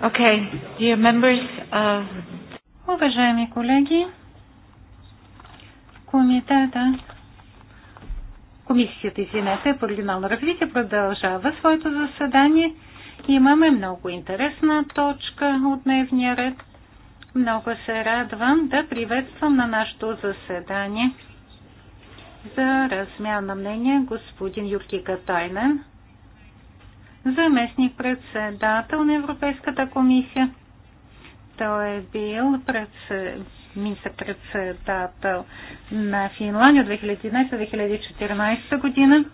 Okay, dear members of... Уважаеми колеги, комитета, комисията, извинете, по регионално развитие продължава своето заседание. Имаме много интересна точка от дневния ред. Много се радвам да приветствам на нашето заседание за размяна мнение господин Юрки Катайнен, заместник председател на Европейската комисия. Той е бил председ... министър-председател на Финландия от 2011-2014 година.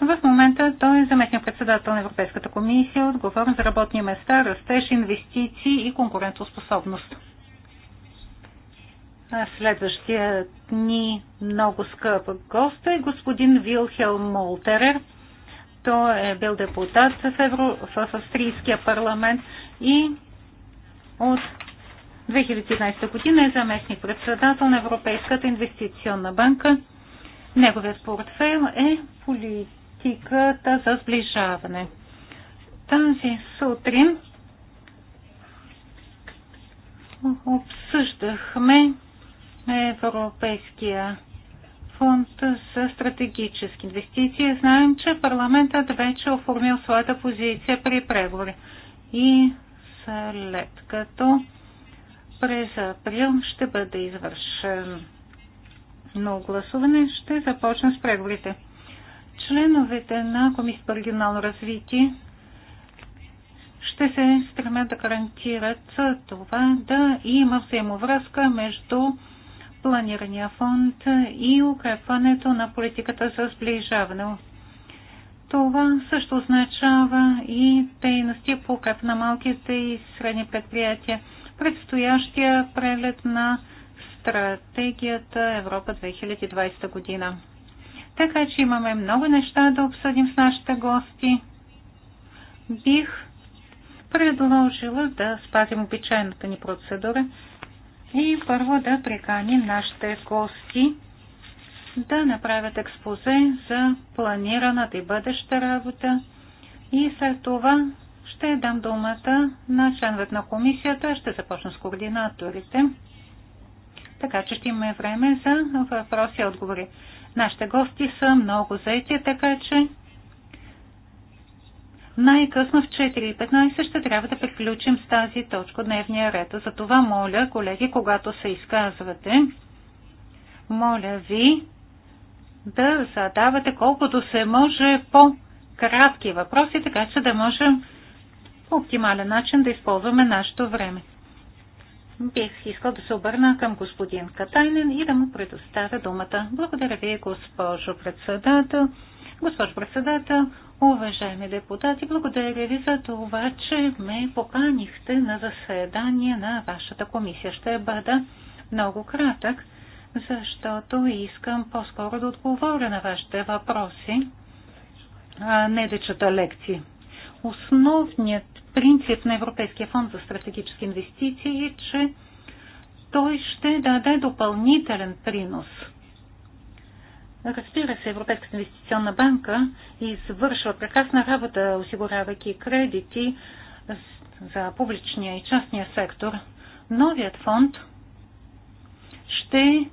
В момента той е заместник председател на Европейската комисия, отговорен за работни места, растеж, инвестиции и конкурентоспособност. Следващият ни много скъп гост е господин Вилхел Молтерер – той е бил депутат в, Евро, в австрийския парламент и от 2011 година е заместник председател на Европейската инвестиционна банка. Неговият портфейл е политиката за сближаване. Тази сутрин обсъждахме Европейския фонд за стратегически инвестиции. Знаем, че парламентът вече оформил своята позиция при преговори. И след като през април ще бъде извършен но гласуване, ще започна с преговорите. Членовете на Комисията по регионално развитие ще се стремят да гарантират това да има взаимовръзка между планирания фонд и укрепването на политиката за сближаване. Това също означава и дейности по укреп на малките и средни предприятия. Предстоящия прелет на стратегията Европа 2020 година. Така че имаме много неща да обсъдим с нашите гости. Бих предложила да спазим обичайната ни процедура и първо да приканим нашите гости да направят експозе за планираната и бъдеща работа. И след това ще дам думата на членовете на комисията. Ще започна с координаторите. Така че ще имаме време за въпроси и отговори. Нашите гости са много заети, така че най-късно в 4.15 ще трябва да приключим с тази точка дневния ред. Затова моля, колеги, когато се изказвате, моля ви да задавате колкото се може по-кратки въпроси, така че да можем по оптимален начин да използваме нашето време. Бих искал да се обърна към господин Катайнен и да му предоставя думата. Благодаря ви, госпожо председател. Госпожо председател, Уважаеми депутати, благодаря ви за това, че ме поканихте на заседание на вашата комисия. Ще бъда много кратък, защото искам по-скоро да отговоря на вашите въпроси, а не да чета лекции. Основният принцип на Европейския фонд за стратегически инвестиции е, че той ще даде допълнителен принос – Разбира се, Европейската инвестиционна банка извършва прекрасна работа, осигурявайки кредити за публичния и частния сектор. Новият фонд ще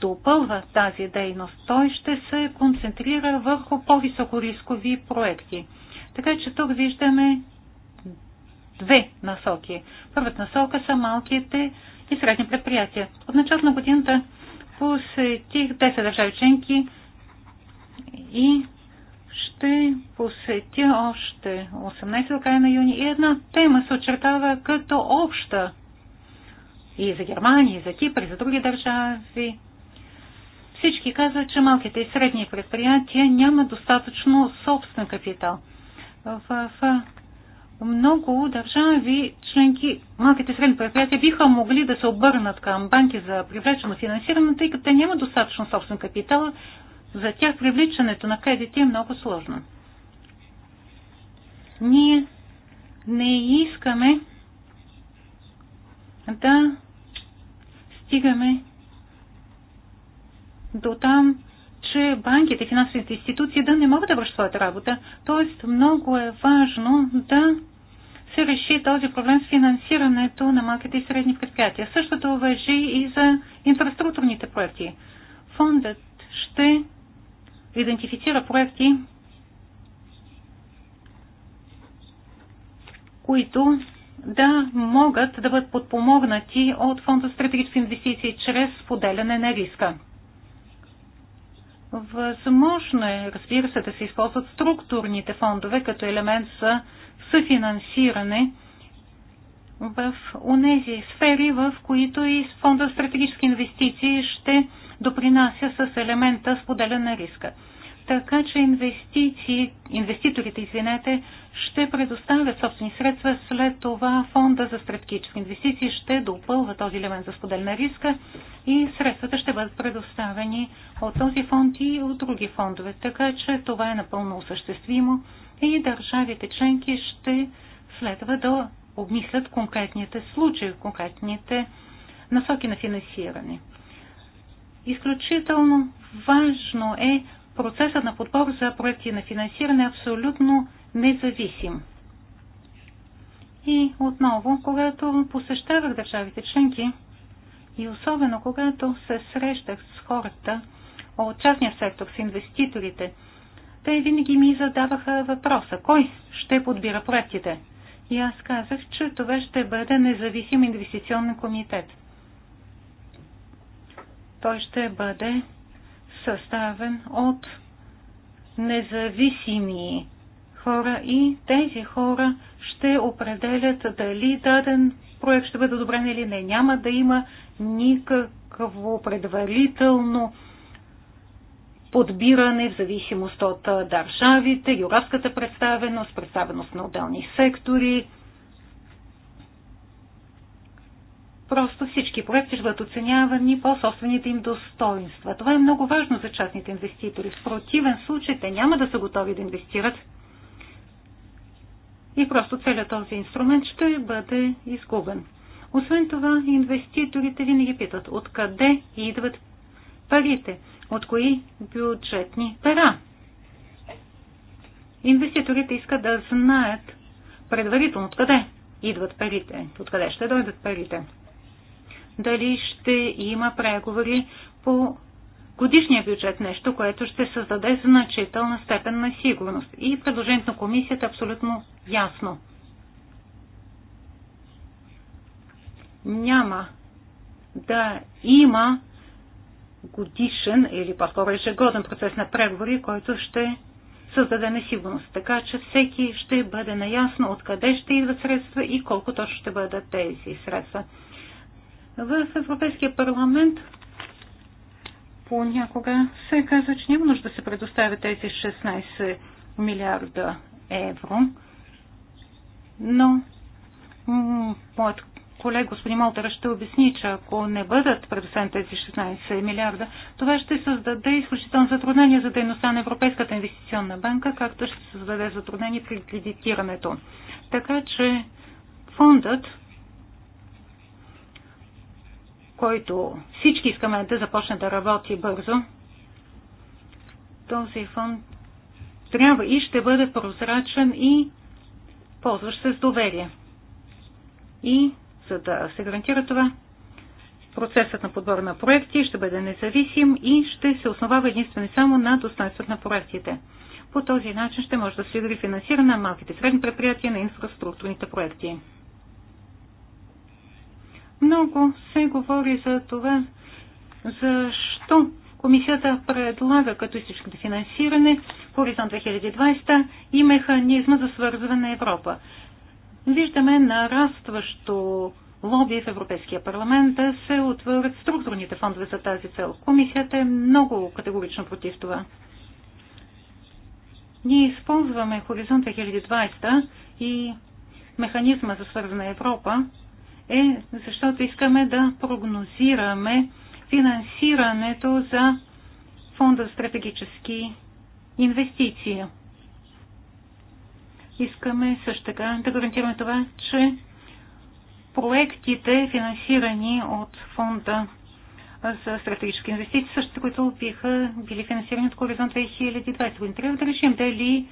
допълва тази дейност. Той ще се концентрира върху по-високорискови проекти. Така че тук виждаме две насоки. Първата насока са малките и средни предприятия. От началото на годината посетих 10 държави членки и ще посетя още 18 до края на юни. И една тема се очертава като обща и за Германия, и за Кипър, и за други държави. Всички казват, че малките и средни предприятия нямат достатъчно собствен капитал. В много държави членки, малките и средни предприятия биха могли да се обърнат към банки за привлечено финансиране, тъй като те няма достатъчно собствен капитал. За тях привличането на кредити е много сложно. Ние не искаме да стигаме до там, че банките, финансовите институции да не могат да вършат своята работа. Тоест много е важно да се реши този проблем с финансирането на малките и средни предприятия. Същото въжи и за инфраструктурните проекти. Фондът ще идентифицира проекти, които да могат да бъдат подпомогнати от фонда стратегически инвестиции чрез поделяне на риска. Възможно е, разбира се, да се използват структурните фондове като елемент за съфинансиране в унези сфери, в които и фонда стратегически инвестиции ще допринася с елемента споделяне на риска така че инвеститорите извинете, ще предоставят собствени средства, след това фонда за стратегически инвестиции ще допълва този елемент за споделена риска и средствата ще бъдат предоставени от този фонд и от други фондове. Така че това е напълно осъществимо и държавите членки ще следва да обмислят конкретните случаи, конкретните насоки на финансиране. Изключително важно е процесът на подбор за проекти на финансиране е абсолютно независим. И отново, когато посещавах държавите членки и особено когато се срещах с хората от частния сектор, с инвеститорите, те винаги ми задаваха въпроса, кой ще подбира проектите. И аз казах, че това ще бъде независим инвестиционен комитет. Той ще бъде съставен от независими хора и тези хора ще определят дали даден проект ще бъде одобрен или не. Няма да има никакво предварително подбиране в зависимост от държавите, географската представеност, представеност на отделни сектори, Просто всички проекти ще бъдат оценявани по собствените им достоинства. Това е много важно за частните инвеститори. В противен случай те няма да са готови да инвестират. И просто целият този инструмент ще бъде изгубен. Освен това, инвеститорите винаги питат откъде идват парите, от кои бюджетни пера. Инвеститорите искат да знаят предварително откъде идват парите, откъде ще дойдат парите дали ще има преговори по годишния бюджет, нещо, което ще създаде значителна степен на сигурност. И предложението на комисията е абсолютно ясно. Няма да има годишен или по-скоро ежегоден процес на преговори, който ще създаде несигурност. Така че всеки ще бъде наясно откъде ще идват средства и колко точно ще бъдат тези средства. В Европейския парламент понякога се казва, че няма нужда да се предоставят тези 16 милиарда евро, но моят колега господин Малтера ще обясни, че ако не бъдат предоставени тези 16 милиарда, това ще създаде изключително затруднение за дейността на Европейската инвестиционна банка, както ще създаде затруднение при кредитирането. Така че фондът който всички искаме да започне да работи бързо, този фонд трябва и ще бъде прозрачен и ползващ се с доверие. И за да се гарантира това, процесът на подбор на проекти ще бъде независим и ще се основава единствено само на достоинството на проектите. По този начин ще може да се дори финансиране на малките средни предприятия на инфраструктурните проекти. Много се говори за това, защо комисията предлага като източник на финансиране Хоризонт 2020 и механизма за свързване на Европа. Виждаме нарастващо лоби в Европейския парламент да се отворят структурните фондове за тази цел. Комисията е много категорично против това. Ние използваме Хоризонт 2020 и механизма за свързана Европа е защото искаме да прогнозираме финансирането за фонда за стратегически инвестиции. Искаме също така да гарантираме това, че проектите, финансирани от фонда за стратегически инвестиции, същите, които биха били финансирани от Хоризонт 2020 година. Трябва да решим дали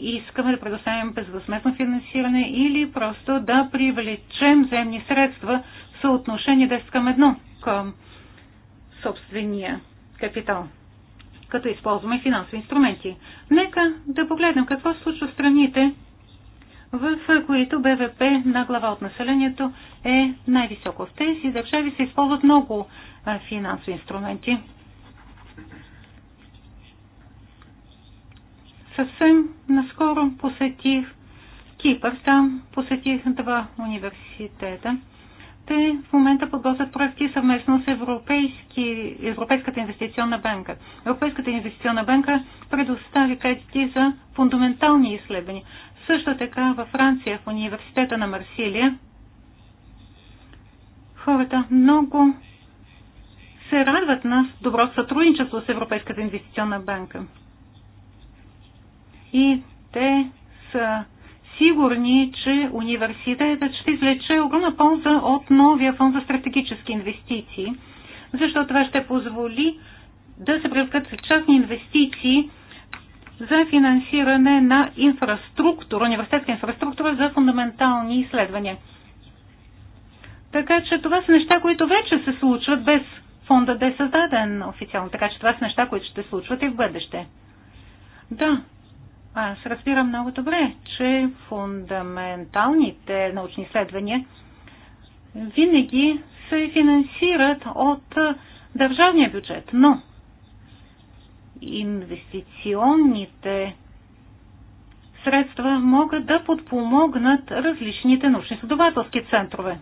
искаме да предоставим безвъзместно финансиране или просто да привлечем земни средства в съотношение 10 към 1 към собствения капитал, като използваме финансови инструменти. Нека да погледнем какво случва в страните, в които БВП на глава от населението е най-високо. В тези държави се използват много финансови инструменти. Съвсем наскоро посетих Кипър. Там посетих два университета. Те в момента подготвят проекти съвместно с Европейски, Европейската инвестиционна банка. Европейската инвестиционна банка предостави кредити за фундаментални изследвания. Също така във Франция, в университета на Марсилия, хората много се радват на добро сътрудничество с Европейската инвестиционна банка и те са сигурни, че университетът ще извлече огромна полза от новия фонд за стратегически инвестиции, защото това ще позволи да се привлекат частни инвестиции за финансиране на инфраструктура, университетска инфраструктура за фундаментални изследвания. Така че това са неща, които вече се случват без фонда да е създаден официално. Така че това са неща, които ще се случват и в бъдеще. Да, аз разбирам много добре, че фундаменталните научни изследвания винаги се финансират от държавния бюджет, но инвестиционните средства могат да подпомогнат различните научно-изследователски центрове.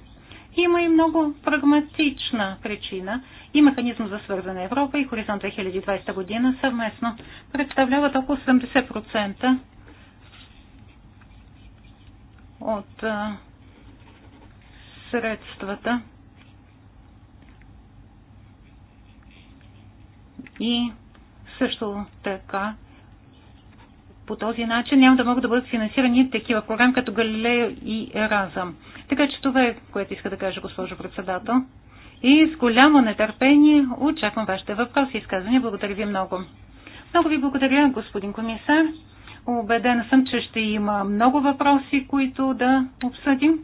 Има и много прагматична причина и механизъм за свързана Европа и Хоризонт 2020 година съвместно представляват около 70% от а, средствата и също така по този начин няма да могат да бъдат финансирани такива програми като Галилео и Еразъм. Така че това е, което иска да кажа, госпожо председател. И с голямо нетърпение очаквам вашите въпроси и изказвания. Благодаря ви много. Много ви благодаря, господин комисар. Обедена съм, че ще има много въпроси, които да обсъдим.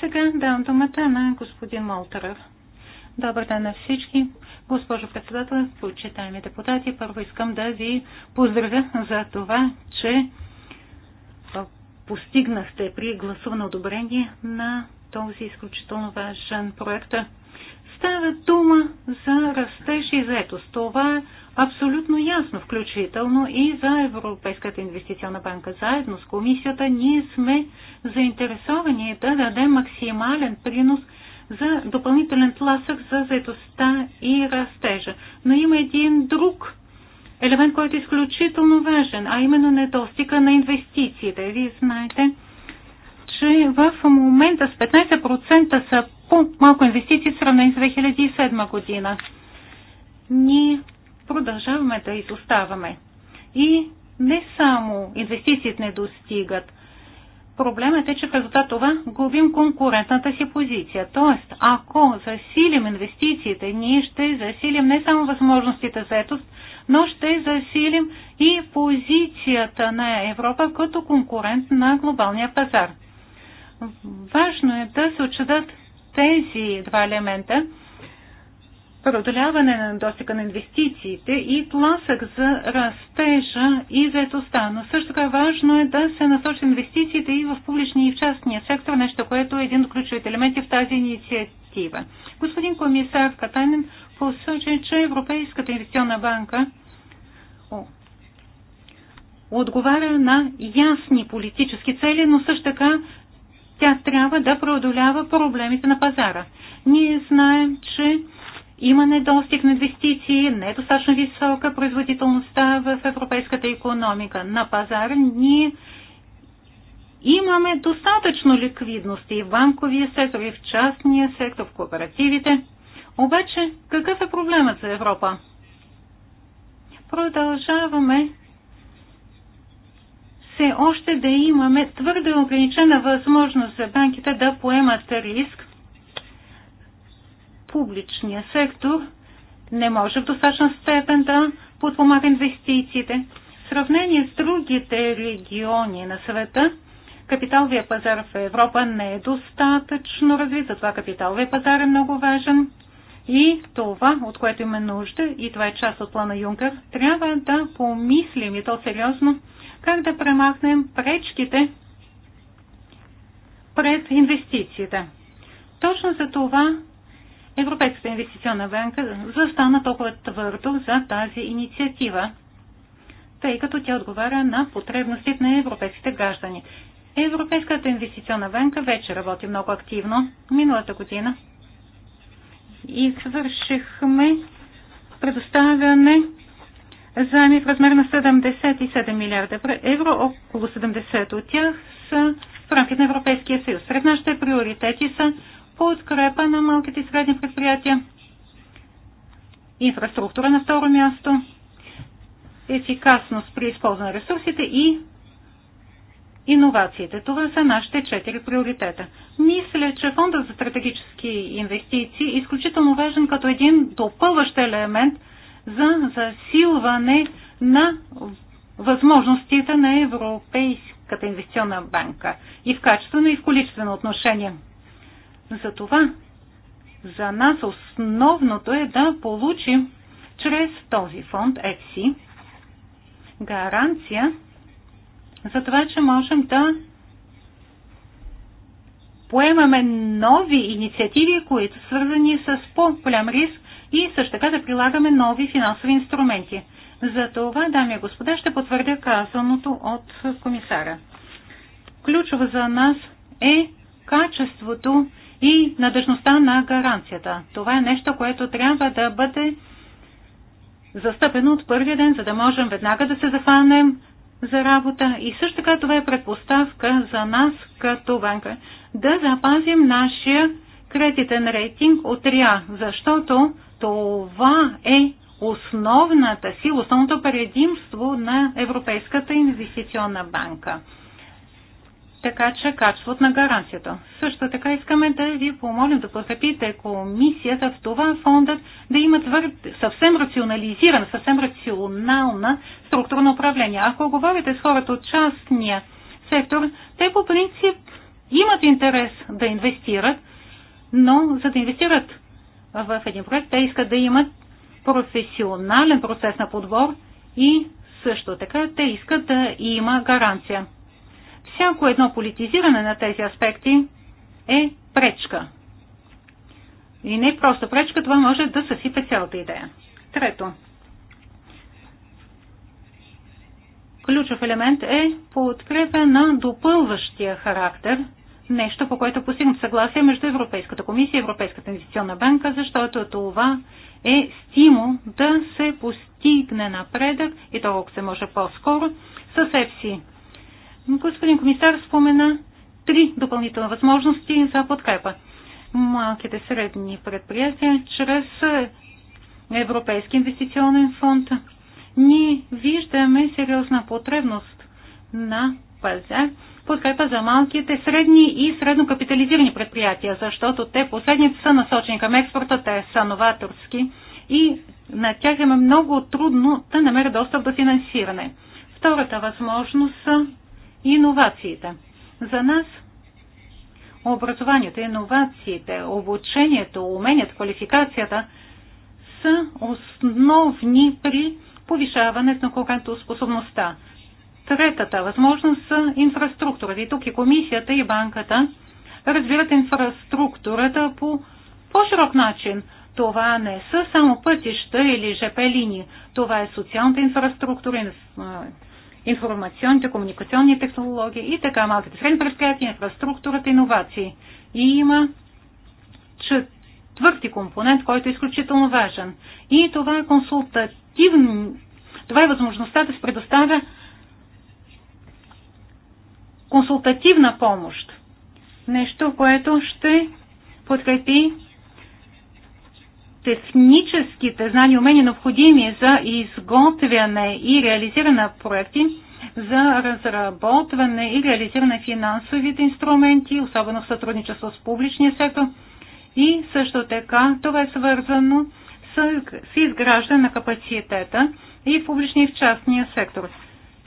Сега давам думата на господин Молтеров. Добър ден на всички. Госпожо председател, почитаеми депутати, първо искам да ви поздравя за това, че постигнахте при гласувано одобрение на този изключително важен проект. Става дума за растеж и заетост. Това е абсолютно ясно, включително и за Европейската инвестиционна банка. Заедно с комисията ние сме заинтересовани да дадем максимален принос – за допълнителен тласък за заедостта и растежа. Но има един друг елемент, който е изключително важен, а именно недостига на инвестициите. Вие знаете, че в момента с 15% са по-малко инвестиции в сравнение с 2007 година. Ние продължаваме да изоставаме. И не само инвестициите не достигат – Проблемът е, че в резултат това губим конкурентната си позиция. Тоест, ако засилим инвестициите, ние ще засилим не само възможностите за етост, но ще засилим и позицията на Европа като конкурент на глобалния пазар. Важно е да се отчитат тези два елемента преодоляване на достига на инвестициите и тласък за растежа и заетостта. Но също така е важно е да се насочат инвестициите и в публичния и в частния сектор, нещо, което е един от ключовите елементи в тази инициатива. Господин комисар Катанин посочи, че Европейската инвестиционна банка о, отговаря на ясни политически цели, но също така тя трябва да преодолява проблемите на пазара. Ние знаем, че има недостиг на инвестиции, недостатъчно висока производителността в европейската економика. На пазар ние имаме достатъчно ликвидност и в банковия сектор, и в частния сектор, в кооперативите. Обаче, какъв е проблемът за Европа? Продължаваме все още да имаме твърде ограничена възможност за банките да поемат риск публичния сектор не може в достатъчна степен да подпомага инвестициите. В сравнение с другите региони на света, капиталовия пазар в Европа не е достатъчно развит, затова капиталовия пазар е много важен. И това, от което има нужда, и това е част от плана Юнкър, трябва да помислим и то сериозно, как да премахнем пречките пред инвестициите. Точно за това Европейската инвестиционна банка застана толкова твърдо за тази инициатива, тъй като тя отговаря на потребностите на европейските граждани. Европейската инвестиционна банка вече работи много активно. Миналата година извършихме предоставяне заеми в размер на 77 милиарда евро, около 70 от тях са в рамките на Европейския съюз. Сред нашите приоритети са подкрепа на малките и средни предприятия, инфраструктура на второ място, ефикасност при използване на ресурсите и иновациите. Това са нашите четири приоритета. Мисля, че фондът за стратегически инвестиции е изключително важен като един допълващ елемент за засилване на възможностите на Европейската инвестиционна банка и в качествено и в количествено отношение. Затова за нас основното е да получим чрез този фонд FC гаранция за това, че можем да поемаме нови инициативи, които свързани с по-голям риск и също така да прилагаме нови финансови инструменти. За това, дами и господа, ще потвърдя казаното от комисара. Ключово за нас е качеството и надежността на гаранцията. Това е нещо, което трябва да бъде застъпено от първия ден, за да можем веднага да се захванем за работа. И също така това е предпоставка за нас като банка да запазим нашия кредитен рейтинг от РИА, защото това е основната сила, основното предимство на Европейската инвестиционна банка така че качеството на гаранцията. Също така искаме да ви помолим да подкрепите комисията в това фондът да имат съвсем рационализирана, съвсем рационална структура на управление. Ако говорите с хората от частния сектор, те по принцип имат интерес да инвестират, но за да инвестират в един проект, те искат да имат професионален процес на подбор и също така те искат да има гаранция. Всяко едно политизиране на тези аспекти е пречка. И не просто пречка, това може да съсипе цялата идея. Трето. Ключов елемент е подкрепа на допълващия характер – нещо, по което постигнат съгласие между Европейската комисия и Европейската инвестиционна банка, защото това е стимул да се постигне напредък и то, ако се може по-скоро, с ЕФСИ Господин комисар спомена три допълнителни възможности за подкрепа. Малките средни предприятия чрез Европейски инвестиционен фонд. Ние виждаме сериозна потребност на пазар подкрепа за малките, средни и средно капитализирани предприятия, защото те последните са насочени към експорта, те са новаторски и на тях им е много трудно да намерят достъп до финансиране. Втората възможност са иновациите. За нас образованието, иновациите, обучението, уменията, квалификацията са основни при повишаването на конкурентоспособността. Третата възможност са инфраструктурата. И тук и комисията, и банката разбират инфраструктурата по по-широк начин. Това не са само пътища или ЖП линии. Това е социалната инфраструктура, информационните, комуникационни технологии и така малките средни предприятия, инфраструктурата, иновации. И има четвърти компонент, който е изключително важен. И това е консултативно. Това е възможността да се предоставя консултативна помощ. Нещо, което ще подкрепи техническите знания и умения необходими за изготвяне и реализиране на проекти, за разработване и реализиране на финансовите инструменти, особено в сътрудничество с публичния сектор. И също така това е свързано с, с изграждане на капацитета и в публичния и в частния сектор.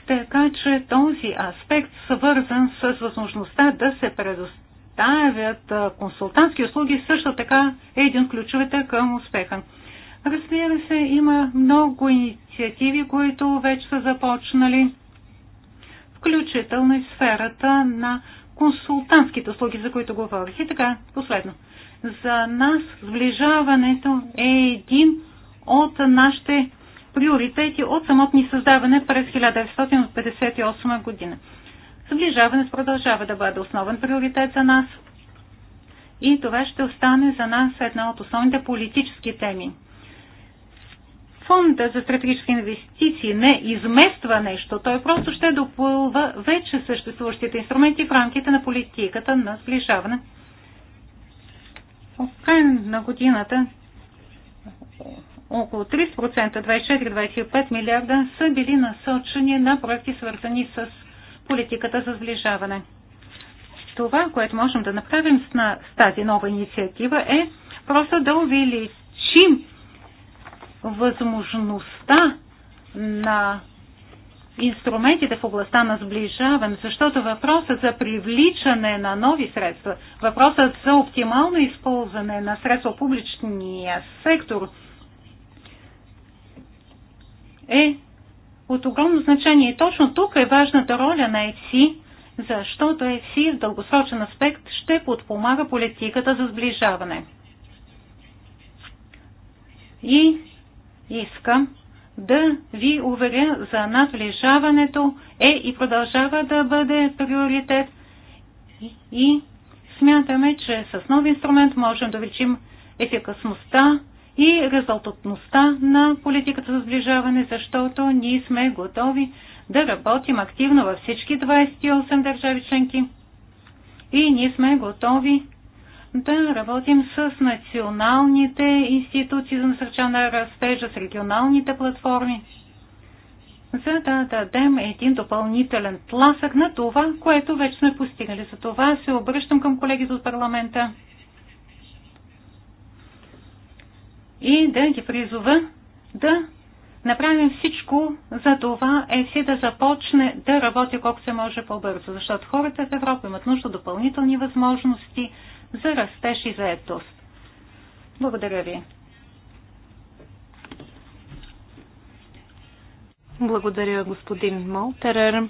Така че този аспект свързан с възможността да се предоставя предоставят консултантски услуги, също така е един от ключовете към успеха. Разбира се, има много инициативи, които вече са започнали, включително и сферата на консултантските услуги, за които говорих. И така, последно. За нас сближаването е един от нашите приоритети от самотни създаване през 1958 година. Сближаването продължава да бъде основен приоритет за нас и това ще остане за нас една от основните политически теми. Фонда за стратегически инвестиции не измества нещо, той просто ще допълва вече съществуващите инструменти в рамките на политиката на сближаване. В край на годината около 30%, 24-25 милиарда са били насочени на проекти свързани с политиката за сближаване. Това, което можем да направим с тази нова инициатива е просто да увеличим възможността на инструментите в областта на сближаване, защото въпросът за привличане на нови средства, въпросът за оптимално използване на средства в публичния сектор е от огромно значение. И точно тук е важната роля на ЕФСИ, защото ЕФСИ в дългосрочен аспект ще подпомага политиката за сближаване. И искам да ви уверя за надвлижаването е и продължава да бъде приоритет и смятаме, че с нов инструмент можем да увеличим ефикасността и резултатността на политиката за сближаване, защото ние сме готови да работим активно във всички 28 държави членки и ние сме готови да работим с националните институции за насърчана на растежа, с регионалните платформи, за да дадем един допълнителен тласък на това, което вече сме постигнали. За това се обръщам към колегите от парламента и да ги призова да направим всичко за това си да започне да работи колко се може по-бързо, защото хората в Европа имат нужда допълнителни възможности за растеж и заедост. Благодаря ви. Благодаря, господин Молтерер.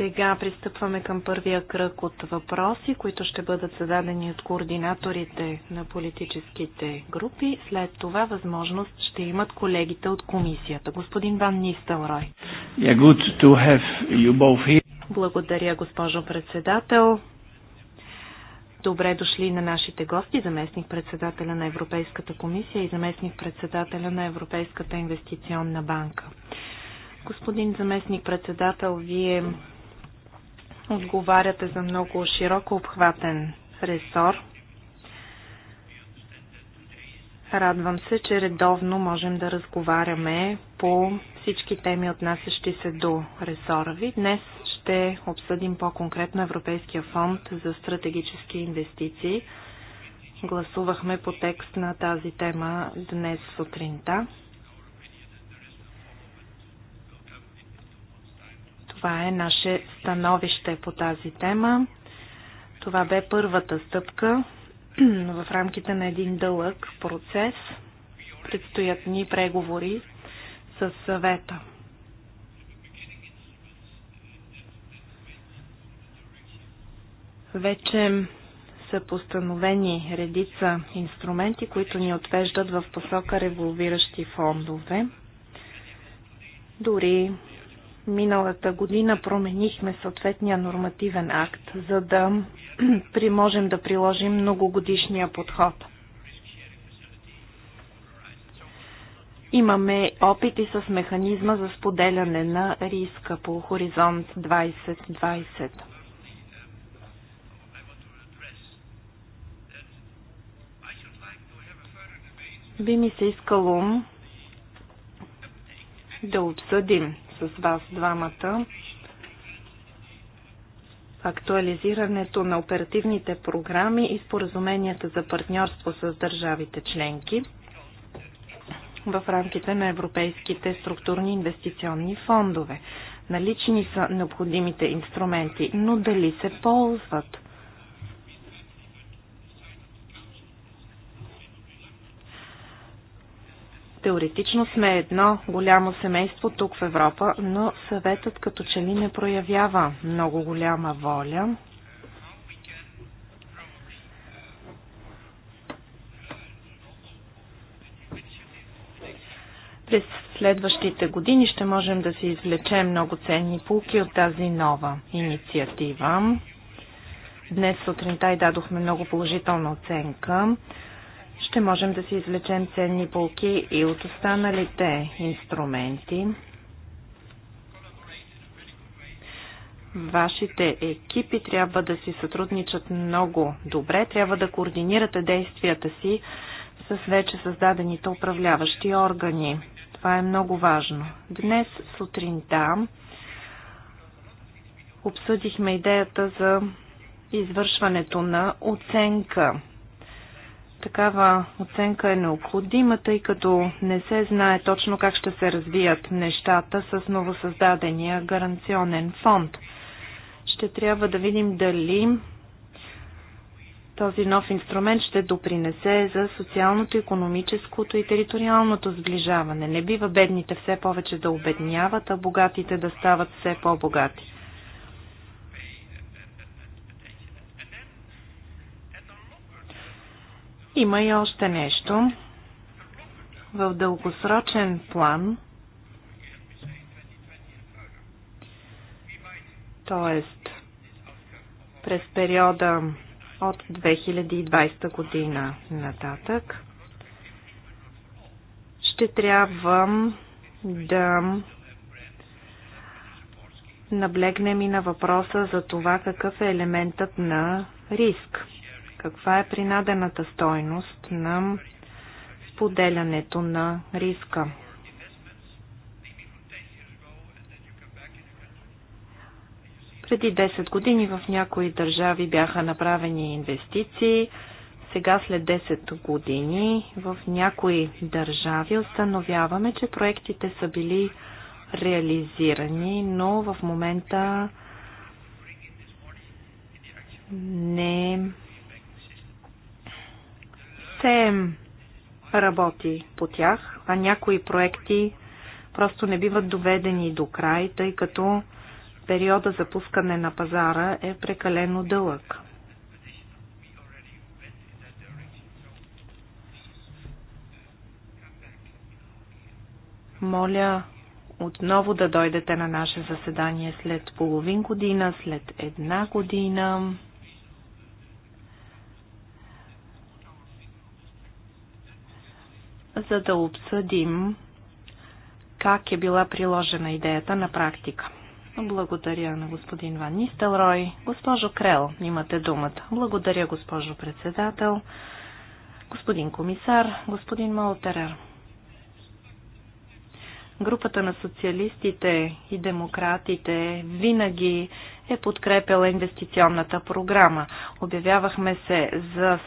Сега пристъпваме към първия кръг от въпроси, които ще бъдат зададени от координаторите на политическите групи. След това възможност ще имат колегите от комисията. Господин Ван Нистелрой. Yeah, Благодаря, госпожо председател. Добре дошли на нашите гости, заместник председателя на Европейската комисия и заместник председателя на Европейската инвестиционна банка. Господин заместник председател, вие Отговаряте за много широко обхватен ресор. Радвам се, че редовно можем да разговаряме по всички теми, отнасящи се до ресора ви. Днес ще обсъдим по-конкретно Европейския фонд за стратегически инвестиции. Гласувахме по текст на тази тема днес сутринта. Това е наше становище по тази тема. Това бе първата стъпка в рамките на един дълъг процес. Предстоят ни преговори с съвета. Вече са постановени редица инструменти, които ни отвеждат в посока револвиращи фондове. Дори Миналата година променихме съответния нормативен акт, за да можем да приложим многогодишния подход. Имаме опити с механизма за споделяне на риска по Хоризонт 2020. Би ми се искало да обсъдим с вас двамата. Актуализирането на оперативните програми и споразуменията за партньорство с държавите членки в рамките на европейските структурни инвестиционни фондове. Налични са необходимите инструменти, но дали се ползват? Теоретично сме едно голямо семейство тук в Европа, но съветът като че ли не проявява много голяма воля. През следващите години ще можем да си извлечем много ценни пулки от тази нова инициатива. Днес сутринта и дадохме много положителна оценка ще можем да си извлечем ценни полки и от останалите инструменти. Вашите екипи трябва да си сътрудничат много добре, трябва да координирате действията си с вече създадените управляващи органи. Това е много важно. Днес сутринта обсъдихме идеята за извършването на оценка Такава оценка е необходима, тъй като не се знае точно как ще се развият нещата с новосъздадения гаранционен фонд. Ще трябва да видим дали този нов инструмент ще допринесе за социалното, економическото и териториалното сближаване. Не бива бедните все повече да обедняват, а богатите да стават все по-богати. Има и още нещо. В дългосрочен план, т.е. през периода от 2020 година нататък, ще трябва да наблегнем и на въпроса за това какъв е елементът на риск каква е принадената стойност на споделянето на риска? Преди 10 години в някои държави бяха направени инвестиции. Сега след 10 години в някои държави установяваме, че проектите са били реализирани, но в момента не се работи по тях, а някои проекти просто не биват доведени до край, тъй като периода за пускане на пазара е прекалено дълъг. Моля отново да дойдете на наше заседание след половин година, след една година. за да обсъдим как е била приложена идеята на практика. Благодаря на господин Ван Нистелрой. Госпожо Крел, имате думата. Благодаря, госпожо председател, господин комисар, господин Молтерер. Групата на социалистите и демократите винаги е подкрепила инвестиционната програма. Обявявахме се за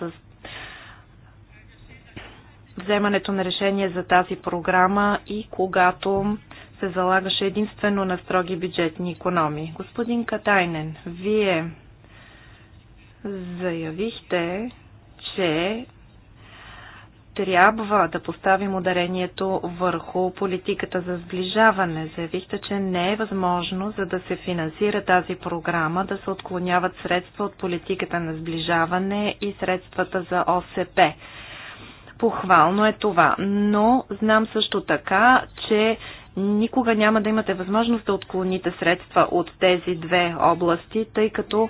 вземането на решение за тази програма и когато се залагаше единствено на строги бюджетни економии. Господин Катайнен, вие заявихте, че трябва да поставим ударението върху политиката за сближаване. Заявихте, че не е възможно, за да се финансира тази програма, да се отклоняват средства от политиката на сближаване и средствата за ОСП. Похвално е това, но знам също така, че никога няма да имате възможност да отклоните средства от тези две области, тъй като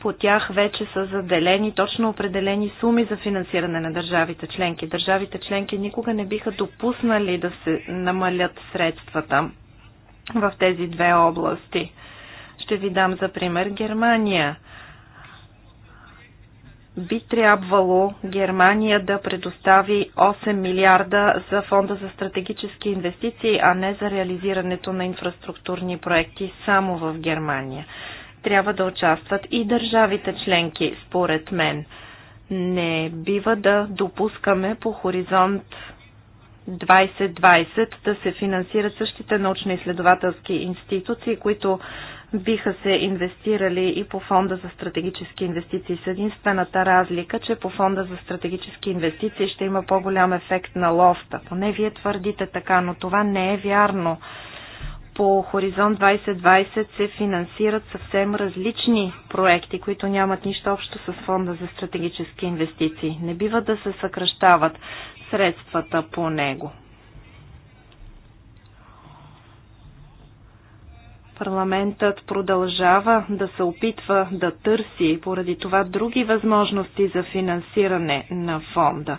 по тях вече са заделени точно определени суми за финансиране на държавите членки. Държавите членки никога не биха допуснали да се намалят средствата в тези две области. Ще ви дам за пример Германия би трябвало Германия да предостави 8 милиарда за фонда за стратегически инвестиции, а не за реализирането на инфраструктурни проекти само в Германия. Трябва да участват и държавите членки, според мен. Не бива да допускаме по хоризонт 2020 да се финансират същите научно-изследователски институции, които биха се инвестирали и по фонда за стратегически инвестиции. С единствената разлика, че по фонда за стратегически инвестиции ще има по-голям ефект на лофта. Поне вие твърдите така, но това не е вярно. По Хоризонт 2020 се финансират съвсем различни проекти, които нямат нищо общо с фонда за стратегически инвестиции. Не бива да се съкръщават средствата по него. Парламентът продължава да се опитва да търси поради това други възможности за финансиране на фонда.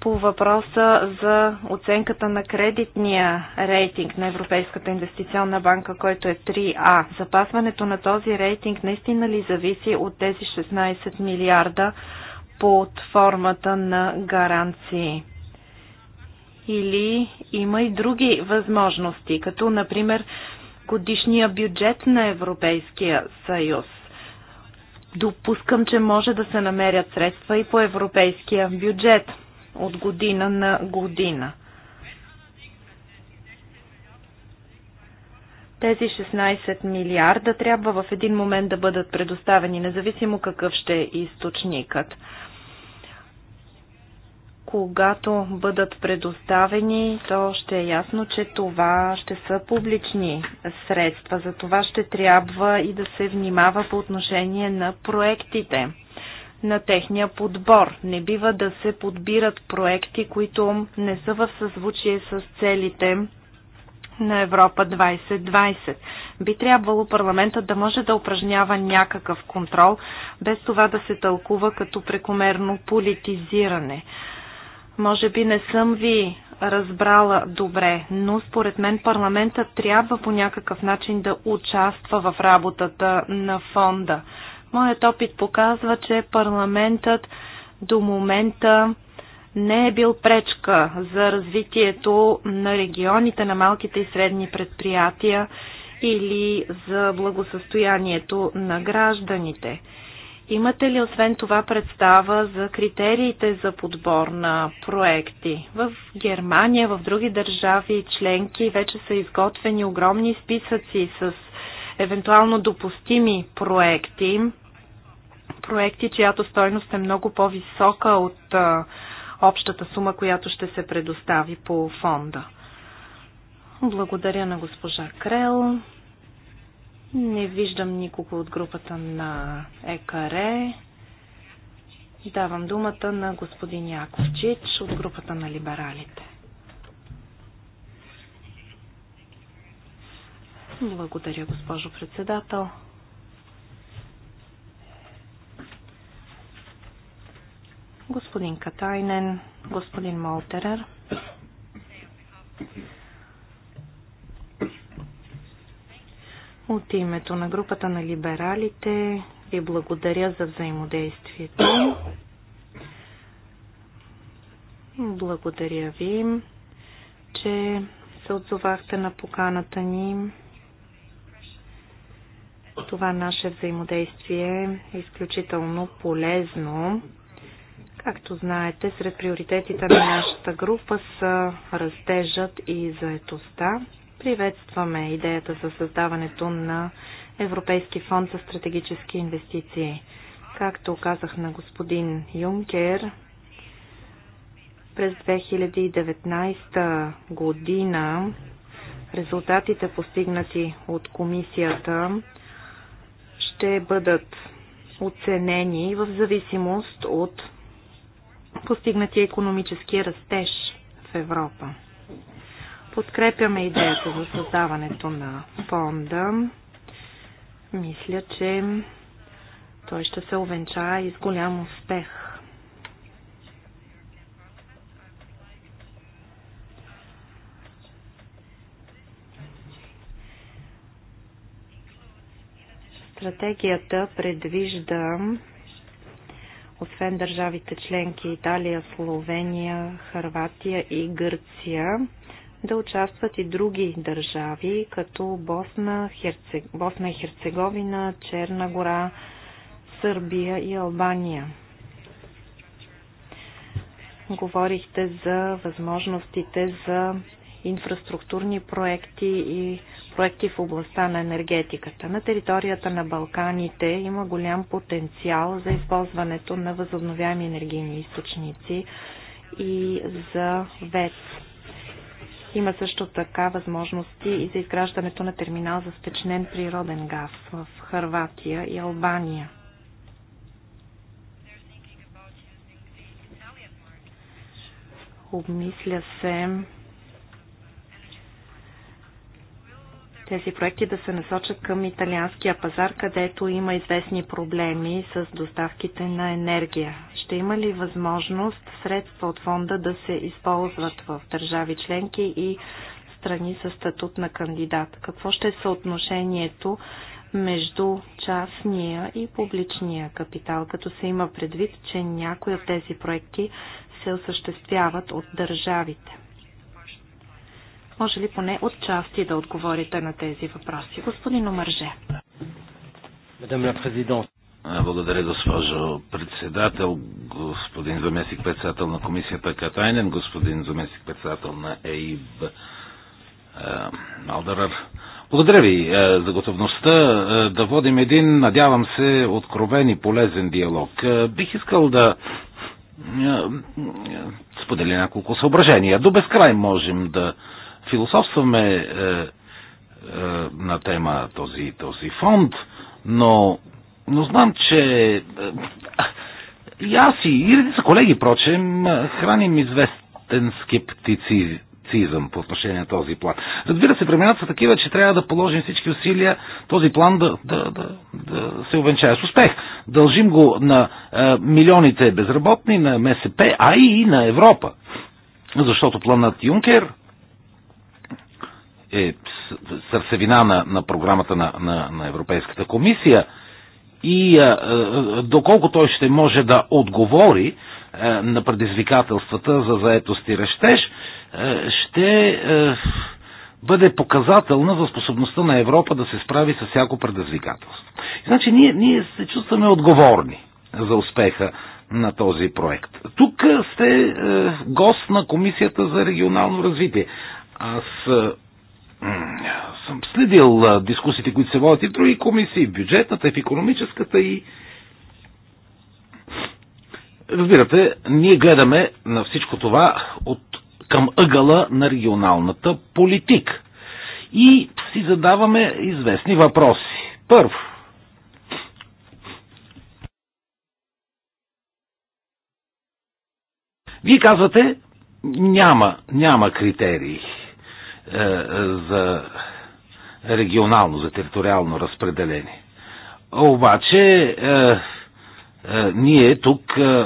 По въпроса за оценката на кредитния рейтинг на Европейската инвестиционна банка, който е 3А, запазването на този рейтинг наистина ли зависи от тези 16 милиарда под формата на гаранции? или има и други възможности, като например годишния бюджет на Европейския съюз. Допускам, че може да се намерят средства и по европейския бюджет от година на година. Тези 16 милиарда трябва в един момент да бъдат предоставени, независимо какъв ще е източникът когато бъдат предоставени, то ще е ясно, че това ще са публични средства. За това ще трябва и да се внимава по отношение на проектите, на техния подбор. Не бива да се подбират проекти, които не са в съзвучие с целите на Европа 2020. Би трябвало парламента да може да упражнява някакъв контрол, без това да се тълкува като прекомерно политизиране. Може би не съм ви разбрала добре, но според мен парламента трябва по някакъв начин да участва в работата на фонда. Моят опит показва, че парламентът до момента не е бил пречка за развитието на регионите, на малките и средни предприятия или за благосъстоянието на гражданите. Имате ли освен това представа за критериите за подбор на проекти? В Германия, в други държави и членки вече са изготвени огромни списъци с евентуално допустими проекти, проекти, чиято стойност е много по-висока от общата сума, която ще се предостави по фонда. Благодаря на госпожа Крел. Не виждам никого от групата на ЕКР. Давам думата на господин Яковчич от групата на либералите. Благодаря, госпожо председател. Господин Катайнен, господин Молтерер. От името на групата на либералите ви благодаря за взаимодействието. Благодаря ви, че се отзовахте на поканата ни. Това наше взаимодействие е изключително полезно. Както знаете, сред приоритетите на нашата група са растежът и заетостта. Приветстваме идеята за създаването на Европейски фонд за стратегически инвестиции. Както казах на господин Юнкер, през 2019 година резултатите постигнати от комисията ще бъдат оценени в зависимост от постигнатия економически растеж в Европа. Подкрепяме идеята за създаването на фонда. Мисля, че той ще се овенча и с голям успех. Стратегията предвижда освен държавите членки Италия, Словения, Харватия и Гърция, да участват и други държави, като Босна, Херцег... Босна и Херцеговина, Черна гора, Сърбия и Албания. Говорихте за възможностите за инфраструктурни проекти и проекти в областта на енергетиката. На територията на Балканите има голям потенциал за използването на възобновяеми енергийни източници и за ВЕЦ. Има също така възможности и за изграждането на терминал за стечнен природен газ в Харватия и Албания. Обмисля се тези проекти да се насочат към италианския пазар, където има известни проблеми с доставките на енергия ще има ли възможност средства от фонда да се използват в държави членки и страни със статут на кандидат? Какво ще е съотношението между частния и публичния капитал, като се има предвид, че някои от тези проекти се осъществяват от държавите? Може ли поне от части да отговорите на тези въпроси? Господин Омърже. Мадам ла президент. Благодаря, госпожо председател, господин заместник председател на комисията Катайнен, господин заместник председател на ЕИБ Малдарър. Благодаря ви за готовността да водим един, надявам се, откровен и полезен диалог. Бих искал да споделя няколко съображения. До безкрай можем да философстваме на тема този, този фонд, но но знам, че е, и аз и, и редица колеги, прочем, храним известен скептицизъм по отношение на този план. Разбира се, времената са такива, че трябва да положим всички усилия този план да, да, да, да се увенчае с успех. Дължим го на а, е, милионите безработни, на МСП, а и на Европа. Защото планът Юнкер е сърцевина на, на програмата на, на, на Европейската комисия – и доколко той ще може да отговори на предизвикателствата за заетост и растеж, ще бъде показателна за способността на Европа да се справи с всяко предизвикателство. Значи ние, ние се чувстваме отговорни за успеха на този проект. Тук сте е, гост на Комисията за регионално развитие. Аз съм следил дискусиите, които се водят и в други комисии, в бюджетната, и в економическата и разбирате, ние гледаме на всичко това от към ъгъла на регионалната политика. И си задаваме известни въпроси. Първо, Вие казвате, няма, няма критерии. Е, е, за регионално, за териториално разпределение. Обаче, е, е, ние тук е, е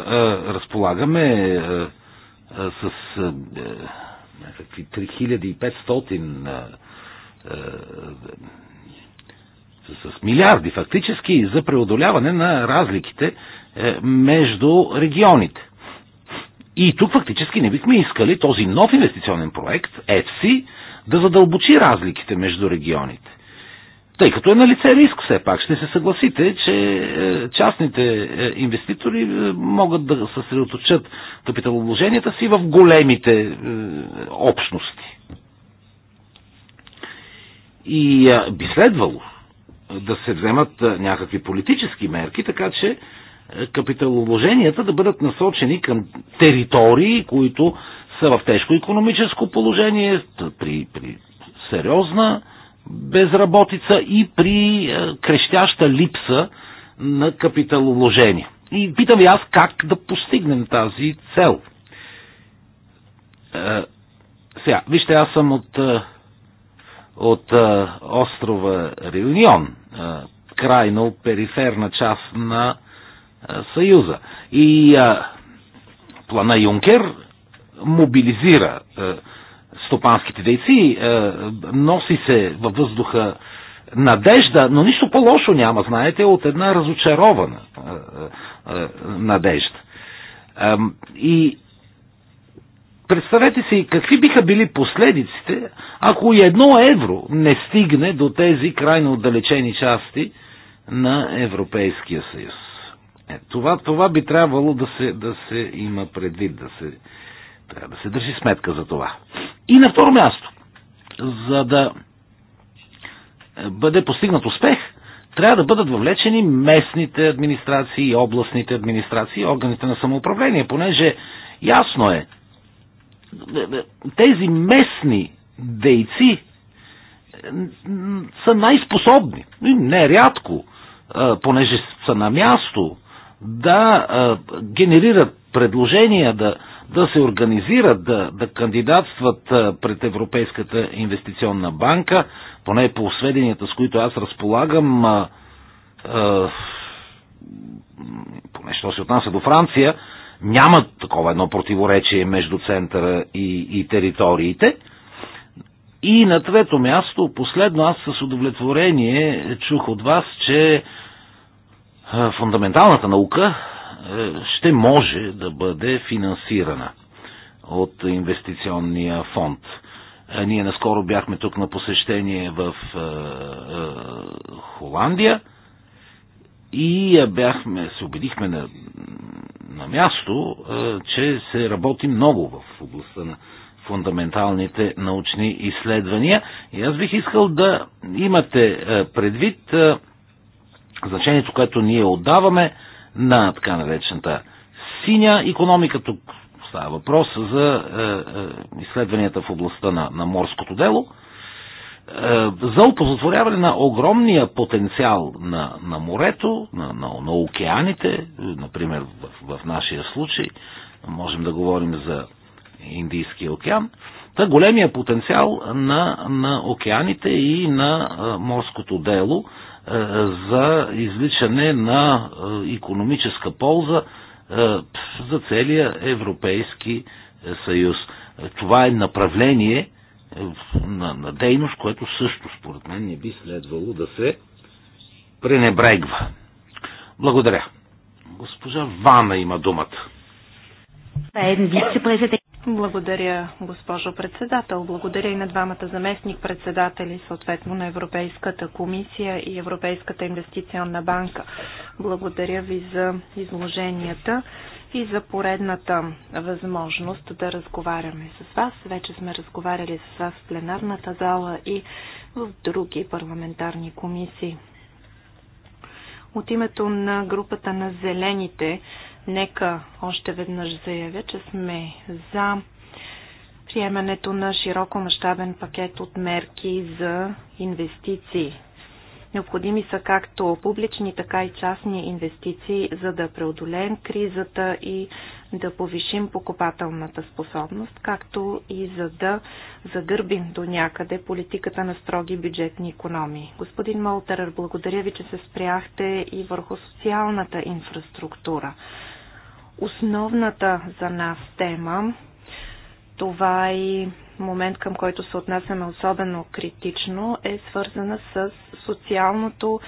разполагаме е, е, с е, някакви 3500 е, е, с милиарди фактически за преодоляване на разликите е, между регионите. И тук фактически не бихме искали този нов инвестиционен проект, EFSI, да задълбочи разликите между регионите. Тъй като е на лице риск все пак. Ще се съгласите, че е, частните е, инвеститори е, могат да съсредоточат капиталовложенията си в големите общности. И би следвало да се вземат някакви политически мерки, така че капиталовложенията да бъдат насочени към територии, които са в тежко економическо положение, при, при сериозна безработица и при е, крещяща липса на капиталовложение. И питам ви аз как да постигнем тази цел. Е, сега, вижте, аз съм от, е, от е, острова Реунион, е, крайно периферна част на е, Съюза. И е, плана Юнкер мобилизира е, стопанските дейци, е, носи се във въздуха надежда, но нищо по-лошо няма, знаете, от една разочарована е, надежда. И представете си какви биха били последиците, ако и едно евро не стигне до тези крайно отдалечени части на Европейския съюз. Е, това, това би трябвало да се, да се има предвид, да се трябва да се държи сметка за това. И на второ място, за да е, бъде постигнат успех, трябва да бъдат въвлечени местните администрации, областните администрации, органите на самоуправление, понеже ясно е, е, е тези местни дейци са най-способни. Не рядко, понеже са на място, да генерират предложения, да, да се организират, да, да кандидатстват пред Европейската инвестиционна банка, поне по сведенията, с които аз разполагам, а, а, поне що се отнася до Франция, няма такова едно противоречие между центъра и, и териториите. И на трето място, последно, аз с удовлетворение чух от вас, че фундаменталната наука е, ще може да бъде финансирана от инвестиционния фонд. Ние наскоро бяхме тук на посещение в е, е, Холандия и бяхме, се убедихме на, на място, че се работи много в областта на фундаменталните научни изследвания. И аз бих искал да имате предвид значението, което ние отдаваме на така наречената синя економика. Тук става въпрос за е, е, изследванията в областта на, на морското дело, е, за опозотворяване на огромния потенциал на, на морето, на, на, на океаните, например в, в нашия случай, можем да говорим за Индийския океан, та големия потенциал на, на океаните и на е, морското дело е, за изличане на економическа полза е, за целия Европейски е, съюз. Това е направление на, на дейност, което също според мен не би следвало да се пренебрегва. Благодаря. Госпожа Вана има думата. Благодаря, госпожо председател. Благодаря и на двамата заместник председатели, съответно на Европейската комисия и Европейската инвестиционна банка. Благодаря ви за изложенията и за поредната възможност да разговаряме с вас. Вече сме разговаряли с вас в пленарната зала и в други парламентарни комисии. От името на групата на зелените Нека още веднъж заявя, че сме за приемането на широко мащабен пакет от мерки за инвестиции. Необходими са както публични, така и частни инвестиции, за да преодолеем кризата и да повишим покупателната способност, както и за да загърбим до някъде политиката на строги бюджетни економии. Господин Молтерър, благодаря ви, че се спряхте и върху социалната инфраструктура основната за нас тема. Това е и момент, към който се отнасяме особено критично, е свързана с социалното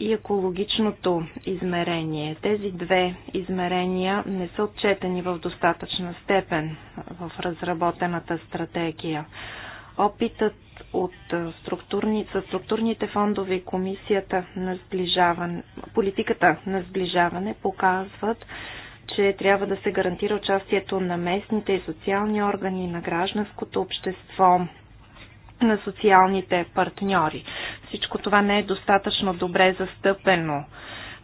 и екологичното измерение. Тези две измерения не са отчетени в достатъчна степен в разработената стратегия. Опитът от структурни, със структурните фондове и комисията на сближаване, политиката на сближаване показват, че трябва да се гарантира участието на местните и социални органи, на гражданското общество, на социалните партньори. Всичко това не е достатъчно добре застъпено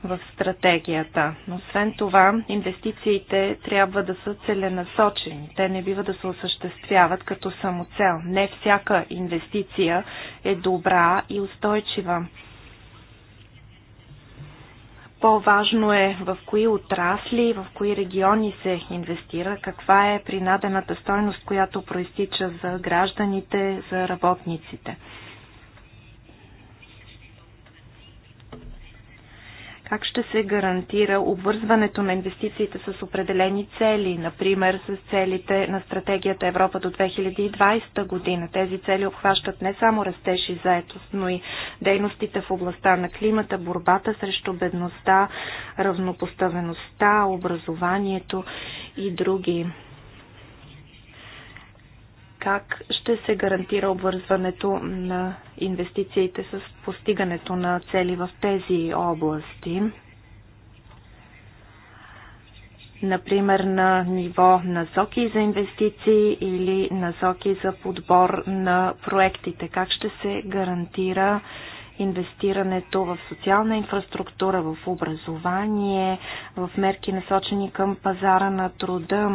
в стратегията. Но освен това, инвестициите трябва да са целенасочени. Те не бива да се осъществяват като самоцел. Не всяка инвестиция е добра и устойчива. По-важно е в кои отрасли, в кои региони се инвестира, каква е принадената стойност, която проистича за гражданите, за работниците. Как ще се гарантира обвързването на инвестициите с определени цели, например с целите на стратегията Европа до 2020 година? Тези цели обхващат не само растеж и заетост, но и дейностите в областта на климата, борбата срещу бедността, равнопоставеността, образованието и други как ще се гарантира обвързването на инвестициите с постигането на цели в тези области? Например, на ниво насоки за инвестиции или насоки за подбор на проектите. Как ще се гарантира инвестирането в социална инфраструктура, в образование, в мерки насочени към пазара на труда?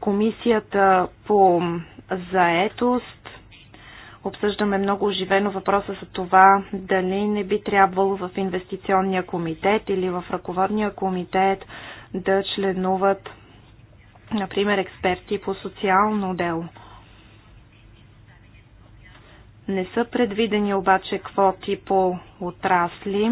Комисията по заетост обсъждаме много оживено въпроса за това дали не би трябвало в инвестиционния комитет или в ръководния комитет да членуват, например, експерти по социално дело. Не са предвидени обаче квоти по отрасли.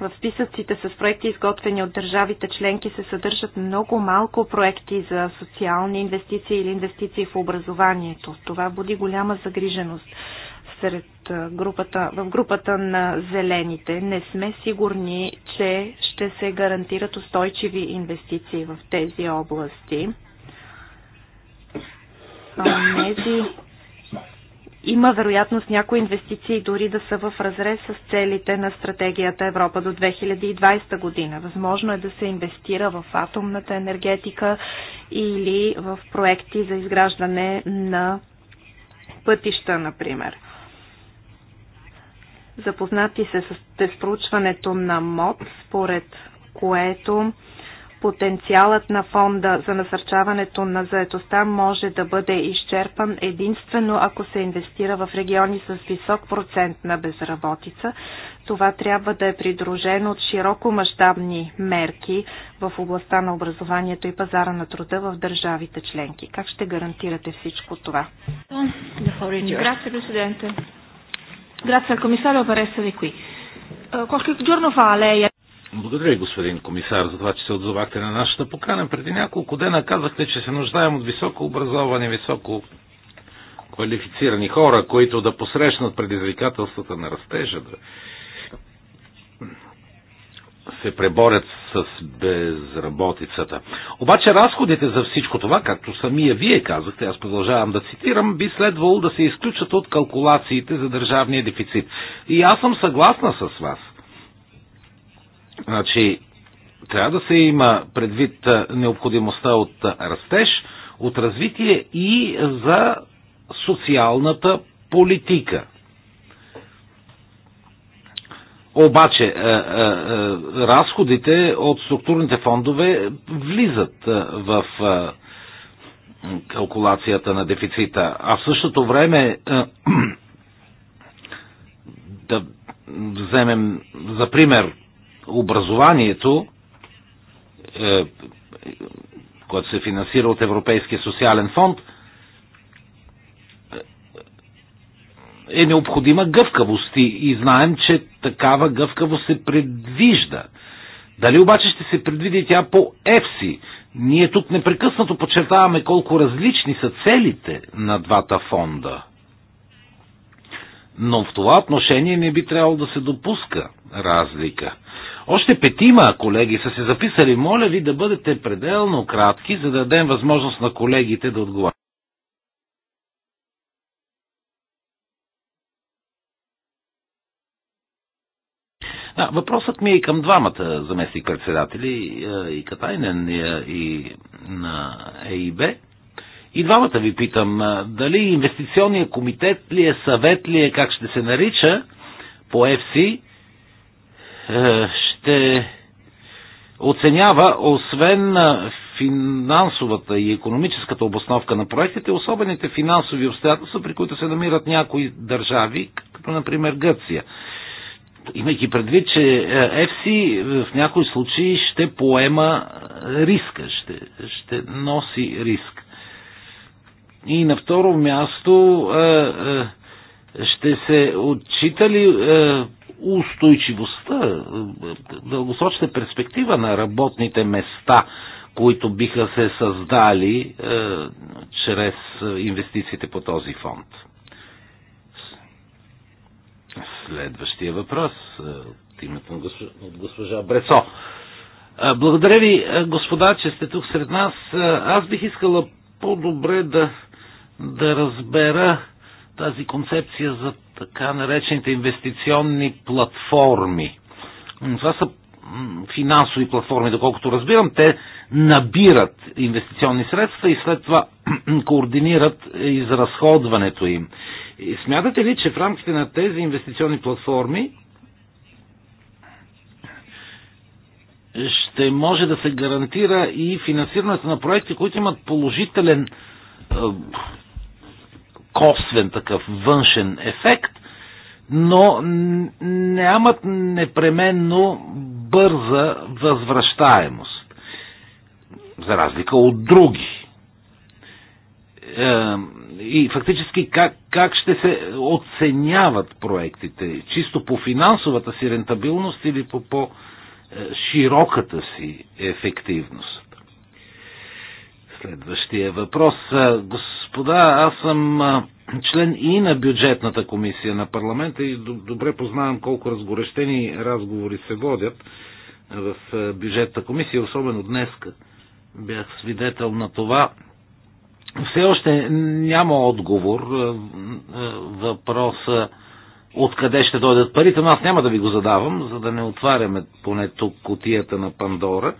В списъците с проекти, изготвени от държавите членки, се съдържат много малко проекти за социални инвестиции или инвестиции в образованието. Това буди голяма загриженост сред групата, в групата на зелените. Не сме сигурни, че ще се гарантират устойчиви инвестиции в тези области. тези има вероятност някои инвестиции дори да са в разрез с целите на стратегията Европа до 2020 година. Възможно е да се инвестира в атомната енергетика или в проекти за изграждане на пътища, например. Запознати се с проучването на МОД, според което Потенциалът на фонда за насърчаването на заетостта може да бъде изчерпан единствено ако се инвестира в региони с висок процент на безработица. Това трябва да е придружено от широко мащабни мерки в областта на образованието и пазара на труда в държавите членки. Как ще гарантирате всичко това? Grazie Presidente. Grazie al Commissario per essere qui. Qualche giorno fa lei благодаря, господин комисар, за това, че се отзовахте на нашата покана. Преди няколко дена казахте, че се нуждаем от високо образовани, високо квалифицирани хора, които да посрещнат предизвикателствата на растежа, да се преборят с безработицата. Обаче разходите за всичко това, както самия вие казахте, аз продължавам да цитирам, би следвало да се изключат от калкулациите за държавния дефицит. И аз съм съгласна с вас. Значи, трябва да се има предвид необходимостта от растеж, от развитие и за социалната политика. Обаче, разходите от структурните фондове влизат в калкулацията на дефицита, а в същото време да вземем за пример образованието, е, което се финансира от Европейския социален фонд, е необходима гъвкавост и знаем, че такава гъвкавост се предвижда. Дали обаче ще се предвиди тя по ЕФСИ? Ние тук непрекъснато подчертаваме колко различни са целите на двата фонда. Но в това отношение не би трябвало да се допуска разлика. Още петима колеги са се записали. Моля ви да бъдете пределно кратки, за да дадем възможност на колегите да отговарят. Да, въпросът ми е и към двамата заместник председатели, е, и Катайнен, е, и на ЕИБ. И двамата ви питам, е, дали инвестиционния комитет ли е, съвет ли е, как ще се нарича, по ЕФСИ, ще оценява освен финансовата и економическата обосновка на проектите, особените финансови обстоятелства, при които се намират някои държави, като например Гърция. Имайки предвид, че е, ЕФСИ в някои случаи ще поема е, риска, ще, ще носи риск. И на второ място е, ще се отчита ли устойчивостта, дългосрочната перспектива на работните места, които биха се създали е, чрез инвестициите по този фонд. Следващия въпрос е, от името на госпожа, от госпожа Бресо. Е, благодаря ви, е, господа, че сте тук сред нас. Аз бих искала по-добре да, да разбера тази концепция за така наречените инвестиционни платформи. Това са финансови платформи, доколкото разбирам, те набират инвестиционни средства и след това координират изразходването им. И смятате ли, че в рамките на тези инвестиционни платформи ще може да се гарантира и финансирането на проекти, които имат положителен косвен такъв външен ефект, но нямат непременно бърза възвръщаемост, за разлика от други. И фактически как, как ще се оценяват проектите? Чисто по финансовата си рентабилност или по по-широката е, си ефективност? следващия въпрос. Господа, аз съм член и на бюджетната комисия на парламента и добре познавам колко разгорещени разговори се водят в бюджетната комисия, особено днес. Бях свидетел на това. Все още няма отговор. Въпроса откъде ще дойдат парите, но аз няма да ви го задавам, за да не отваряме поне тук котията на Пандора.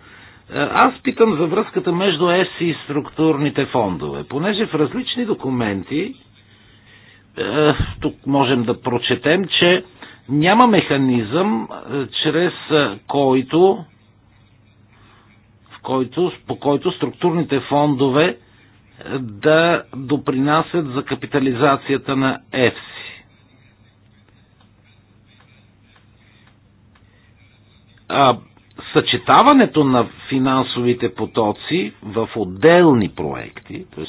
Аз питам за връзката между ЕС и структурните фондове, понеже в различни документи е, тук можем да прочетем, че няма механизъм, е, чрез е, който, в който, по който структурните фондове да допринасят за капитализацията на ЕФСИ. А съчетаването на финансовите потоци в отделни проекти, т.е.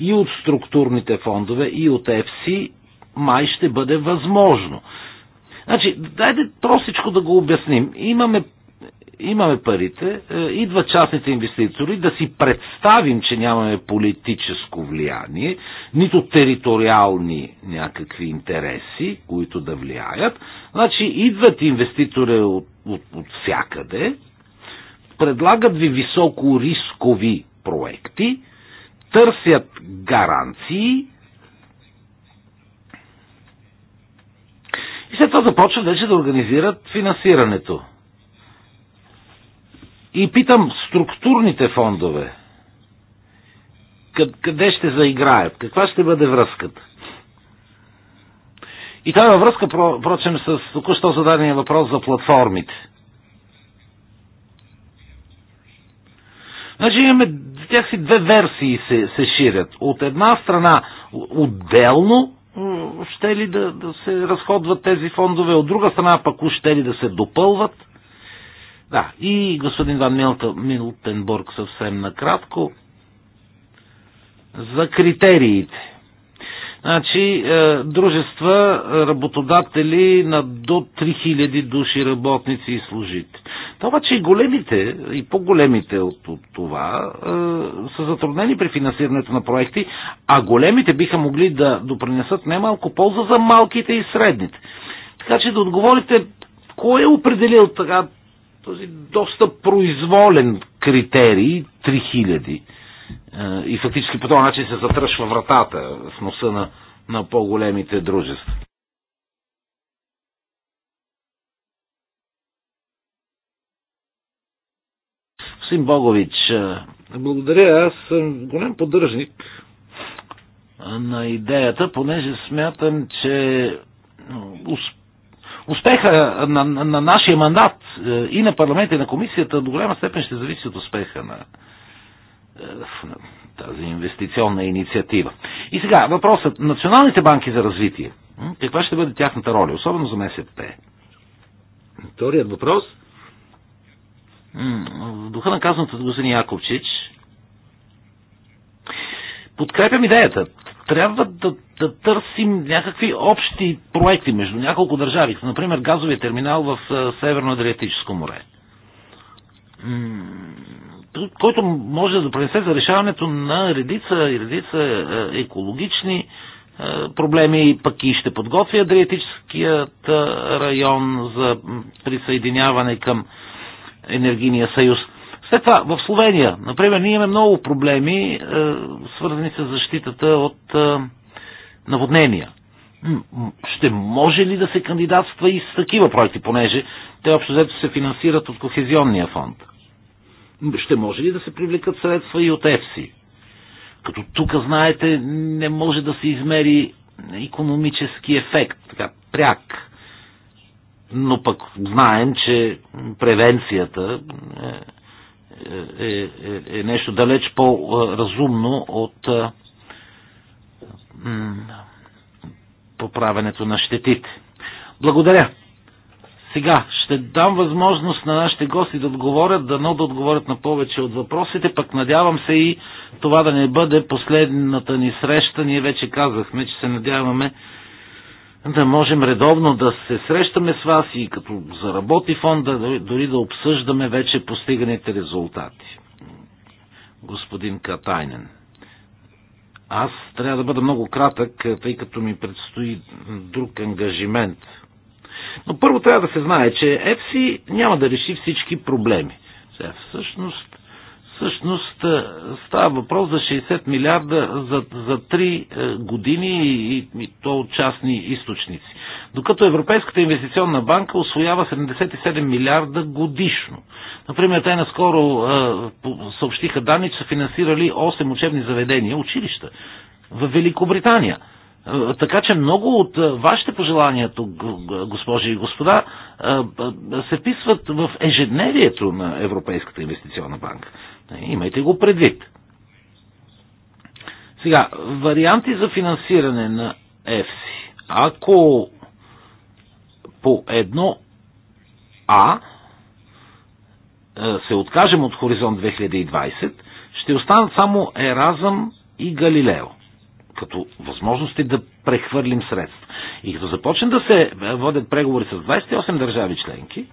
и от структурните фондове, и от ЕФСИ, май ще бъде възможно. Значи, дайте просичко да го обясним. Имаме имаме парите, е, идват частните инвеститори да си представим, че нямаме политическо влияние, нито териториални някакви интереси, които да влияят. Значи идват инвеститори от, от, от всякъде, предлагат ви високо рискови проекти, търсят гаранции, и след това започват вече да организират финансирането. И питам, структурните фондове, къде ще заиграят? Каква ще бъде връзката? И това е във връзка, прочем, с току-що зададения въпрос за платформите. Значи имаме тях си две версии се, се ширят. От една страна отделно ще ли да, да се разходват тези фондове, от друга страна пък ще ли да се допълват. Да, и господин Ван Милтенбург съвсем накратко за критериите. Значи, е, дружества, работодатели на до 3000 души работници и служители. Това обаче и големите, и по-големите от, от това е, са затруднени при финансирането на проекти, а големите биха могли да допринесат немалко полза за малките и средните. Така че да отговорите, кой е определил така този доста произволен критерий 3000 е, и фактически по този начин се затръшва вратата в носа на, на по-големите дружества. Сим Богович, е, благодаря. Аз съм голям поддръжник е, на идеята, понеже смятам, че успех Успеха е, на, на, на нашия мандат е, и на парламента и на комисията до голяма степен ще зависи от успеха на, е, на тази инвестиционна инициатива. И сега въпросът. Националните банки за развитие. Каква ще бъде тяхната роля, особено за МСП? Вторият въпрос. В духа на казаното от господин Яковчич, подкрепям идеята трябва да, да търсим някакви общи проекти между няколко държави, например газовия терминал в е, Северно-Адриатическо море, който може да принесе за решаването на редица и редица е, екологични е, проблеми, пък и ще подготви Адриатическият район за присъединяване към енергийния съюз. След това, в Словения, например, ние имаме много проблеми, е, свързани с защитата от е, наводнения. Ще може ли да се кандидатства и с такива проекти, понеже те общо взето се финансират от Кохезионния фонд? Ще може ли да се привлекат средства и от ЕФСИ? Като тук, знаете, не може да се измери економически ефект, така пряк. Но пък знаем, че превенцията е, е, е, е нещо далеч по-разумно от е, поправенето на щетите. Благодаря. Сега ще дам възможност на нашите гости да отговорят, дано да отговорят на повече от въпросите, пък надявам се и това да не бъде последната ни среща. Ние вече казахме, че се надяваме да можем редовно да се срещаме с вас и като заработи фонда, дори да обсъждаме вече постиганите резултати. Господин Катайнен. Аз трябва да бъда много кратък, тъй като ми предстои друг ангажимент. Но първо трябва да се знае, че ЕФСИ няма да реши всички проблеми. всъщност Всъщност е, става въпрос за 60 милиарда за, за 3 е, години и, и то от частни източници. Докато Европейската инвестиционна банка освоява 77 милиарда годишно. Например, те наскоро е, съобщиха данни, че са финансирали 8 учебни заведения, училища в Великобритания. Е, така че много от вашите пожелания тук, госпожи и господа, се писват в ежедневието на Европейската инвестиционна банка. Е, имайте го предвид. Сега, варианти за финансиране на ЕФСИ. Ако по едно А е, се откажем от Хоризонт 2020, ще останат само Еразъм и Галилео като възможности да прехвърлим средства. И като започнем да се водят преговори с 28 държави членки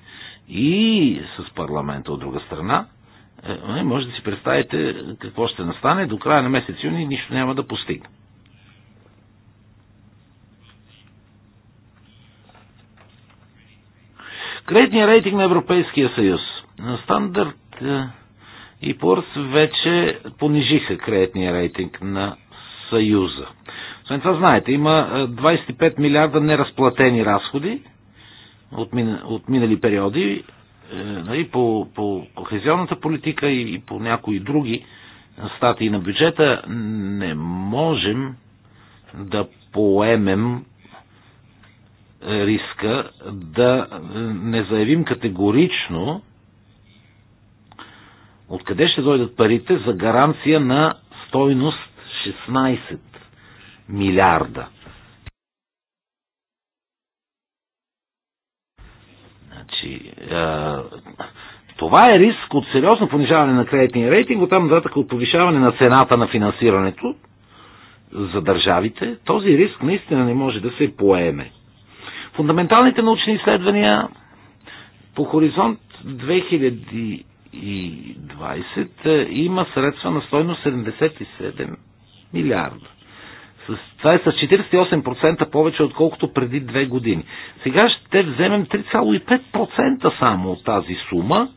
и с парламента от друга страна, е, може да си представите какво ще настане. До края на месец юни нищо няма да постигне. Кредитният рейтинг на Европейския съюз. Стандарт е, и Порс вече понижиха кредитния рейтинг на Съюза. Освен това, знаете, има 25 е, милиарда неразплатени разходи от, от минали периоди е, нали, по, по кохезионната политика и, и по някои други статии на бюджета не можем да поемем риска да не заявим категорично откъде ще дойдат парите за гаранция на стойност 16 милиарда – Е, това е риск от сериозно понижаване на кредитния рейтинг, от там нататък от повишаване на цената на финансирането за държавите. Този риск наистина не може да се поеме. Фундаменталните научни изследвания по хоризонт 2020 е, има средства на стойност 77 милиарда. С, това е с 48% повече, отколкото преди две години. Сега ще вземем 3,5% само от тази сума.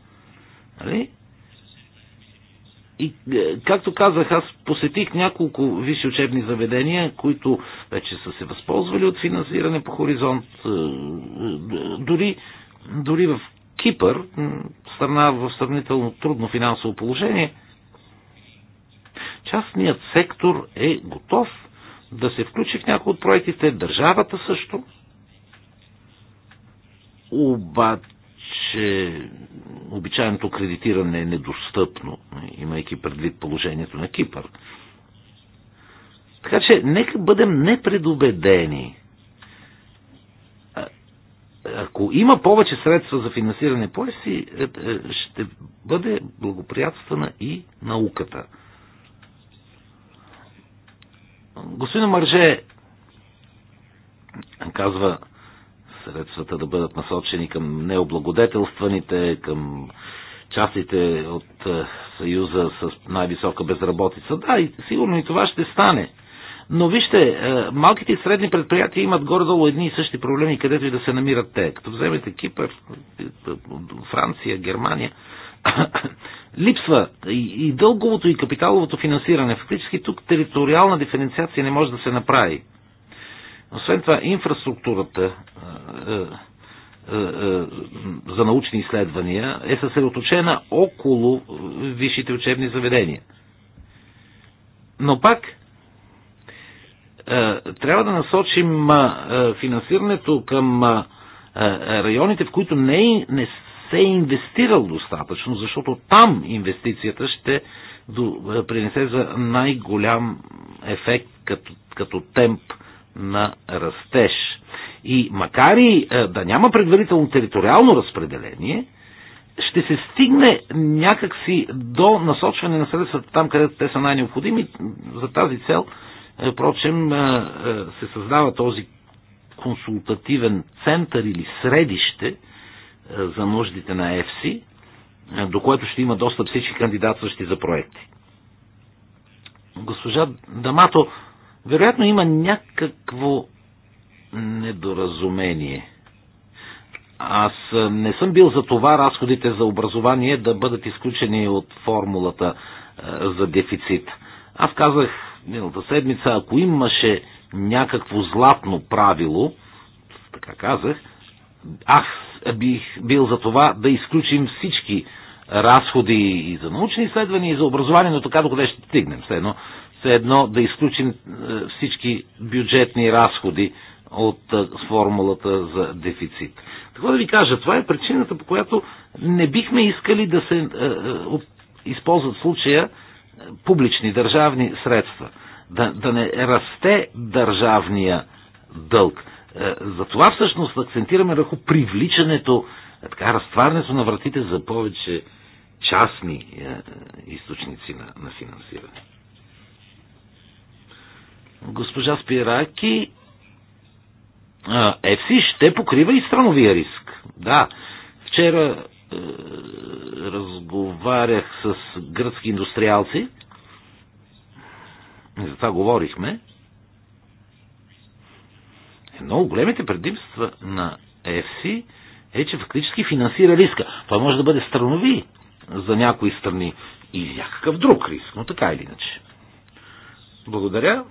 Нали? И, е, както казах, аз посетих няколко висши учебни заведения, които вече са се възползвали от финансиране по хоризонт. Е, е, дори, дори в Кипър, страна в сравнително трудно финансово положение, частният сектор е готов да се включи в някои от проектите, държавата също. Обаче обичайното кредитиране е недостъпно, имайки предвид положението на Кипър. Така че нека бъдем непредубедени. Ако има повече средства за финансиране поеси, е, е, ще бъде благоприятствана и науката. Господин Марже казва средствата да бъдат насочени към необлагодетелстваните, към частите от е, Съюза с най-висока безработица. Да, и сигурно и това ще стане. Но вижте, е, малките и средни предприятия имат горе-долу едни и същи проблеми, където и да се намират те. Като вземете Кипър, е, Франция, Германия, Липсва и, дълговото, и капиталовото финансиране. Фактически тук териториална диференциация не може да се направи. Освен това, инфраструктурата за научни изследвания е съсредоточена около висшите учебни заведения. Но пак трябва да насочим финансирането към районите, в които не, не се е инвестирал достатъчно, защото там инвестицията ще е, принесе за най-голям ефект като, като темп на растеж. И макар и е, да няма предварително териториално разпределение, ще се стигне някакси до насочване на средствата там, където те са най-необходими. За тази цел, е, впрочем, се създава този консултативен център или средище за нуждите на ЕФСИ, до което ще има достъп всички кандидатстващи за проекти. Госпожа Дамато, вероятно има някакво недоразумение. Аз не съм бил за това разходите за образование да бъдат изключени от формулата е, за дефицит. Аз казах миналата седмица, ако имаше някакво златно правило, така казах, аз бих бил за това да изключим всички разходи и за научни изследвания, и за образование, но така докъде ще стигнем. Все едно, все едно да изключим е, всички бюджетни разходи от е, формулата за дефицит. Така да ви кажа, това е причината, по която не бихме искали да се е, е, използват в случая е, публични държавни средства. Да, да не расте държавния дълг. Е, затова всъщност акцентираме върху привличането, е, така, разтварянето на вратите за повече частни е, източници на, на финансиране. Госпожа Спираки, ЕФСИ ще покрива и страновия риск. Да, вчера е, разговарях с гръцки индустриалци, за това говорихме, едно от големите предимства на ЕФСИ е, че фактически финансира риска. Това може да бъде странови за някои страни и някакъв друг риск, но така или иначе. Благодаря.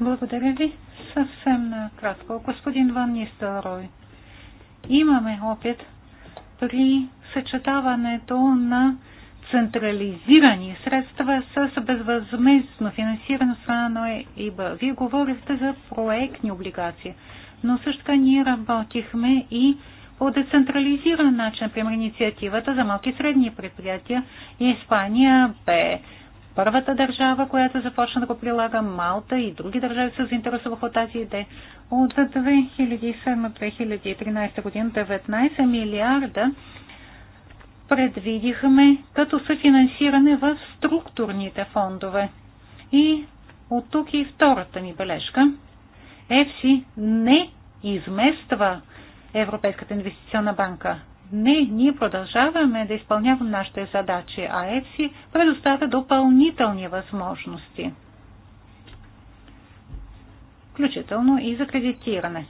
Благодаря ви. Съвсем накратко. Господин Ван Нистелрой, имаме опит при съчетаването на централизирани средства с безвъзместно финансиране страна на ЕИБА. Вие говорихте за проектни облигации, но също така ние работихме и по децентрализиран начин, например, инициативата за малки и средни предприятия. Испания бе първата държава, която започна да го прилага, Малта и други държави се заинтересуваха от тази идея. От 2007-2013 година 19 милиарда предвидихме като съфинансиране в структурните фондове. И от тук и втората ни бележка. ЕФСИ не измества Европейската инвестиционна банка. Не, ние продължаваме да изпълняваме нашите задачи, а ЕФСИ предоставя допълнителни възможности, включително и за кредитиране.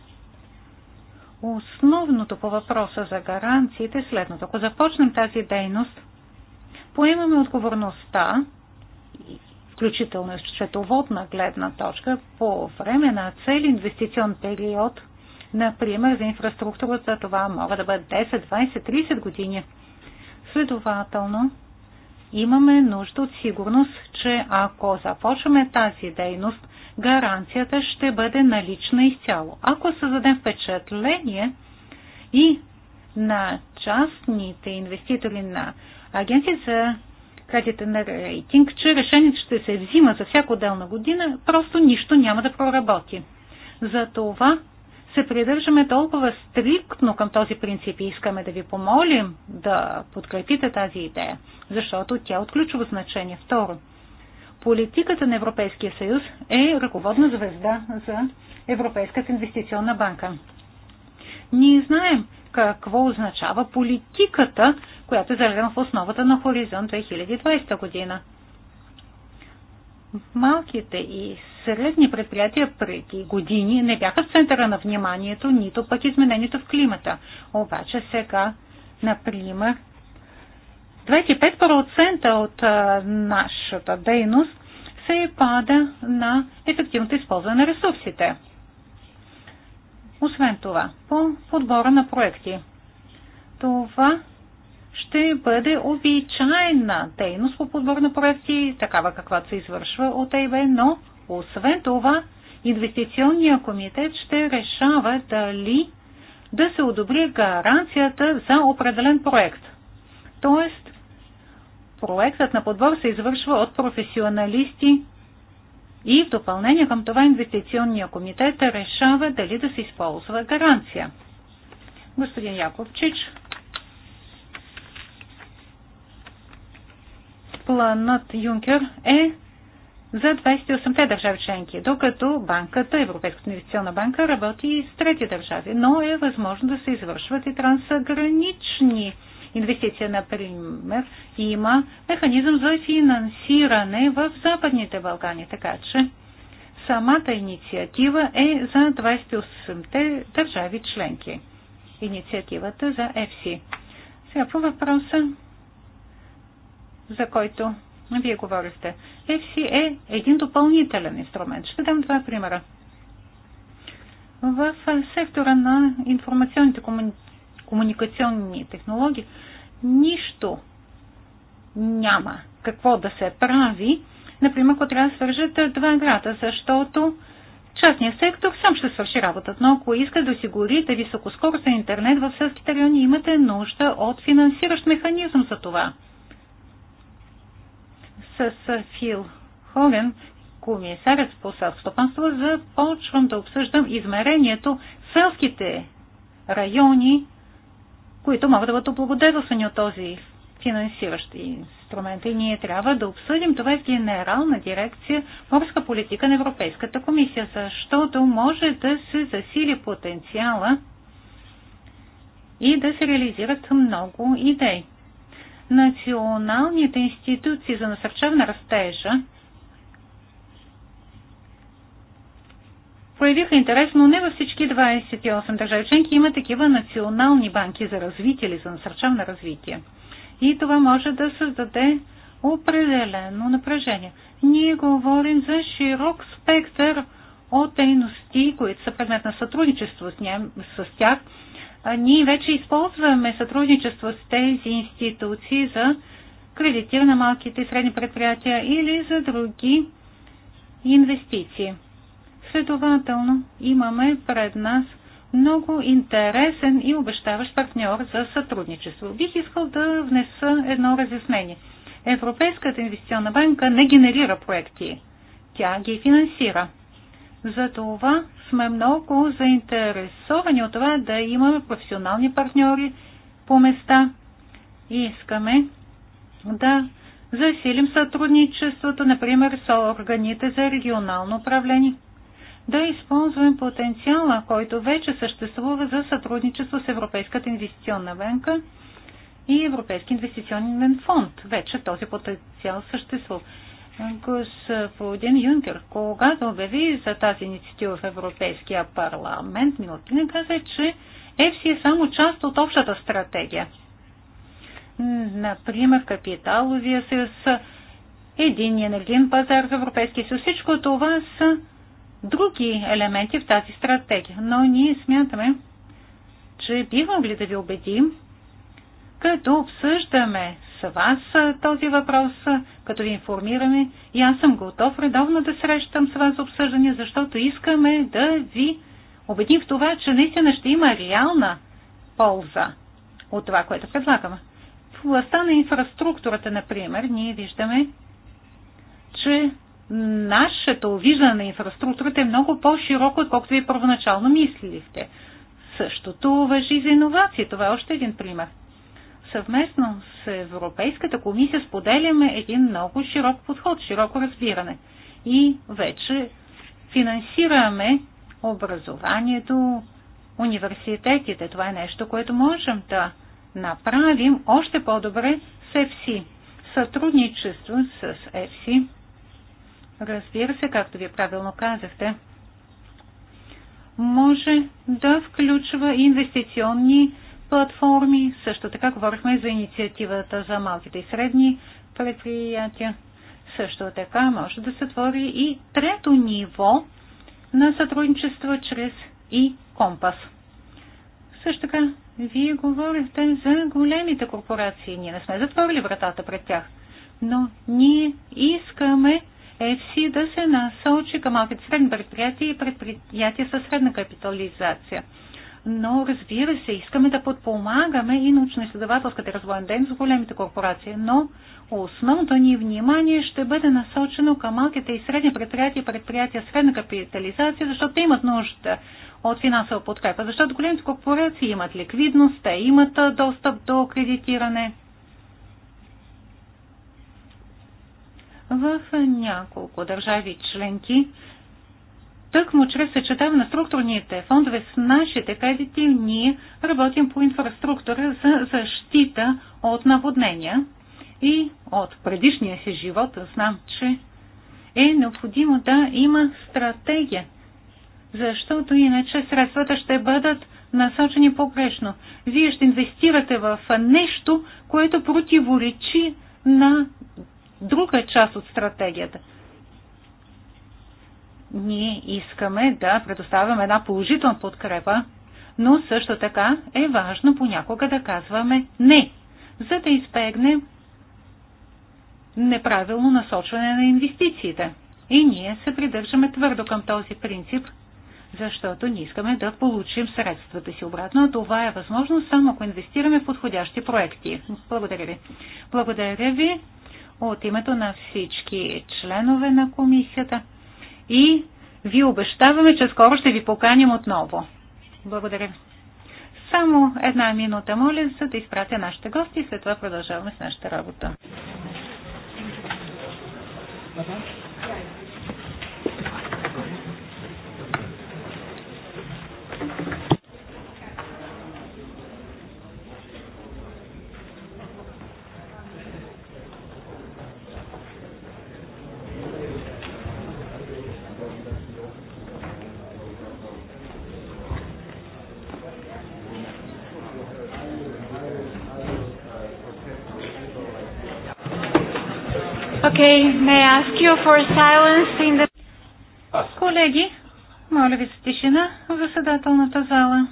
Основното по въпроса за гаранциите е следното. Ако започнем тази дейност, поемаме отговорността, включително с счетоводна гледна точка, по време на цели инвестиционен период, например за инфраструктурата, това могат да бъдат 10, 20, 30 години. Следователно, имаме нужда от сигурност, че ако започваме тази дейност, гаранцията ще бъде налична изцяло. Ако създадем впечатление и на частните инвеститори на агенции за кредитен рейтинг, че решението ще се взима за всяко отделна година, просто нищо няма да проработи. Затова се придържаме толкова стриктно към този принцип и искаме да ви помолим да подкрепите тази идея, защото тя е от ключово значение. Второ, Политиката на Европейския съюз е ръководна звезда за Европейската инвестиционна банка. Ние знаем какво означава политиката, която е залегна в основата на Хоризонт 2020 година. Малките и средни предприятия преди години не бяха в центъра на вниманието, нито пък изменението в климата. Обаче сега, например, 25% от нашата дейност се пада на ефективното използване на ресурсите. Освен това, по подбора на проекти. Това ще бъде обичайна дейност по подбор на проекти, такава каквато се извършва от ЕБ, но освен това инвестиционния комитет ще решава дали да се одобри гаранцията за определен проект. Тоест, проектът на подбор се извършва от професионалисти и в допълнение към това инвестиционния комитет решава дали да се използва гаранция. Господин Яковчич. Планът Юнкер е за 28-те държави членки, докато банката, Европейската инвестиционна банка, работи и с трети държави, но е възможно да се извършват и трансгранични инвестиция, например, има механизъм за финансиране в Западните Балкани. Така че самата инициатива е за 28-те държави членки. Инициативата за ЕФСИ. Сега по въпроса, за който вие говорихте. ЕФСИ е един допълнителен инструмент. Ще дам два примера. В сектора на информационните комуни комуникационни технологии, нищо няма какво да се прави, например, ако трябва да свържат два града, защото частният сектор сам ще свърши работата, но ако иска да осигурите високоскоростен интернет в селските райони, имате нужда от финансиращ механизъм за това. С Фил Хоген, комисарят по селскостопанство, започвам да обсъждам измерението селските райони които могат да бъдат облагодетелствани от този финансиращ инструмент. И ние трябва да обсъдим това в Генерална дирекция морска политика на Европейската комисия, защото може да се засили потенциала и да се реализират много идеи. Националните институции за насърчаване растежа проявиха интерес, но не във всички 28 държави членки има такива национални банки за развитие или за насърчаване развитие. И това може да създаде определено напрежение. Ние говорим за широк спектър от дейности, които са предмет на сътрудничество с, ням, с тях. Ние вече използваме сътрудничество с тези институции за кредитиране на малките и средни предприятия или за други инвестиции. Следователно, имаме пред нас много интересен и обещаващ партньор за сътрудничество. Бих искал да внеса едно разяснение. Европейската инвестиционна банка не генерира проекти. Тя ги финансира. Затова сме много заинтересовани от това да имаме професионални партньори по места и искаме да засилим сътрудничеството, например, с органите за регионално управление да използваме потенциала, който вече съществува за сътрудничество с Европейската инвестиционна банка и Европейски инвестиционен фонд. Вече този потенциал съществува. Господин Юнкер, когато обяви за тази инициатива в Европейския парламент, минутина каза, че ЕФСИ е само част от общата стратегия. Например, капиталовия съюз, един енергиен пазар в Европейския съюз. Всичко това са други елементи в тази стратегия. Но ние смятаме, че бихме могли да ви убедим, като обсъждаме с вас този въпрос, като ви информираме и аз съм готов редовно да срещам с вас обсъждане, защото искаме да ви убедим в това, че наистина ще има реална полза от това, което предлагаме. В областта на инфраструктурата, например, ние виждаме, че нашето виждане на инфраструктурата е много по-широко, отколкото вие първоначално мислихте. Същото въжи за иновации. Това е още един пример. Съвместно с Европейската комисия споделяме един много широк подход, широко разбиране. И вече финансираме образованието, университетите. Това е нещо, което можем да направим още по-добре с ЕФСИ. Сътрудничество с ЕФСИ разбира се, както вие правилно казахте, може да включва инвестиционни платформи. Също така говорихме за инициативата за малките и средни предприятия. Също така може да се твори и трето ниво на сътрудничество чрез и компас. Също така, вие говорихте за големите корпорации. Ние не сме затворили вратата пред тях, но ние искаме ЕФСИ да се насочи към малките средни предприятия и предприятия със средна капитализация. Но, разбира се, искаме да подпомагаме и научно-изследователската развоен ден с големите корпорации, но основното ни внимание ще бъде насочено към малките и средни предприятия и предприятия средна капитализация, защото те имат нужда от финансова подкрепа, защото големите корпорации имат ликвидност, те имат достъп до кредитиране в няколко държави членки, тъкмо чрез съчетаване на структурните фондове с нашите кредити, ние работим по инфраструктура за защита от наводнения. И от предишния си живот знам, че е необходимо да има стратегия, защото иначе средствата ще бъдат насочени погрешно. Вие ще инвестирате в нещо, което противоречи на друга част от стратегията. Ние искаме да предоставяме една положителна подкрепа, но също така е важно понякога да казваме не, за да избегнем неправилно насочване на инвестициите. И ние се придържаме твърдо към този принцип, защото не искаме да получим средствата си обратно, а това е възможно само ако инвестираме в подходящи проекти. Благодаря ви. Благодаря ви от името на всички членове на комисията и ви обещаваме, че скоро ще ви поканим отново. Благодаря. Само една минута, моля, се, да изпратя нашите гости и след това продължаваме с нашата работа. bye The... Колеги, моля ви за тишина в заседателната зала.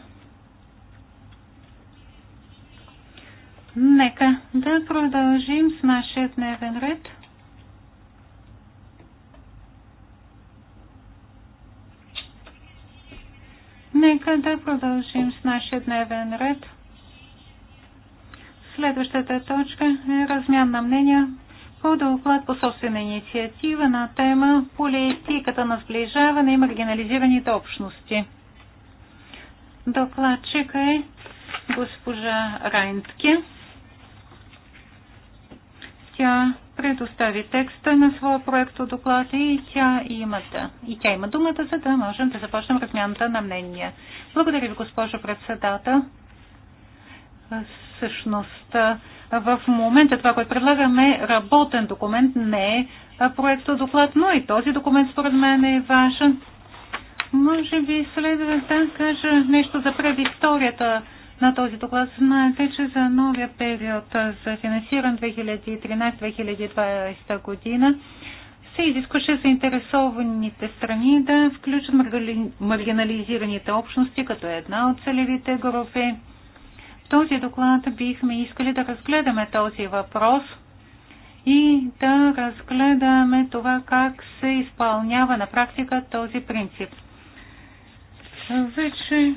Нека да продължим с нашия дневен ред. Нека да продължим с нашия дневен ред. Следващата точка е размяна на мнения по доклад по собствена инициатива на тема политиката на сближаване и маргинализираните общности. Докладчик е госпожа Райнтке. Тя предостави текста на своя проект от доклад и тя, има, да. и тя има думата, за да можем да започнем размяната на мнения. Благодаря ви, госпожо председател. Всъщност, в момента това, което предлагаме, работен документ не е проекто доклад, но и този документ според мен е важен. Може би следва да кажа нещо за предисторията на този доклад. Знаете, че за новия период за финансиран 2013-2020 година се изискваше заинтересованите страни да включат маргинализираните общности като една от целевите групи този доклад бихме искали да разгледаме този въпрос и да разгледаме това как се изпълнява на практика този принцип. Вече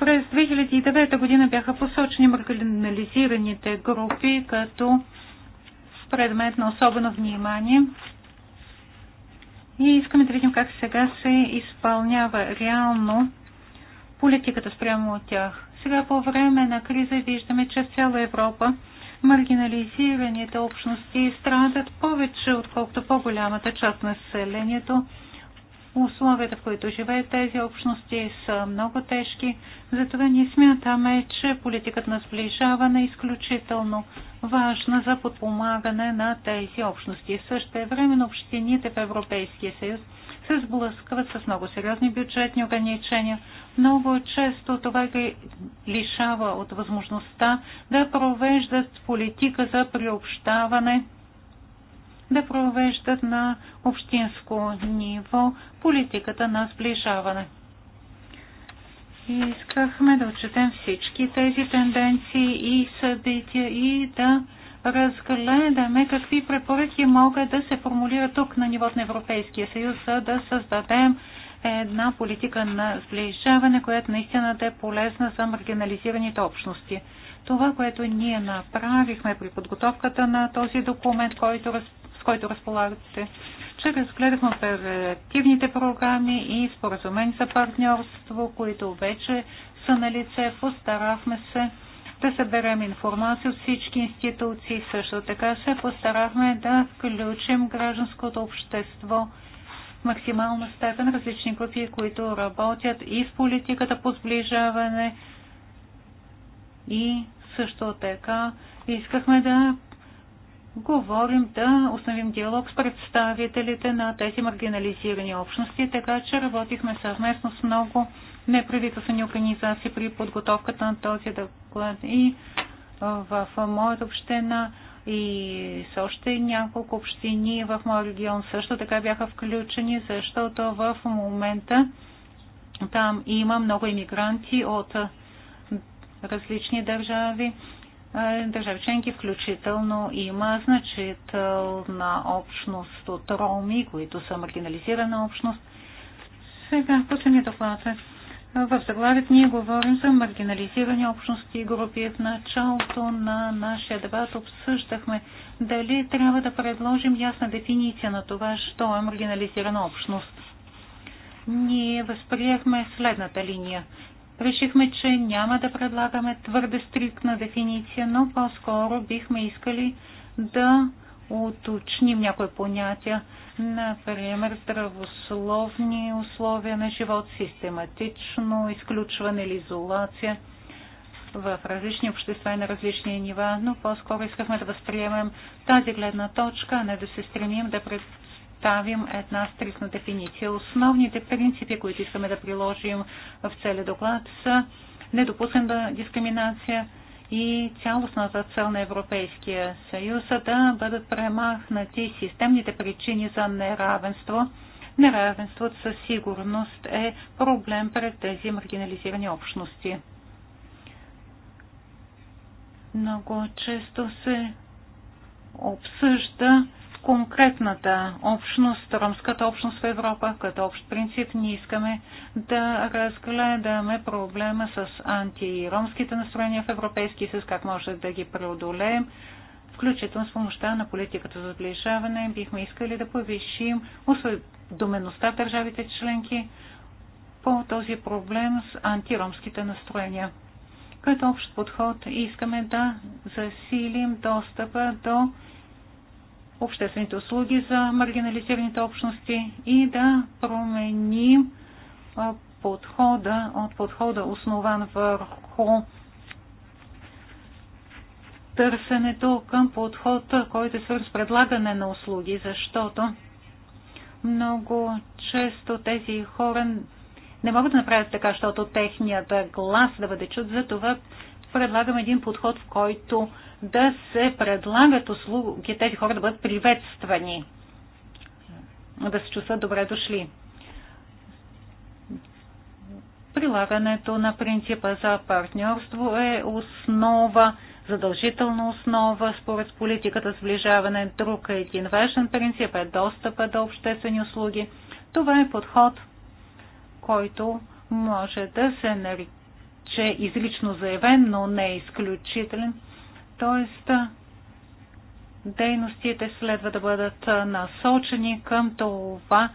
през 2009 година бяха посочени маргинализираните групи като предмет на особено внимание. И искаме да видим как сега се изпълнява реално политиката спрямо от тях. Сега по време на криза виждаме, че в цяла Европа маргинализираните общности страдат повече, отколкото по-голямата част на населението. Условията, в които живеят тези общности, са много тежки. Затова ние смятаме, че политиката на сближаване е изключително важна за подпомагане на тези общности. Също е време на общините в Европейския съюз се сблъскват с много сериозни бюджетни ограничения. Много често това ги лишава от възможността да провеждат политика за приобщаване, да провеждат на общинско ниво политиката на сближаване. И искахме да отчетем всички тези тенденции и събития и да разгледаме какви препоръки могат да се формулират тук на нивото на Европейския съюз, за да създадем една политика на сближаване, която наистина да е полезна за маргинализираните общности. Това, което ние направихме при подготовката на този документ, който, с който разполагате, че разгледахме оперативните програми и споразумени за партньорство, които вече са на лице, постарахме се да съберем информация от всички институции. Също така се постарахме да включим гражданското общество в максимална степен различни групи, които работят и в политиката по сближаване и също така искахме да говорим, да установим диалог с представителите на тези маргинализирани общности, така че работихме съвместно с много неправителствени организации при подготовката на този доклад и в моята община и с още няколко общини в моя регион също така бяха включени, защото в момента там има много иммигранти от различни държави, държави членки, включително има значителна общност от роми, които са маргинализирана общност. Сега, почени доклада. В заглавието ние говорим за маргинализирани общности и групи. В началото на нашия дебат обсъждахме дали трябва да предложим ясна дефиниция на това, що е маргинализирана общност. Ние възприехме следната линия. Решихме, че няма да предлагаме твърде стриктна дефиниция, но по-скоро бихме искали да уточним някои понятия. Например, здравословни условия на живот, систематично изключване или изолация в различни общества и на различни нива, но по-скоро искахме да възприемем тази гледна точка, а не да се стремим да представим една стрикна дефиниция. Основните принципи, които искаме да приложим в целия доклад са недопусната дискриминация – и цялостната цел на Европейския съюз е да бъдат премахнати системните причини за неравенство. Неравенството със сигурност е проблем пред тези маргинализирани общности. Много често се обсъжда конкретната общност, ромската общност в Европа, като общ принцип ние искаме да разгледаме проблема с антиромските настроения в Европейския съюз, как може да ги преодолеем, включително с помощта на политиката за сближаване. Бихме искали да повишим осведомеността в държавите членки по този проблем с антиромските настроения. Като общ подход искаме да засилим достъпа до обществените услуги за маргинализираните общности и да променим подхода от подхода основан върху търсенето към подход, който е свързан с предлагане на услуги, защото много често тези хора не могат да направят така, защото техният глас да бъде чут. Затова предлагам един подход, в който да се предлагат услуги, тези хора да бъдат приветствани, да се чувстват добре дошли. Прилагането на принципа за партньорство е основа, задължителна основа според политиката сближаване. Друг е един важен принцип е достъпа до обществени услуги. Това е подход, който може да се нарече излично заявен, но не е изключителен. Тоест, дейностите следва да бъдат насочени към това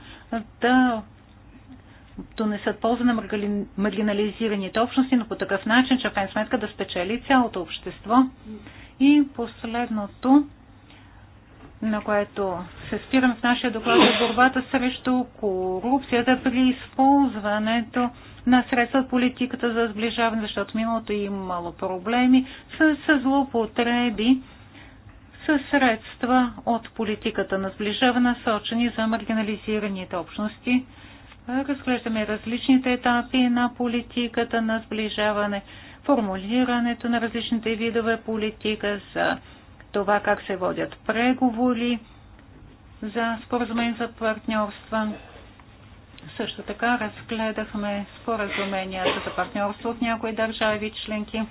да донесат полза на маргинализираните общности, но по такъв начин, че в сметка да спечели цялото общество. И последното, на което се спирам в нашия доклад за борбата срещу корупцията при използването на средства от политиката за сближаване, защото миналото е имало проблеми с, с злоупотреби с средства от политиката на сближаване, сочени за маргинализираните общности. Разглеждаме различните етапи на политиката на сближаване, формулирането на различните видове политика за това как се водят преговори за споразумение за партньорства. Също така разгледахме споразуменията за партньорство в някои държави членки.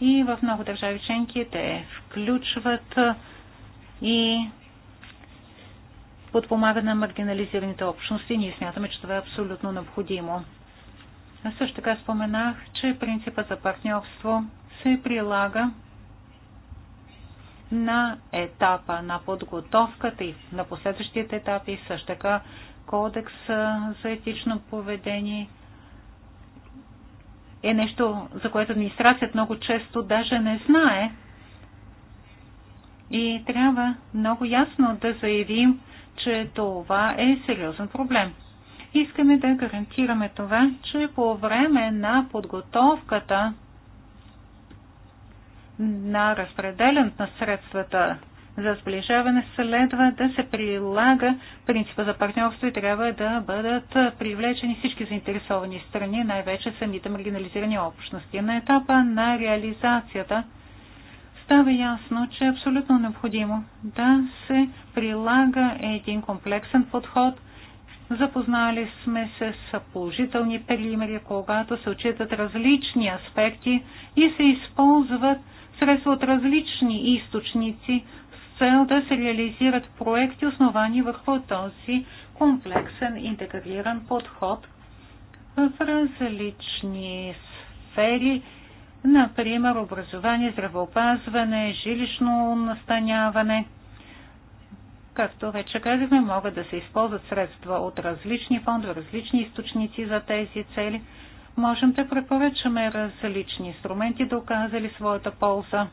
И в много държави членки те включват и подпомага на маргинализираните общности. Ние смятаме, че това е абсолютно необходимо. А също така споменах, че принципът за партньорство се прилага на етапа на подготовката и на последващите етапи, също така кодекс за етично поведение е нещо, за което администрацията много често даже не знае. И трябва много ясно да заявим, че това е сериозен проблем. Искаме да гарантираме това, че по време на подготовката на разпределянето на средствата за сближаване следва да се прилага принципа за партньорство и трябва да бъдат привлечени всички заинтересовани страни, най-вече самите маргинализирани общности. На етапа на реализацията става ясно, че е абсолютно необходимо да се прилага един комплексен подход. Запознали сме се с положителни примери, когато се отчитат различни аспекти и се използват средства от различни източници с цел да се реализират проекти, основани върху този комплексен интегриран подход в различни сфери, например образование, здравеопазване, жилищно настаняване. Както вече казахме, могат да се използват средства от различни фондове, различни източници за тези цели – можем да препоръчаме различни инструменти, доказали своята полза.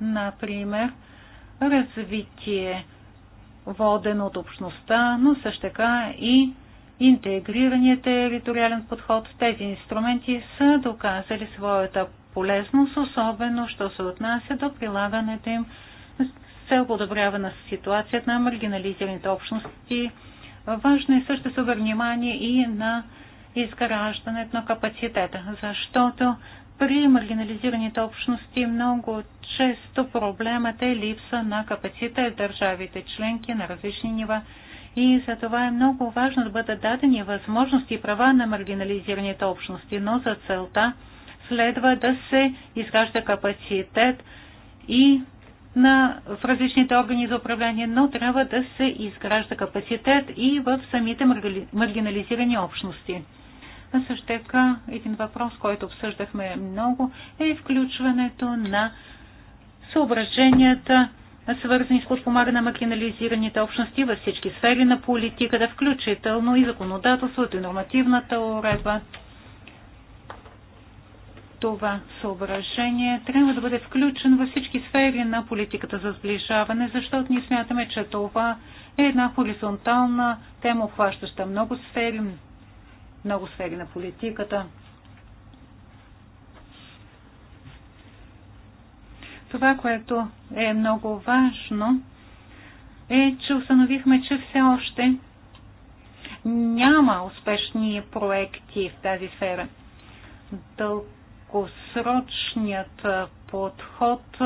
Например, развитие, водено от общността, но също така и интегрирания териториален подход. Тези инструменти са доказали своята полезност, особено що се отнася до прилагането им с цел подобряване на ситуацията на маргинализираните общности. Важно е също да се внимание и на изграждането на капацитета, защото при маргинализираните общности много често проблемът е липса на капацитет в държавите членки на различни нива. И за това е много важно да бъдат дадени възможности и права на маргинализираните общности, но за целта следва да се изгражда капацитет и на, в различните органи за управление, но трябва да се изгражда капацитет и в самите маргинализирани общности. На също така, един въпрос, който обсъждахме много, е включването на съображенията, свързани с подпомага на маргинализираните общности във всички сфери на политиката, включително и законодателството и нормативната уредба това съображение трябва да бъде включен във всички сфери на политиката за сближаване, защото ние смятаме, че това е една хоризонтална тема, обхващаща много сфери, много сфери на политиката. Това, което е много важно, е, че установихме, че все още няма успешни проекти в тази сфера. Дълг краткосрочният подход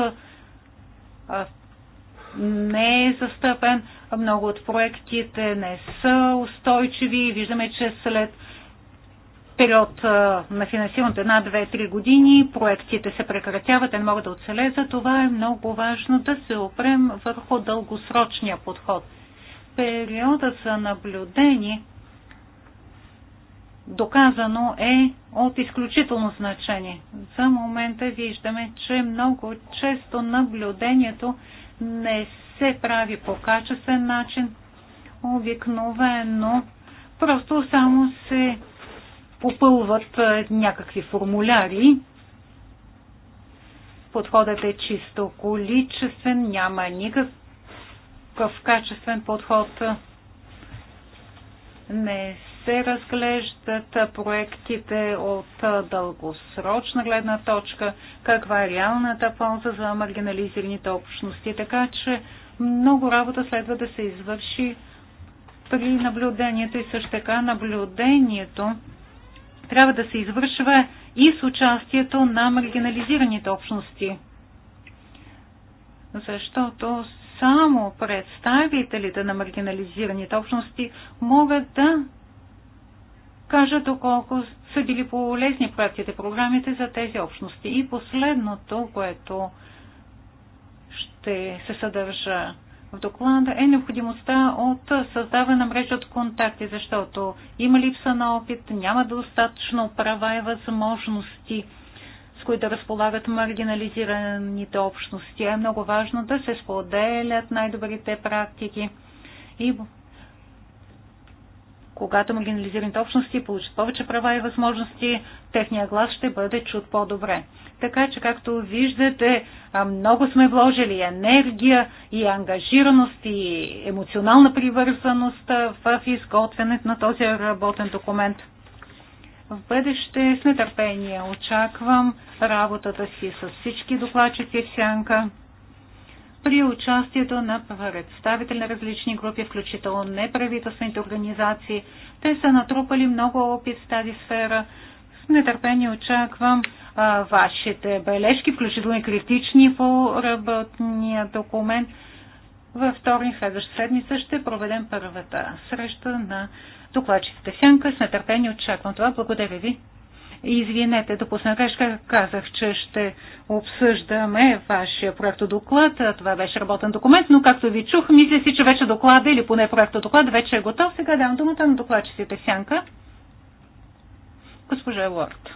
не е застъпен. Много от проектите не са устойчиви. Виждаме, че след период на финансирането една, две, три години проектите се прекратяват, те не могат да оцелеят. За това е много важно да се опрем върху дългосрочния подход. Периода за наблюдение доказано е от изключително значение. За момента виждаме, че много често наблюдението не се прави по качествен начин. Обикновено просто само се попълват е, някакви формуляри. Подходът е чисто количествен, няма никакъв качествен подход. Не се разглеждат проектите от дългосрочна гледна точка, каква е реалната полза за маргинализираните общности. Така че много работа следва да се извърши при наблюдението и също така наблюдението трябва да се извършва и с участието на маргинализираните общности. Защото само представителите на маргинализираните общности могат да кажа доколко са били полезни проектите, програмите за тези общности. И последното, което ще се съдържа в доклада, е необходимостта от създаване на мрежа от контакти, защото има липса на опит, няма достатъчно права и възможности, с които да разполагат маргинализираните общности. Е много важно да се споделят най-добрите практики и когато маргинализираните общности получат повече права и възможности, техния глас ще бъде чут по-добре. Така че, както виждате, много сме вложили енергия и ангажираност и емоционална привързаност в изготвянето на този работен документ. В бъдеще с нетърпение очаквам работата си с всички докладчици в сянка при участието на представители на различни групи, включително неправителствените организации. Те са натрупали много опит в тази сфера. С нетърпение очаквам а, вашите бележки, включително и критични по работния документ. Във втори, следващ седмица, ще проведем първата среща на докладчиците Сянка. С нетърпение очаквам това. Благодаря ви. Извинете, да пусна допусна как Казах, че ще обсъждаме вашия проектодоклад. Това беше работен документ, но както ви чух, мисля си, че вече доклада или поне проектодоклад вече е готов. Сега давам думата на докладчиците Сянка. Госпожа Лорд.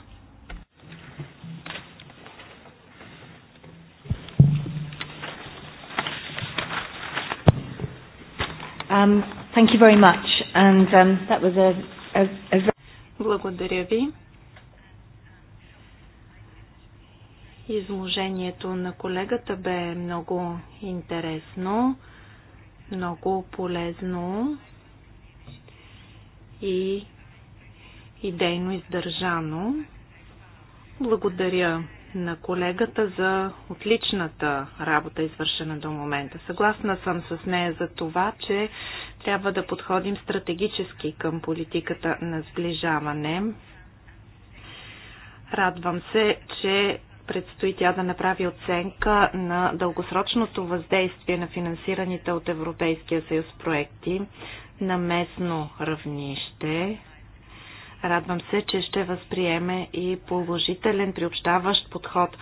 Um, thank you very much. And um, that was a, a, a... Благодаря ви. Изложението на колегата бе много интересно, много полезно и идейно издържано. Благодаря на колегата за отличната работа, извършена до момента. Съгласна съм с нея за това, че трябва да подходим стратегически към политиката на сближаване. Радвам се, че Предстои тя да направи оценка на дългосрочното въздействие на финансираните от Европейския съюз проекти на местно равнище. Радвам се, че ще възприеме и положителен приобщаващ подход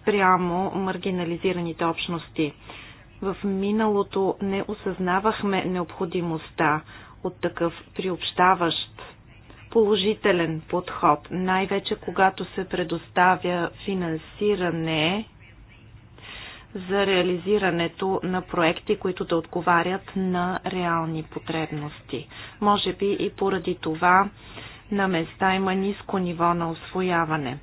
спрямо маргинализираните общности. В миналото не осъзнавахме необходимостта от такъв приобщаващ положителен подход, най-вече когато се предоставя финансиране за реализирането на проекти, които да отговарят на реални потребности. Може би и поради това на места има ниско ниво на освояване.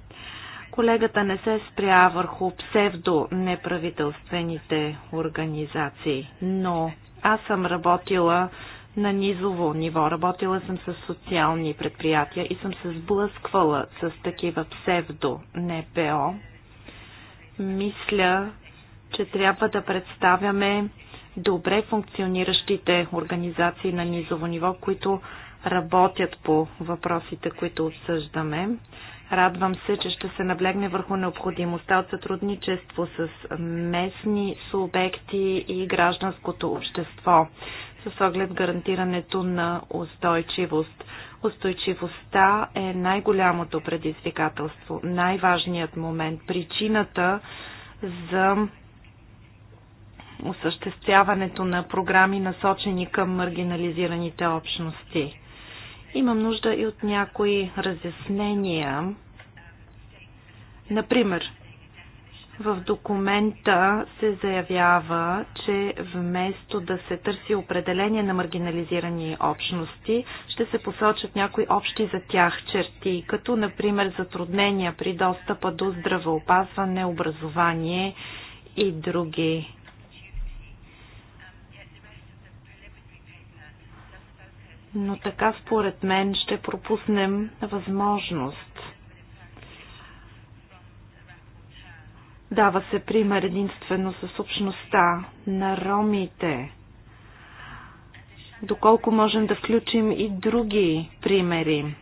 Колегата не се спря върху псевдонеправителствените организации, но аз съм работила на низово ниво. Работила съм с социални предприятия и съм се сблъсквала с такива псевдо-НПО. Мисля, че трябва да представяме добре функциониращите организации на низово ниво, които работят по въпросите, които обсъждаме. Радвам се, че ще се наблегне върху необходимостта от сътрудничество с местни субекти и гражданското общество с оглед гарантирането на устойчивост. Устойчивостта е най-голямото предизвикателство, най-важният момент, причината за осъществяването на програми насочени към маргинализираните общности. Имам нужда и от някои разяснения. Например, в документа се заявява, че вместо да се търси определение на маргинализирани общности, ще се посочат някои общи за тях черти, като например затруднения при достъпа до здравеопазване, образование и други. Но така според мен ще пропуснем възможност Дава се пример единствено с общността на ромите. Доколко можем да включим и други примери.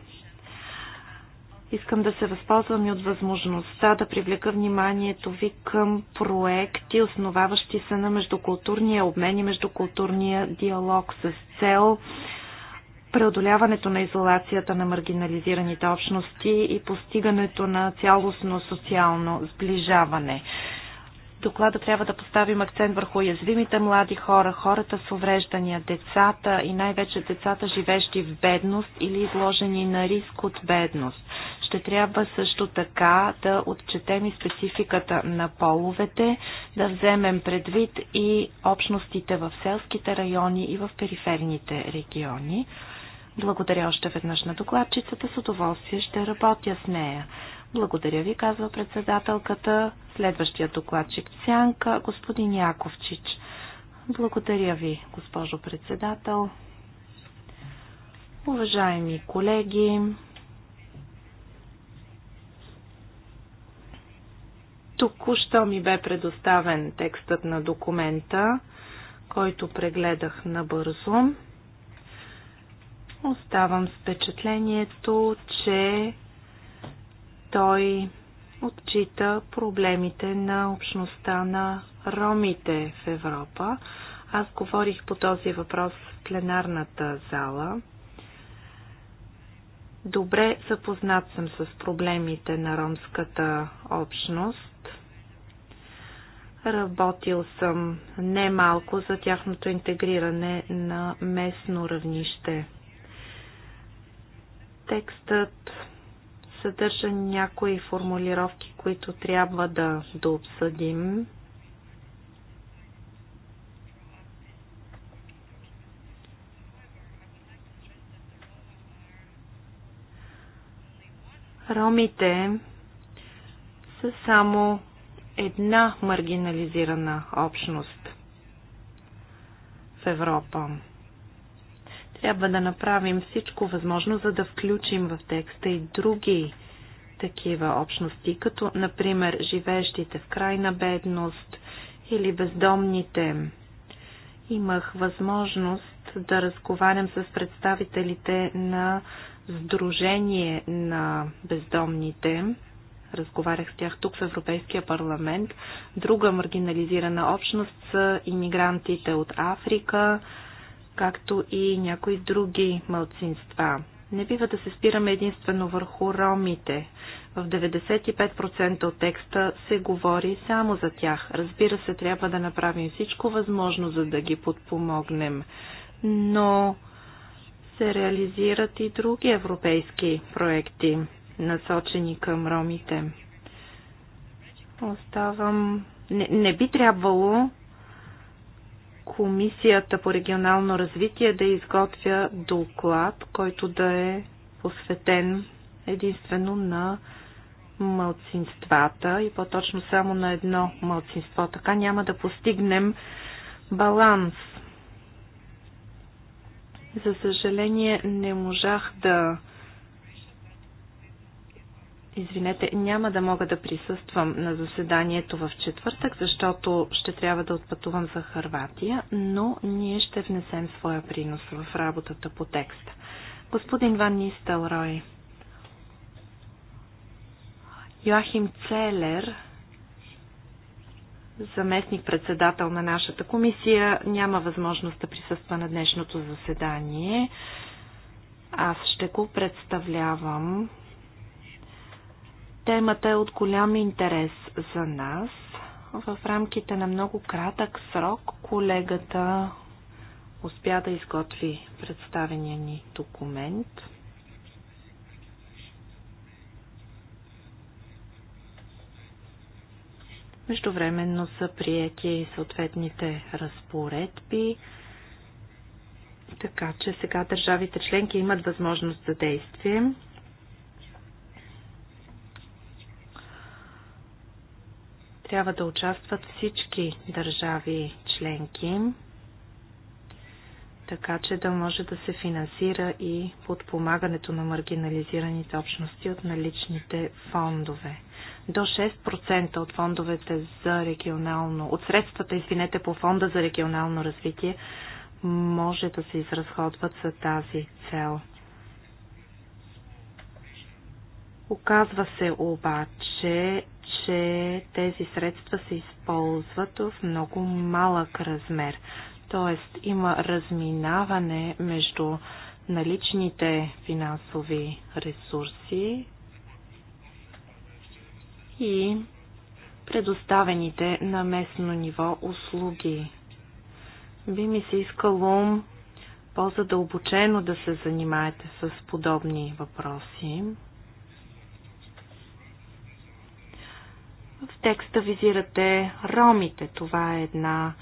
Искам да се възползвам и от възможността да привлека вниманието ви към проекти, основаващи се на междукултурния обмен и междукултурния диалог с цел преодоляването на изолацията на маргинализираните общности и постигането на цялостно социално сближаване. Доклада трябва да поставим акцент върху уязвимите млади хора, хората с увреждания, децата и най-вече децата, живещи в бедност или изложени на риск от бедност. Ще трябва също така да отчетем и спецификата на половете, да вземем предвид и общностите в селските райони и в периферните региони. Благодаря още веднъж на докладчицата. С удоволствие ще работя с нея. Благодаря ви, казва председателката. Следващия докладчик Сянка, господин Яковчич. Благодаря ви, госпожо председател. Уважаеми колеги, току-що ми бе предоставен текстът на документа, който прегледах набързо. Оставам с впечатлението, че той отчита проблемите на общността на ромите в Европа. Аз говорих по този въпрос в пленарната зала. Добре запознат съм с проблемите на ромската общност. Работил съм немалко за тяхното интегриране на местно равнище. Текстът съдържа някои формулировки, които трябва да, да обсъдим. Ромите са само една маргинализирана общност в Европа. Трябва да направим всичко възможно, за да включим в текста и други такива общности, като например живеещите в крайна бедност или бездомните. Имах възможност да разговарям с представителите на Сдружение на бездомните. Разговарях с тях тук в Европейския парламент. Друга маргинализирана общност са иммигрантите от Африка, както и някои други мълцинства. Не бива да се спираме единствено върху ромите. В 95% от текста се говори само за тях. Разбира се, трябва да направим всичко възможно, за да ги подпомогнем. Но се реализират и други европейски проекти, насочени към ромите. Оставам. Не, не би трябвало Комисията по регионално развитие да изготвя доклад, който да е посветен единствено на мълцинствата и по-точно само на едно мълцинство. Така няма да постигнем баланс. За съжаление не можах да Извинете, няма да мога да присъствам на заседанието в четвъртък, защото ще трябва да отпътувам за Харватия, но ние ще внесем своя принос в работата по текста. Господин Ван Рой. Йоахим Целер, заместник-председател на нашата комисия, няма възможност да присъства на днешното заседание. Аз ще го представлявам Темата е от голям интерес за нас. В рамките на много кратък срок колегата успя да изготви представения ни документ. Междувременно са приети и съответните разпоредби, така че сега държавите членки имат възможност за действие. Трябва да участват всички държави членки, така че да може да се финансира и подпомагането на маргинализираните общности от наличните фондове. До 6% от фондовете за регионално, от средствата, извинете, по фонда за регионално развитие може да се изразходват за тази цел. Оказва се обаче, че тези средства се използват в много малък размер. Тоест има разминаване между наличните финансови ресурси и предоставените на местно ниво услуги. Би ми се искало по-задълбочено да се занимаете с подобни въпроси. В текста визирате ромите. Това е една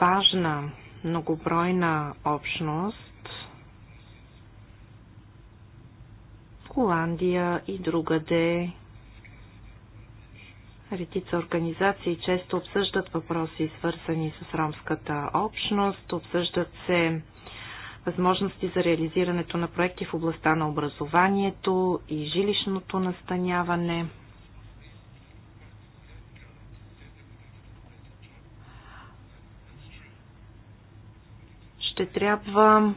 важна, многобройна общност. Холандия и другаде редица организации често обсъждат въпроси, свързани с ромската общност, обсъждат се възможности за реализирането на проекти в областта на образованието и жилищното настаняване – ще трябва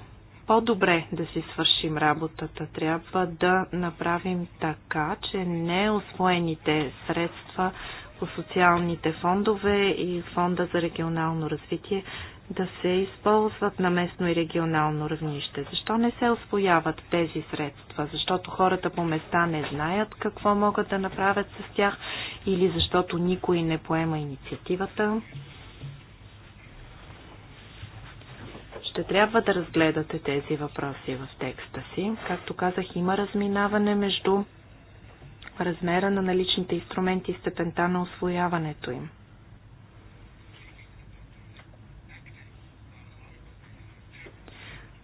по-добре да си свършим работата. Трябва да направим така, че неосвоените средства по социалните фондове и фонда за регионално развитие да се използват на местно и регионално равнище. Защо не се освояват тези средства? Защото хората по места не знаят какво могат да направят с тях или защото никой не поема инициативата? ще трябва да разгледате тези въпроси в текста си. Както казах, има разминаване между размера на наличните инструменти и степента на освояването им.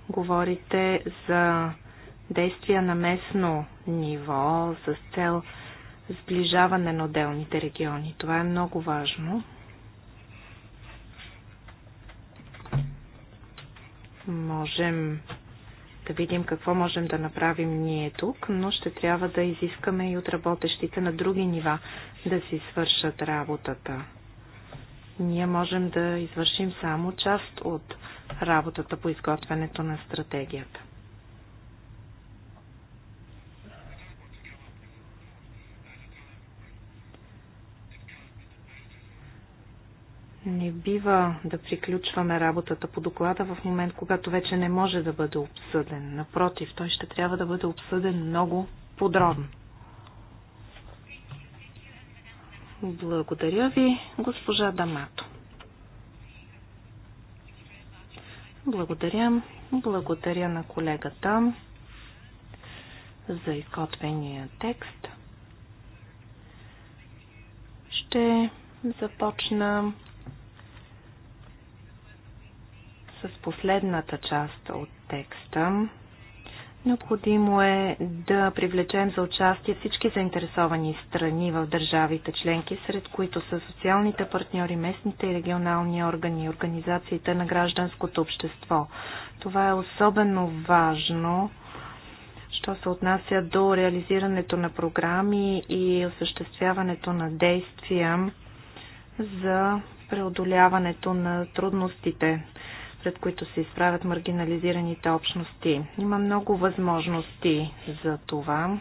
Говорите за действия на местно ниво с цел сближаване на отделните региони. Това е много важно. можем да видим какво можем да направим ние тук, но ще трябва да изискаме и от работещите на други нива да си свършат работата. Ние можем да извършим само част от работата по изготвянето на стратегията. Не бива да приключваме работата по доклада в момент, когато вече не може да бъде обсъден. Напротив, той ще трябва да бъде обсъден много подробно. Благодаря ви, госпожа Дамато. Благодаря. Благодаря на колегата за изготвения текст. Ще започна с последната част от текста. Необходимо е да привлечем за участие всички заинтересовани страни в държавите членки, сред които са социалните партньори, местните и регионални органи и организациите на гражданското общество. Това е особено важно, що се отнася до реализирането на програми и осъществяването на действия за преодоляването на трудностите, пред които се изправят маргинализираните общности. Има много възможности за това.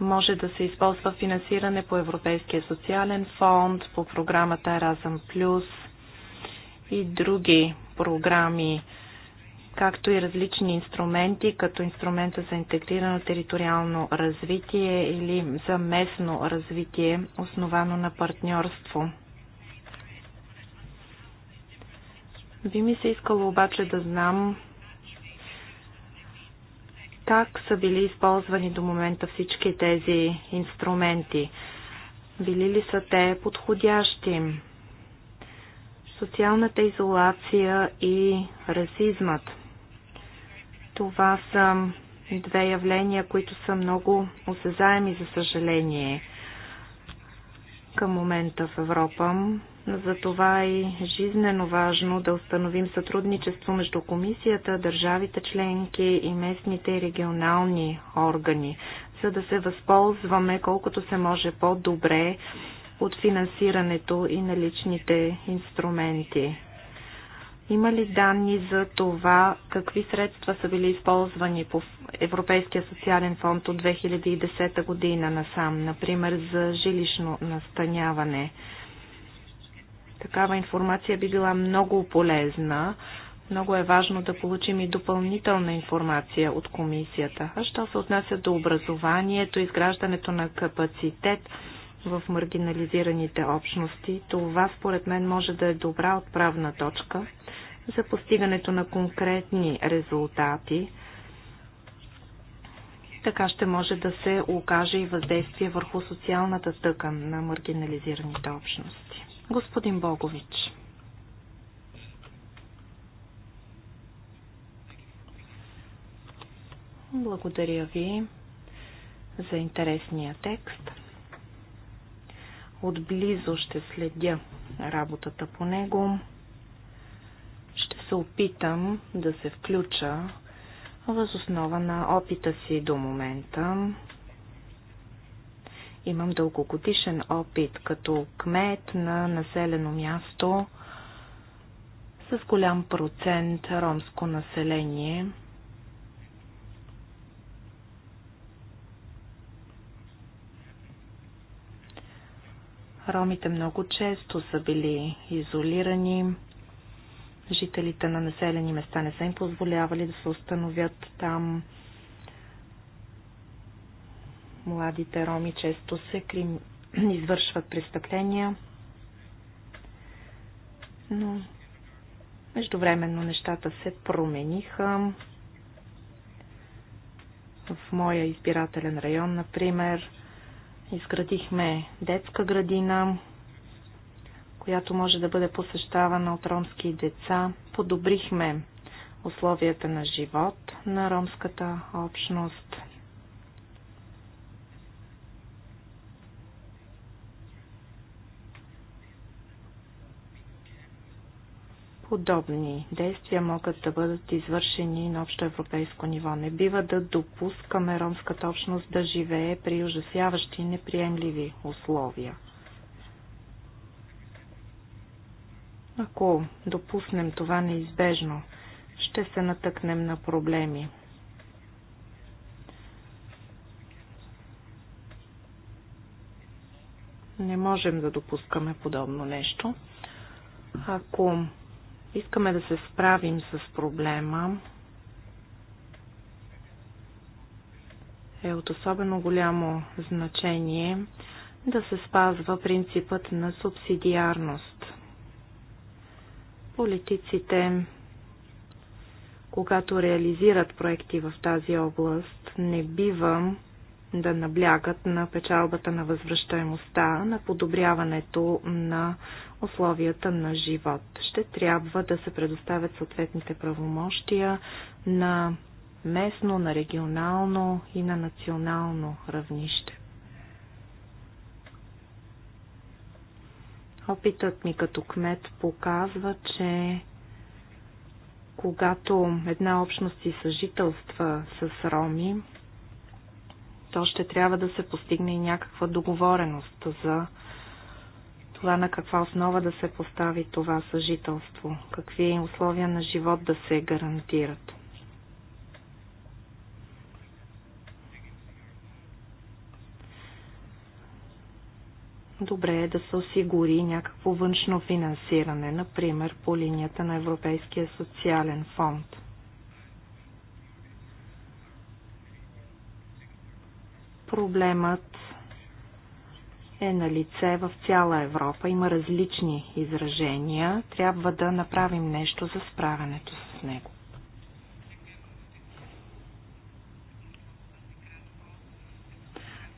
Може да се използва финансиране по Европейския социален фонд, по програмата Erasm Plus и други програми, както и различни инструменти, като инструмента за интегрирано териториално развитие или за местно развитие, основано на партньорство. Би ми се искало обаче да знам как са били използвани до момента всички тези инструменти. Били ли са те подходящи? Социалната изолация и расизмът. Това са две явления, които са много осезаеми, за съжаление, към момента в Европа. Затова е жизнено важно да установим сътрудничество между комисията, държавите членки и местните регионални органи, за да се възползваме колкото се може по-добре от финансирането и наличните инструменти. Има ли данни за това какви средства са били използвани по Европейския социален фонд от 2010 година насам, например за жилищно настаняване? Такава информация би била много полезна. Много е важно да получим и допълнителна информация от комисията. А що се отнася до образованието, изграждането на капацитет в маргинализираните общности, това според мен може да е добра отправна точка за постигането на конкретни резултати. Така ще може да се окаже и въздействие върху социалната тъкан на маргинализираните общности. Господин Богович. Благодаря ви за интересния текст. Отблизо ще следя работата по него. Ще се опитам да се включа въз основа на опита си до момента Имам дългогодишен опит като кмет на населено място с голям процент ромско население. Ромите много често са били изолирани. Жителите на населени места не са им позволявали да се установят там Младите роми често се крим... извършват престъпления, но междувременно нещата се промениха. В моя избирателен район, например, изградихме детска градина, която може да бъде посещавана от ромски деца. Подобрихме условията на живот на ромската общност. подобни действия могат да бъдат извършени на общо европейско ниво. Не бива да допускаме ромската общност да живее при ужасяващи неприемливи условия. Ако допуснем това неизбежно, ще се натъкнем на проблеми. Не можем да допускаме подобно нещо. Ако Искаме да се справим с проблема. Е от особено голямо значение да се спазва принципът на субсидиарност. Политиците, когато реализират проекти в тази област, не бива да наблягат на печалбата на възвръщаемостта, на подобряването на условията на живот. Ще трябва да се предоставят съответните правомощия на местно, на регионално и на национално равнище. Опитът ми като кмет показва, че когато една общност си съжителства с роми, то ще трябва да се постигне и някаква договореност за това на каква основа да се постави това съжителство, какви условия на живот да се гарантират. Добре е да се осигури някакво външно финансиране, например по линията на Европейския социален фонд – Проблемът е на лице в цяла Европа. Има различни изражения. Трябва да направим нещо за справянето с него.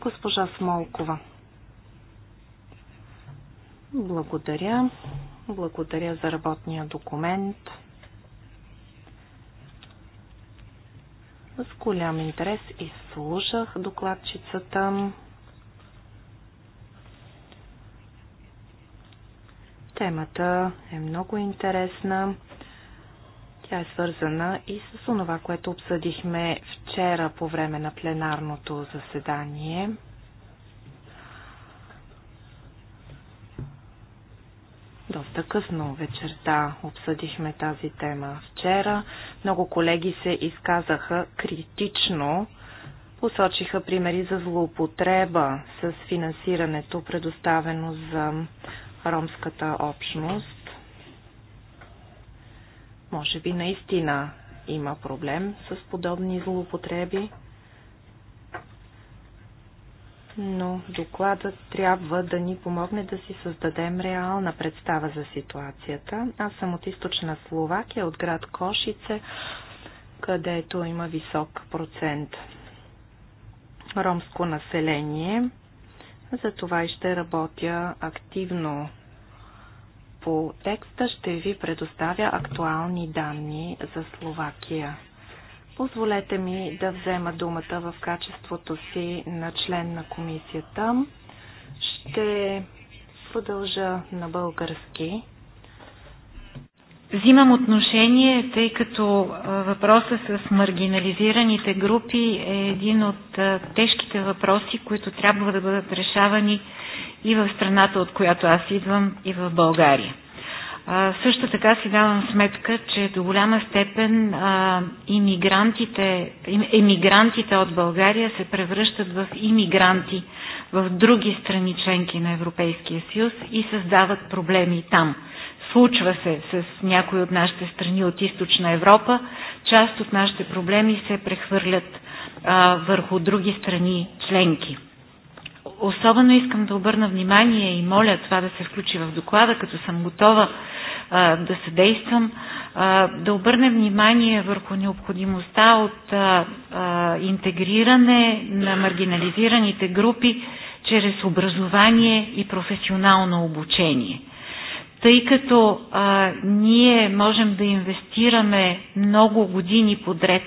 Госпожа Смолкова. Благодаря. Благодаря за работния документ. С голям интерес изслушах докладчицата. Темата е много интересна. Тя е свързана и с онова, което обсъдихме вчера по време на пленарното заседание – Доста късно вечерта обсъдихме тази тема вчера. Много колеги се изказаха критично, посочиха примери за злоупотреба с финансирането, предоставено за ромската общност. Може би наистина има проблем с подобни злоупотреби но докладът трябва да ни помогне да си създадем реална представа за ситуацията. Аз съм от източна Словакия, от град Кошице, където има висок процент ромско население. За това и ще работя активно по текста. Ще ви предоставя актуални данни за Словакия. Позволете ми да взема думата в качеството си на член на комисията. Ще продължа на български. Взимам отношение, тъй като въпроса с маргинализираните групи е един от тежките въпроси, които трябва да бъдат решавани и в страната, от която аз идвам, и в България също така си давам сметка, че до голяма степен а, иммигрантите, емигрантите от България се превръщат в иммигранти в други страни членки на Европейския съюз и създават проблеми там. Случва се с някои от нашите страни от източна Европа. Част от нашите проблеми се прехвърлят а, върху други страни членки. Особено искам да обърна внимание и моля това да се включи в доклада, като съм готова а, да съдействам, а, да обърне внимание върху необходимостта от а, а, интегриране на маргинализираните групи чрез образование и професионално обучение. Тъй като а, ние можем да инвестираме много години подред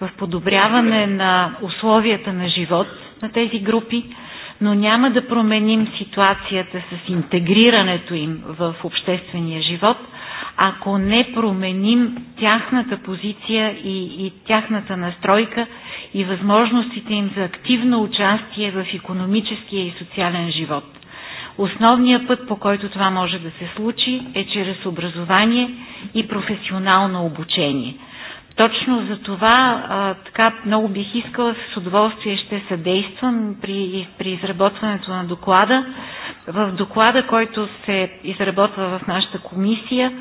в подобряване на условията на живот на тези групи, но няма да променим ситуацията с интегрирането им в обществения живот, ако не променим тяхната позиция и, и тяхната настройка и възможностите им за активно участие в економическия и социален живот. Основният път, по който това може да се случи, е чрез образование и професионално обучение – точно за това а, така много бих искала с удоволствие ще съдействам при, при изработването на доклада. В доклада, който се изработва в нашата комисия,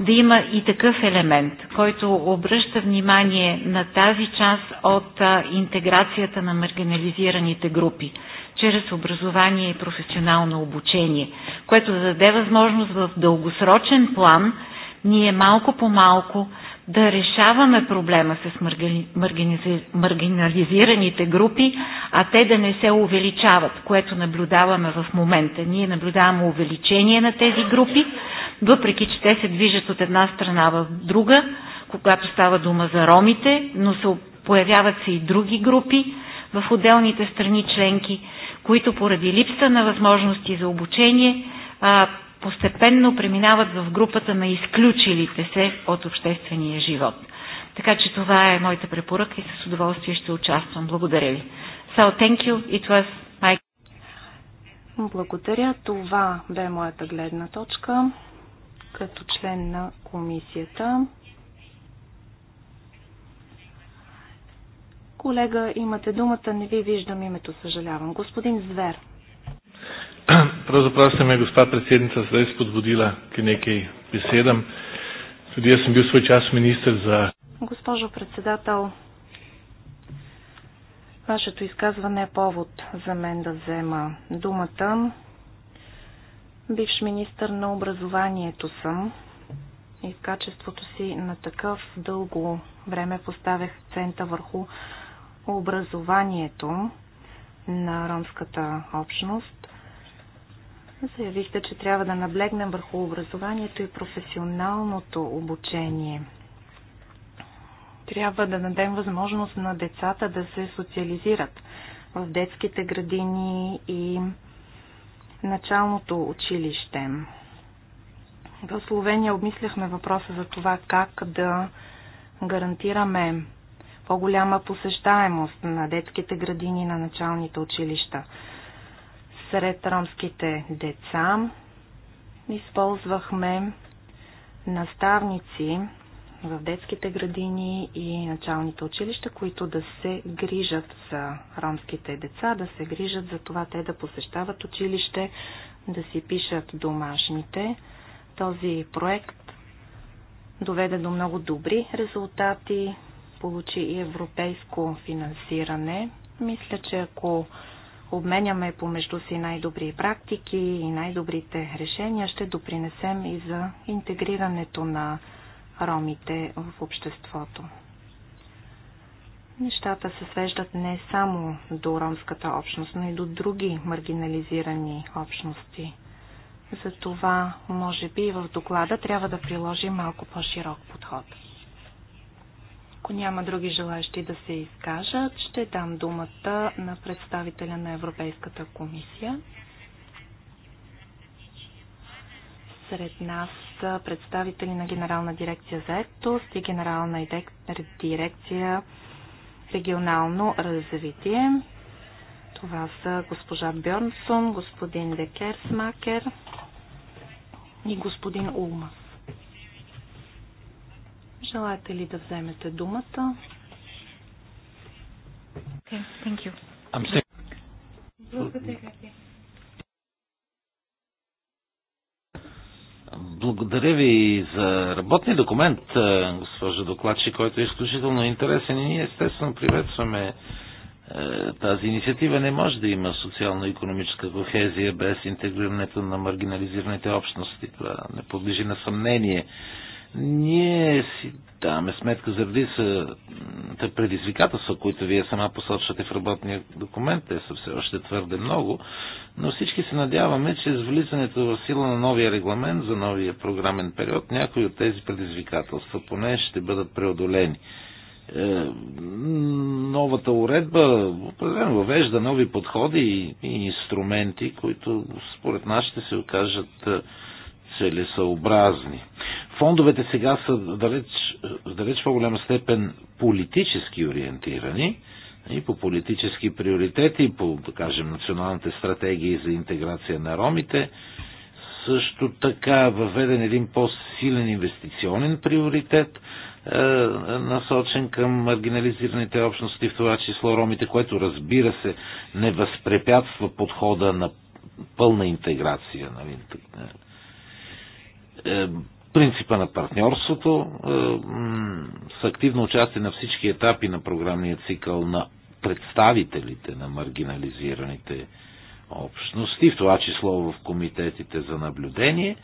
да има и такъв елемент, който обръща внимание на тази част от а, интеграцията на маргинализираните групи чрез образование и професионално обучение, което да даде възможност в дългосрочен план ние малко по малко да решаваме проблема с маргинализираните групи, а те да не се увеличават, което наблюдаваме в момента. Ние наблюдаваме увеличение на тези групи, въпреки че те се движат от една страна в друга, когато става дума за ромите, но се появяват се и други групи в отделните страни членки, които поради липса на възможности за обучение постепенно преминават в групата на изключилите се от обществения живот. Така че това е моята препоръка и с удоволствие ще участвам. Благодаря ви. So, thank you. It was my... Благодаря. Това бе моята гледна точка като член на комисията. Колега, имате думата. Не ви виждам името, съжалявам. Господин Звер. Pravzaprav se me je gospa predsednica zdaj spodbudila k nekaj besedam. Tudi jaz sem bil svoj čas minister за... Госпожо председател, вашето изказване е повод за мен да взема думата. Бивш министър на образованието съм и в качеството си на такъв дълго време поставях цента върху образованието на ромската общност заявихте, че трябва да наблегнем върху образованието и професионалното обучение. Трябва да дадем възможност на децата да се социализират в детските градини и началното училище. В Словения обмисляхме въпроса за това как да гарантираме по-голяма посещаемост на детските градини на началните училища сред ромските деца. Използвахме наставници в детските градини и началните училища, които да се грижат за ромските деца, да се грижат за това те да посещават училище, да си пишат домашните. Този проект доведе до много добри резултати, получи и европейско финансиране. Мисля, че ако обменяме помежду си най-добри практики и най-добрите решения, ще допринесем и за интегрирането на ромите в обществото. Нещата се свеждат не само до ромската общност, но и до други маргинализирани общности. Затова, може би, в доклада трябва да приложим малко по-широк подход. Ако няма други желаящи да се изкажат, ще дам думата на представителя на Европейската комисия. Сред нас са представители на Генерална дирекция за етост и Генерална дирекция регионално развитие. Това са госпожа Бьорнсон, господин Декерсмакер и господин Улмас. Желаете ли да вземете думата? Okay, thank you. I'm Благодаря ви. Благодаря ви за работния документ, е, госпожа докладчик, който е изключително интересен и ние естествено приветстваме е, тази инициатива. Не може да има социално-економическа кохезия без интегрирането на маргинализираните общности. Това не подлежи на съмнение. Ние си даваме сметка заради редица предизвикателства, които вие сама посочвате в работния документ. Те са все още твърде много, но всички се надяваме, че с влизането в сила на новия регламент за новия програмен период, някои от тези предизвикателства поне ще бъдат преодолени. Е, новата уредба определено въвежда нови подходи и, и инструменти, които според нас ще се окажат е, целесъобразни. Фондовете сега са далеч, далеч по-голяма степен политически ориентирани и по политически приоритети, по, да кажем, националните стратегии за интеграция на ромите. Също така въведен един по-силен инвестиционен приоритет, е, насочен към маргинализираните общности, в това число ромите, което разбира се не възпрепятства подхода на пълна интеграция. Нали? принципа на партньорството, е, с активно участие на всички етапи на програмния цикъл на представителите на маргинализираните общности, в това число в комитетите за наблюдение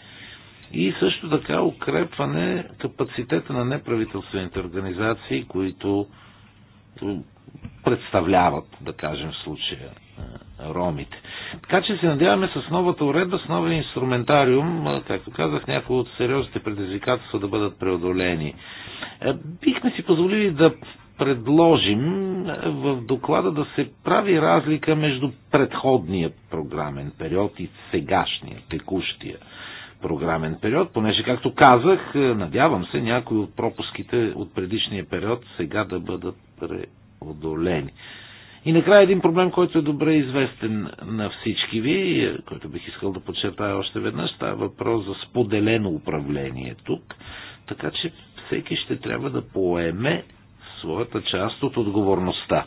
и също така укрепване капацитета на неправителствените организации, които представляват, да кажем в случая, ромите. Така че се надяваме с новата уредба, с новия инструментариум, както казах, някои от сериозните предизвикателства да бъдат преодолени. Е, бихме си позволили да предложим в доклада да се прави разлика между предходния програмен период и сегашния, текущия програмен период, понеже, както казах, е, надявам се някои от пропуските от предишния период сега да бъдат преодолени. И накрая един проблем, който е добре известен на всички ви, който бих искал да подчертая още веднъж, Това е въпрос за споделено управление тук, така че всеки ще трябва да поеме своята част от отговорността.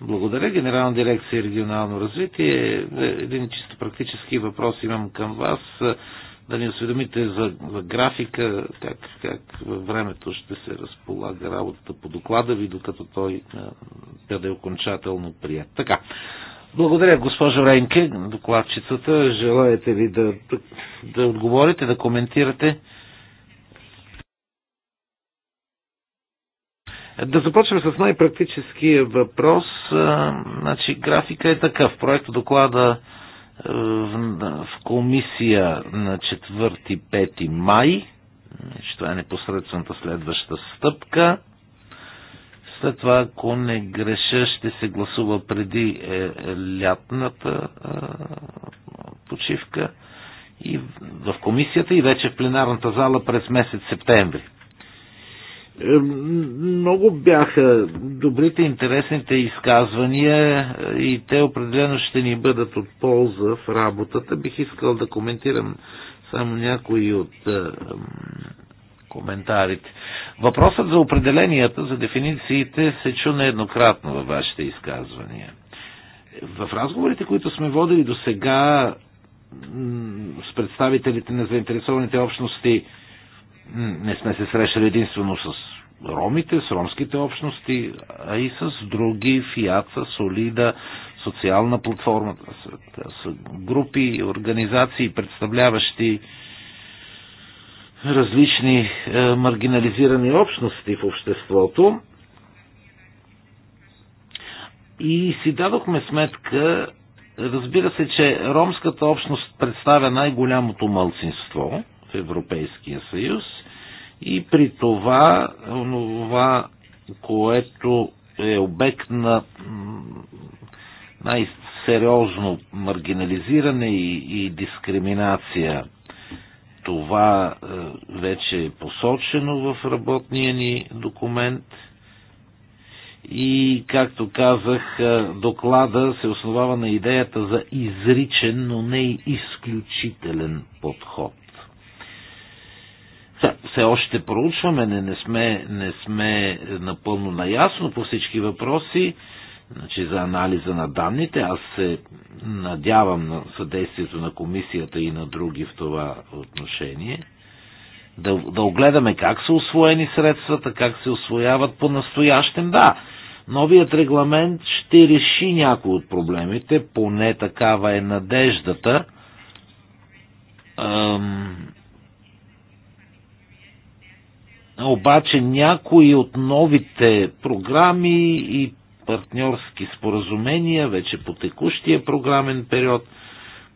Благодаря, Генерална дирекция регионално развитие. Е, един чисто практически въпрос имам към вас да ни осведомите за, за графика, как, как във времето ще се разполага работата по доклада ви, докато той е, бъде окончателно прият. Така. Благодаря, госпожо Ренке, докладчицата. Желаете ли да, да отговорите, да коментирате? Да започнем с най-практическия въпрос. Значи, графика е такъв. Проект доклада в комисия на 4-5 май. Това е непосредствената следваща стъпка. След това, ако не греша, ще се гласува преди е, лятната е, почивка и в комисията и вече в пленарната зала през месец септември. Много бяха добрите, интересните изказвания и те определено ще ни бъдат от полза в работата. Бих искал да коментирам само някои от коментарите. Въпросът за определенията, за дефинициите се чу нееднократно във вашите изказвания. В разговорите, които сме водили до сега с представителите на заинтересованите общности, не сме се срещали единствено с ромите, с ромските общности, а и с други, Фиаца, Солида, социална платформа, с, с групи, организации, представляващи различни е, маргинализирани общности в обществото. И си дадохме сметка, разбира се, че ромската общност представя най-голямото мълцинство – в Европейския съюз и при това, това което е обект на най-сериозно маргинализиране и, и дискриминация. Това е, вече е посочено в работния ни документ. И, както казах, е, доклада се основава на идеята за изричен, но не и изключителен подход все още проучваме, не, не, сме, не сме напълно наясно по всички въпроси, значи за анализа на данните. Аз се надявам на съдействието на комисията и на други в това отношение. Да, да огледаме как са освоени средствата, как се освояват по настоящем. Да, новият регламент ще реши някои от проблемите, поне такава е надеждата. Обаче някои от новите програми и партньорски споразумения, вече по текущия програмен период,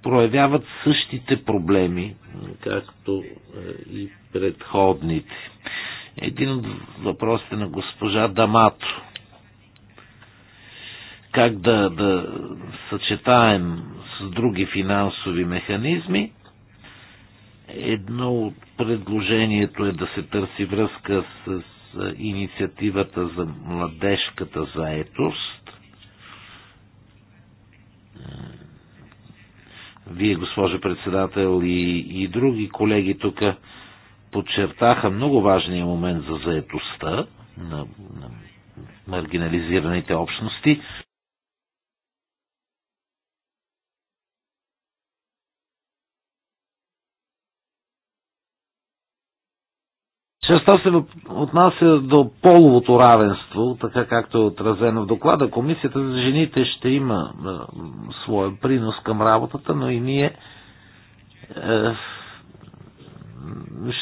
проявяват същите проблеми, както е, и предходните. Един от въпросите на госпожа Дамато. Как да, да съчетаем с други финансови механизми Едно от предложението е да се търси връзка с инициативата за младежката заетост. Е, вие, госпожо председател, и, и други колеги тук подчертаха много важния момент за заетостта на, на маргинализираните общности. Частта се отнася до половото равенство, така както е отразено в доклада. Комисията за жените ще има е, своя принос към работата, но и ние е,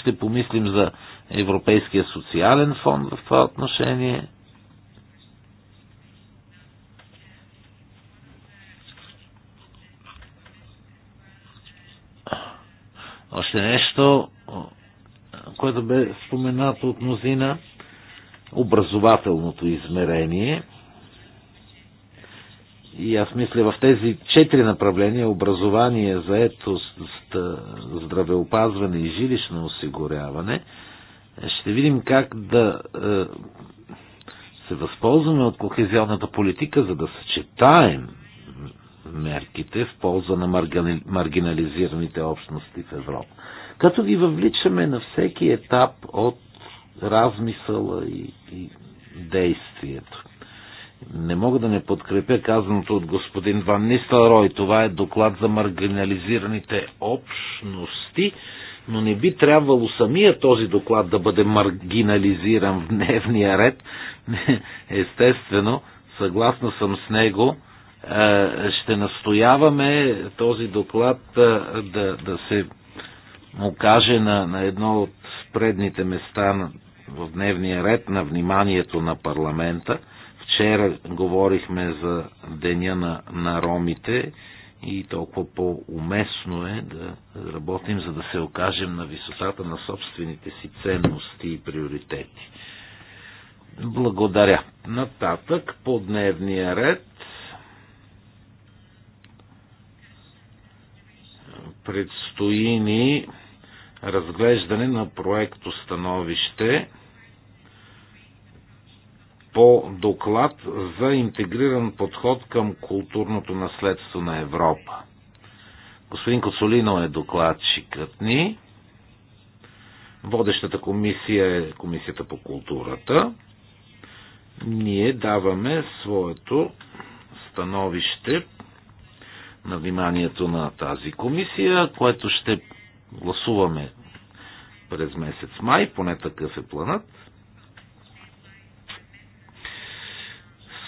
ще помислим за Европейския социален фонд в това отношение. Още нещо което бе споменато от мнозина, образователното измерение. И аз мисля в тези четири направления образование, заетост, здравеопазване и жилищно осигуряване ще видим как да е, се възползваме от кохезионната политика, за да съчетаем мерките в полза на маргинализираните общности в Европа като ги въвличаме на всеки етап от размисъла и, и действието. Не мога да не подкрепя казаното от господин Ван Нистелрой. Това е доклад за маргинализираните общности, но не би трябвало самия този доклад да бъде маргинализиран в дневния ред. Естествено, съгласна съм с него, е, ще настояваме този доклад е, да, да се каже на, на едно от предните места на, в дневния ред на вниманието на парламента. Вчера говорихме за деня на, на ромите и толкова по-уместно е да работим, за да се окажем на висотата на собствените си ценности и приоритети. Благодаря. Нататък по дневния ред Предстои ни разглеждане на проекто становище по доклад за интегриран подход към културното наследство на Европа. Господин Коцолино е докладчикът ни. Водещата комисия е Комисията по културата. Ние даваме своето становище на вниманието на тази комисия, което ще гласуваме през месец май, поне такъв е планът.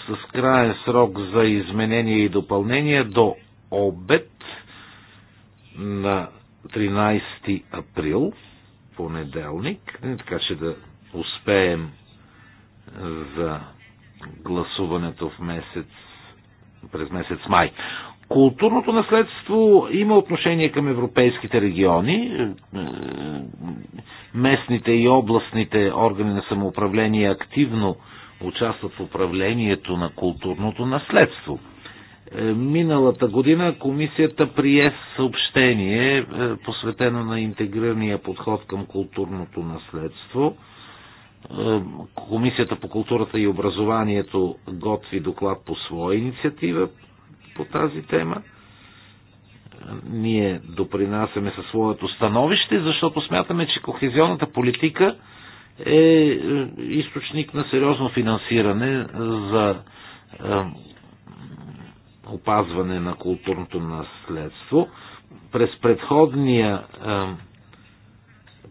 С крайен срок за изменение и допълнение до обед на 13 април, понеделник, е, така че да успеем за гласуването в месец, през месец май. Културното наследство има отношение към европейските региони. Е, е, местните и областните органи на самоуправление активно участват в управлението на културното наследство. Е, миналата година комисията прие съобщение, посветено на интегрирания подход към културното наследство. Комисията по културата и образованието готви доклад по своя инициатива по тази тема. Ние допринасяме със своето становище, защото смятаме, че кохезионната политика е, е източник на сериозно финансиране за е, опазване на културното наследство. През предходния е,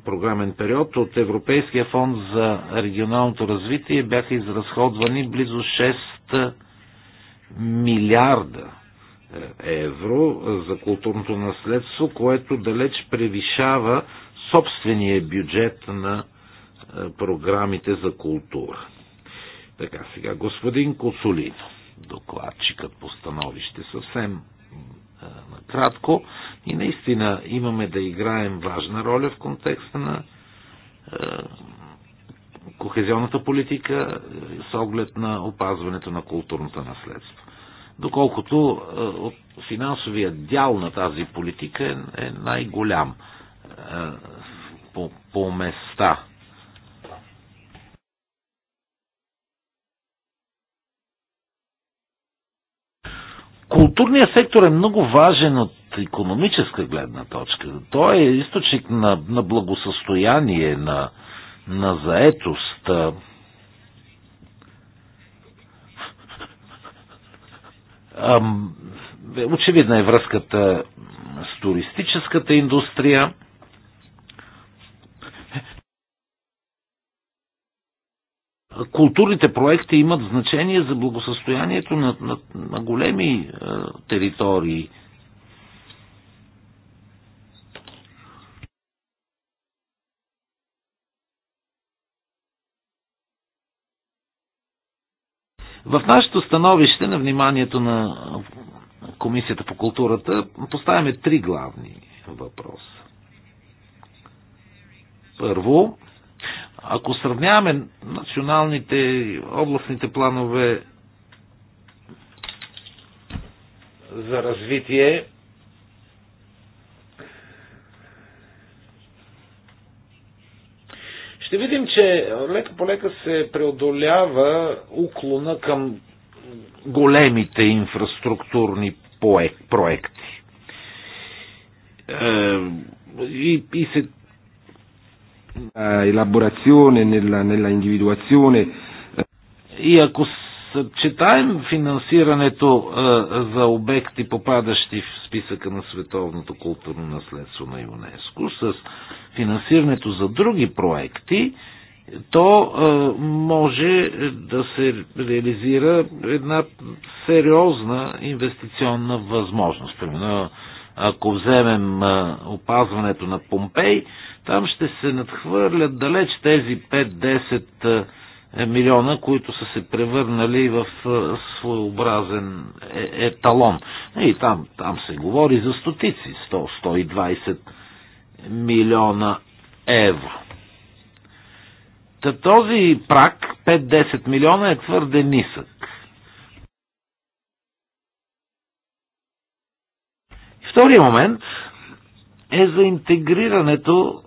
програмен период от Европейския фонд за регионалното развитие бяха изразходвани близо 6 милиарда евро за културното наследство, което далеч превишава собствения бюджет на е, програмите за култура. Така, сега господин Коцолино, докладчикът по становище съвсем е, накратко. И наистина имаме да играем важна роля в контекста на е, кохезионната политика с оглед на опазването на културното наследство доколкото е, финансовият дял на тази политика е, е най-голям е, по, места. Културният сектор е много важен от економическа гледна точка. Той е източник на, на благосъстояние, на, на заетост. Очевидна е връзката с туристическата индустрия. Културните проекти имат значение за благосъстоянието на, на, на големи е, територии. В нашето становище на вниманието на Комисията по културата поставяме три главни въпроса. Първо, ако сравняваме националните областните планове за развитие ще видим, че лека по лека се преодолява уклона към големите инфраструктурни проекти. Е, и, и се елаборационе nella, nella individuazione. И ако съчетаем финансирането е, за обекти, попадащи в списъка на световното културно наследство на ЮНЕСКО, с финансирането за други проекти, то е, може да се реализира една сериозна инвестиционна възможност. Примерно, ако вземем е, опазването на Помпей, там ще се надхвърлят далеч тези 5-10 е, милиона, които са се превърнали в е, своеобразен е, еталон. И там, там се говори за стотици, 100-120 милиона евро. Та този прак 5-10 милиона е твърде нисък. Втория момент е за интегрирането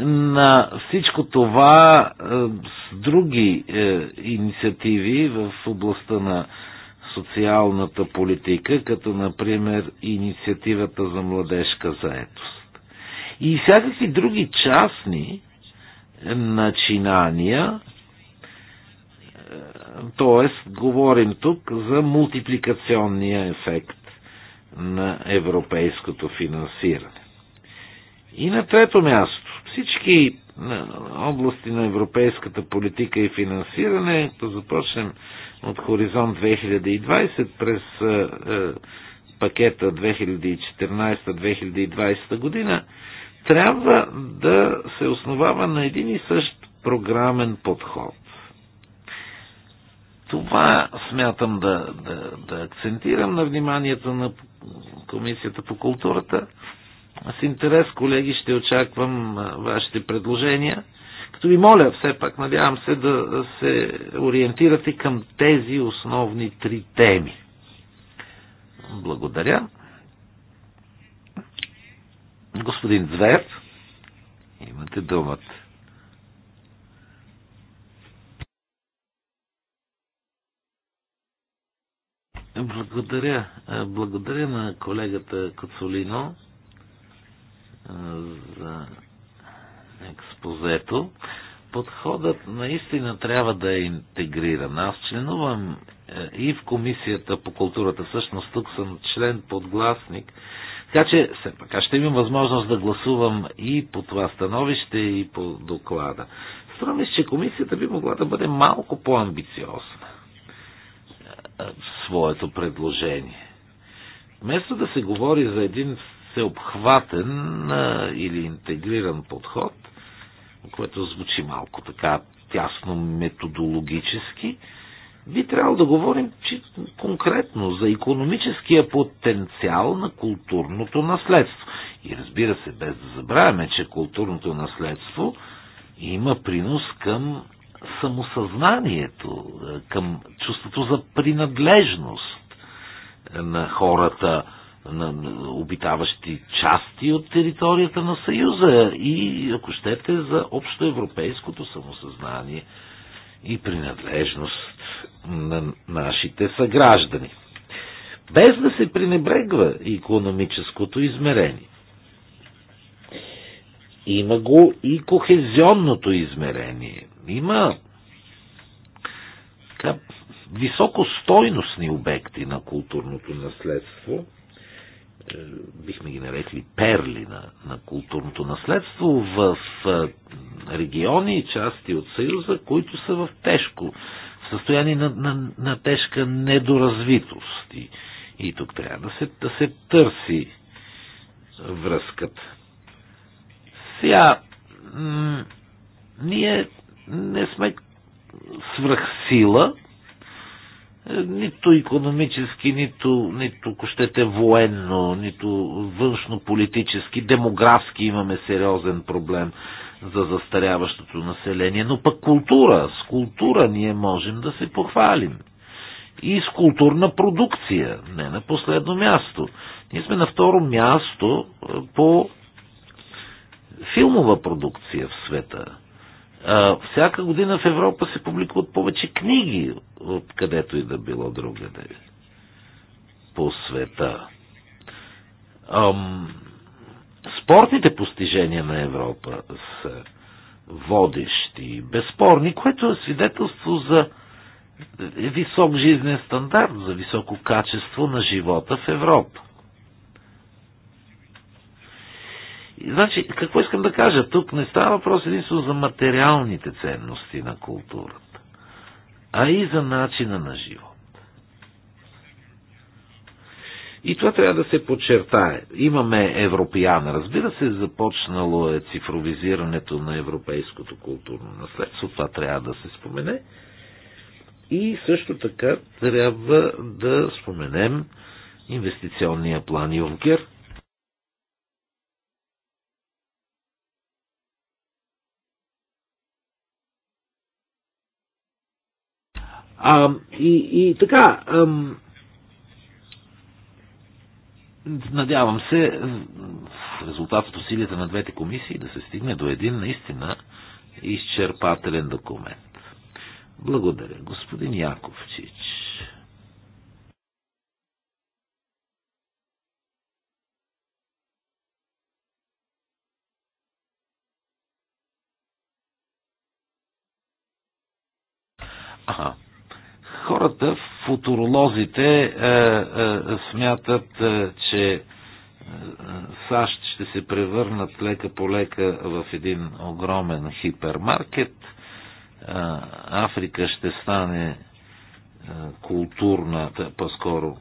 на всичко това е, с други е, инициативи в областта на социалната политика, като например инициативата за младежка заетост. И всякакви други частни е, начинания, т.е. говорим тук за мултипликационния ефект на европейското финансиране. И на трето място, всички области на европейската политика и финансиране, като започнем от Хоризонт 2020 през пакета 2014-2020 година, трябва да се основава на един и същ програмен подход. Това смятам да, да, да акцентирам на вниманието на Комисията по културата – с интерес, колеги, ще очаквам вашите предложения. Като ви моля, все пак, надявам се да се ориентирате към тези основни три теми. Благодаря. Господин Звер, имате думата. Благодаря. Благодаря на колегата Коцолино за експозето. Подходът наистина трябва да е интегриран. Аз членувам е, и в Комисията по културата. Всъщност тук съм член подгласник. Така че пак ще имам възможност да гласувам и по това становище, и по доклада. Страми че комисията би могла да бъде малко по-амбициозна е, в своето предложение. Вместо да се говори за един всеобхватен или интегриран подход, което звучи малко така тясно методологически, би трябвало да говорим че, конкретно за економическия потенциал на културното наследство. И разбира се, без да забравяме, че културното наследство има принос към самосъзнанието, към чувството за принадлежност на хората на обитаващи части от територията на Съюза и, ако щете, за общоевропейското самосъзнание и принадлежност на нашите съграждани. Без да се пренебрегва економическото измерение. Има го и кохезионното измерение. Има така, високостойностни обекти на културното наследство – е, бихме ги нарекли перли на, на културното наследство в е, региони и части от Съюза, които са в тежко, в състояние на, на, на тежка недоразвитост. И, и тук трябва да се, да се търси връзката. Сега, ние не сме свръхсила, нито економически, нито, нито ако щете военно, нито външно-политически, демографски имаме сериозен проблем за застаряващото население, но пък култура, с култура ние можем да се похвалим. И с културна продукция, не на последно място. Ние сме на второ място по филмова продукция в света. Всяка година в Европа се публикуват повече книги, от където и да било другаде по света. Ам, спортните постижения на Европа са водещи, безспорни, което е свидетелство за висок жизнен стандарт, за високо качество на живота в Европа. Значи, какво искам да кажа? Тук не става въпрос единствено за материалните ценности на културата, а и за начина на живот. И това трябва да се подчертае. Имаме европеян. Разбира се, започнало е цифровизирането на европейското културно наследство. Това трябва да се спомене. И също така трябва да споменем инвестиционния план Юнкер – А, и, и така, ам, надявам се в резултат от усилията на двете комисии да се стигне до един наистина изчерпателен документ. Благодаря. Господин Яковчич. Uh-huh. Хората, футуролозите, а, е, а, е, смятат, а, е, че САЩ ще се превърнат лека по лека в един огромен хипермаркет, Африка ще стане културна, по-скоро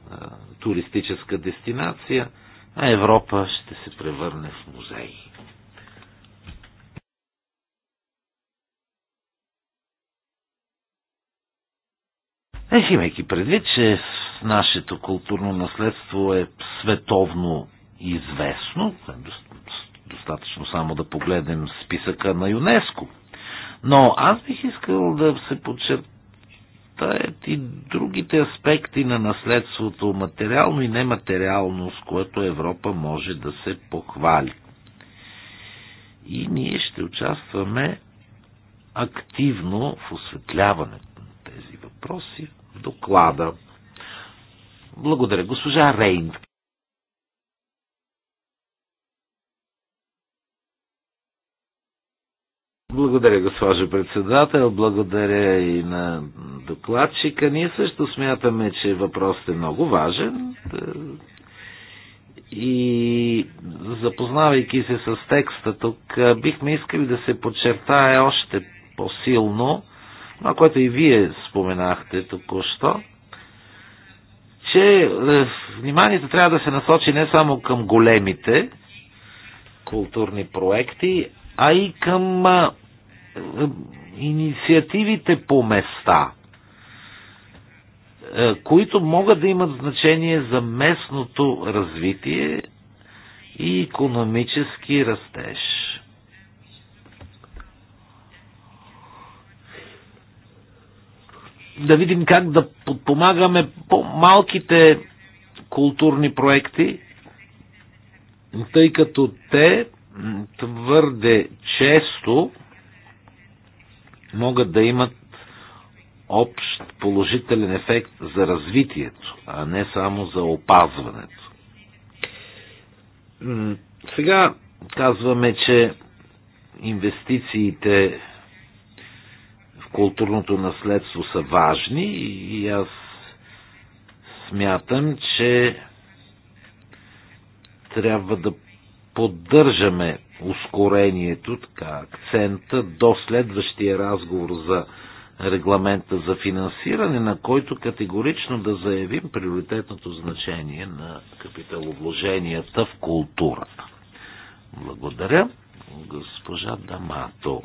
туристическа дестинация, а Европа ще се превърне в музей. Ех, имайки предвид, че нашето културно наследство е световно известно, е достатъчно само да погледнем списъка на ЮНЕСКО. Но аз бих искал да се подчертаят и другите аспекти на наследството, материално и нематериално, с което Европа може да се похвали. И ние ще участваме активно в осветляването въпроси в доклада. Благодаря. Госпожа Рейн. Благодаря, госпожо председател. Благодаря и на докладчика. Ние също смятаме, че въпросът е много важен. И запознавайки се с текста тук, бихме искали да се подчертае още по-силно това, което и вие споменахте току-що, че е, вниманието трябва да се насочи не само към големите културни проекти, а и към е, инициативите по места, е, които могат да имат значение за местното развитие и економически растеж. да видим как да подпомагаме по-малките културни проекти, тъй като те твърде често могат да имат общ положителен ефект за развитието, а не само за опазването. Сега казваме, че инвестициите културното наследство са важни и аз смятам, че трябва да поддържаме ускорението, така, акцента до следващия разговор за регламента за финансиране, на който категорично да заявим приоритетното значение на капиталовложенията в културата. Благодаря, госпожа Дамато.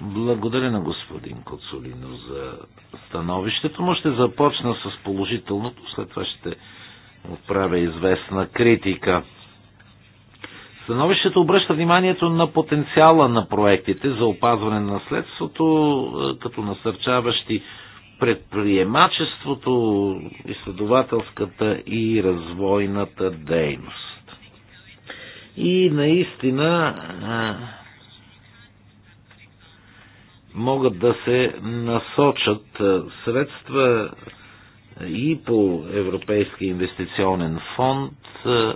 Благодаря на господин Коцулино за становището. Му ще започна с положителното, след това ще отправя известна критика. Становището обръща вниманието на потенциала на проектите за опазване на наследството, е, като насърчаващи предприемачеството, изследователската и развойната дейност. И наистина е, могат да се насочат е, средства и по Европейския инвестиционен фонд е,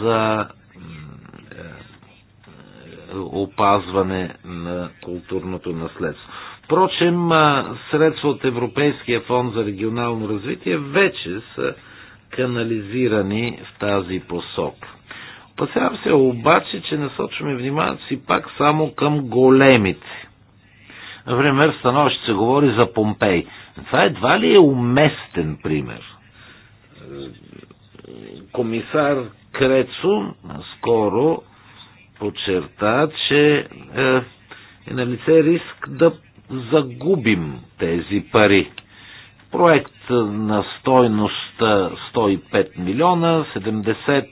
за е, опазване на културното наследство. Впрочем, средства от Европейския фонд за регионално развитие вече са канализирани в тази посока. Опасявам се обаче, че насочваме вниманието си пак само към големите. Например, становище се говори за Помпей. Това едва ли е уместен пример. Комисар Крецо скоро подчерта, че е, е на лице риск да загубим тези пари. Проект на стойност 105 е, милиона, 70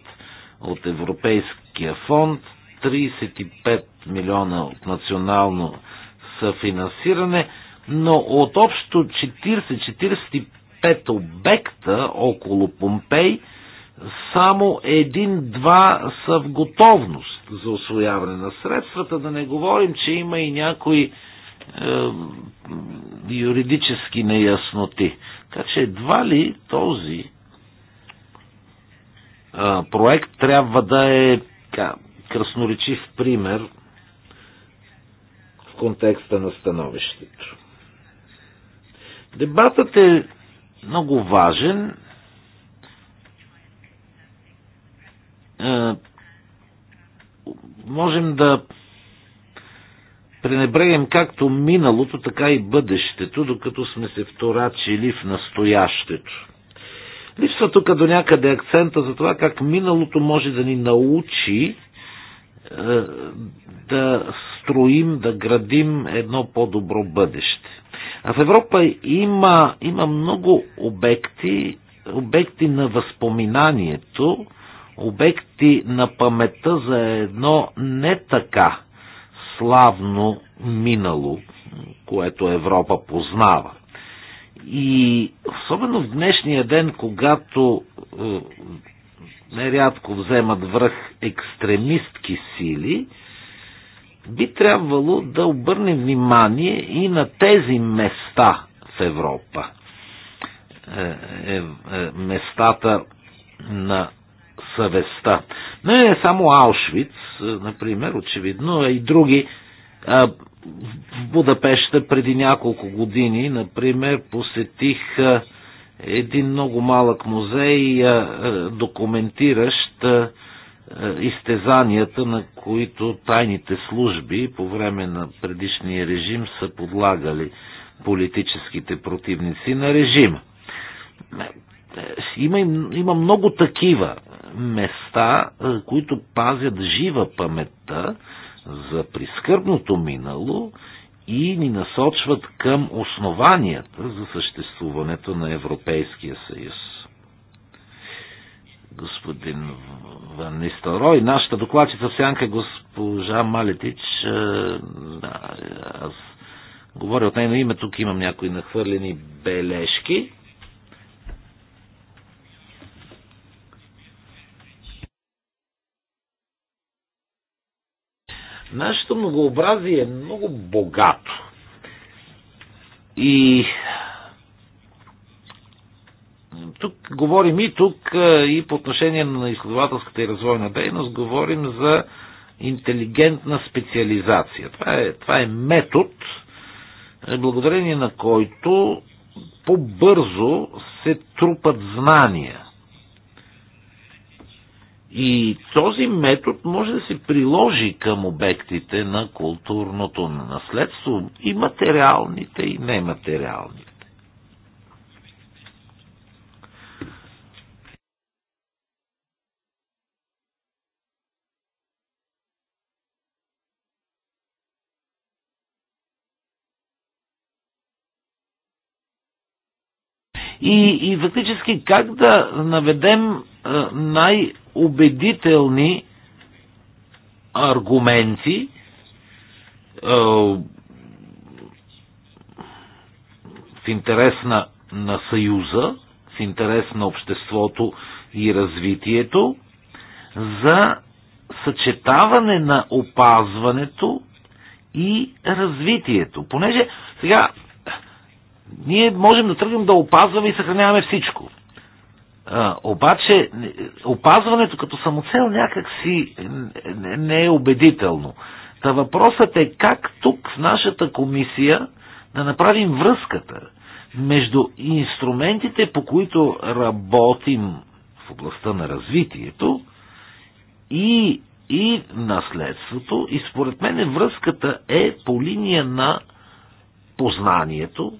от Европейския фонд, 35 милиона от национално съфинансиране, но от общо 40-45 обекта около Помпей само един-два са в готовност за освояване на средствата. Да не говорим, че има и някои е, юридически неясноти. Така че едва ли този проект трябва да е красноречив пример в контекста на становището. Дебатът е много важен. Можем да пренебрегем както миналото, така и бъдещето, докато сме се вторачили в настоящето. Липсва тук до някъде акцента за това как миналото може да ни научи е, да строим, да градим едно по-добро бъдеще. А в Европа има, има много обекти, обекти на възпоминанието, обекти на памета за едно не така славно минало, което Европа познава. И особено в днешния ден, когато е, нерядко вземат връх екстремистки сили, би трябвало да обърнем внимание и на тези места в Европа. Е, е, е местата на съвестта. Не е само Аушвиц, е, например, очевидно, а и други в Будапеща преди няколко години, например, посетих един много малък музей, документиращ изтезанията, на които тайните служби по време на предишния режим са подлагали политическите противници на режима. Има, има много такива места, които пазят жива паметта за прискърбното минало и ни насочват към основанията за съществуването на Европейския съюз. Господин Ван нашата докладчица в сянка госпожа Малетич, е, аз говоря от нейно име, тук имам някои нахвърлени бележки – Нашето многообразие е много богато. И тук говорим и тук, е, и по отношение на изследователската и развойна дейност, говорим за интелигентна специализация. Това е, това е метод, е, благодарение на който по-бързо се трупат знания и този метод може да се приложи към обектите на културното наследство и материалните и нематериалните. И, и фактически как да наведем най- убедителни аргументи, е, в интерес на, на Съюза, в интерес на обществото и развитието, за съчетаване на опазването и развитието. Понеже сега ние можем да тръгнем да опазваме и съхраняваме всичко. А, обаче, опазването като самоцел някак си не е убедително. Та въпросът е как тук в нашата комисия да направим връзката между инструментите, по които работим в областта на развитието и, и наследството. И според мен връзката е по линия на познанието,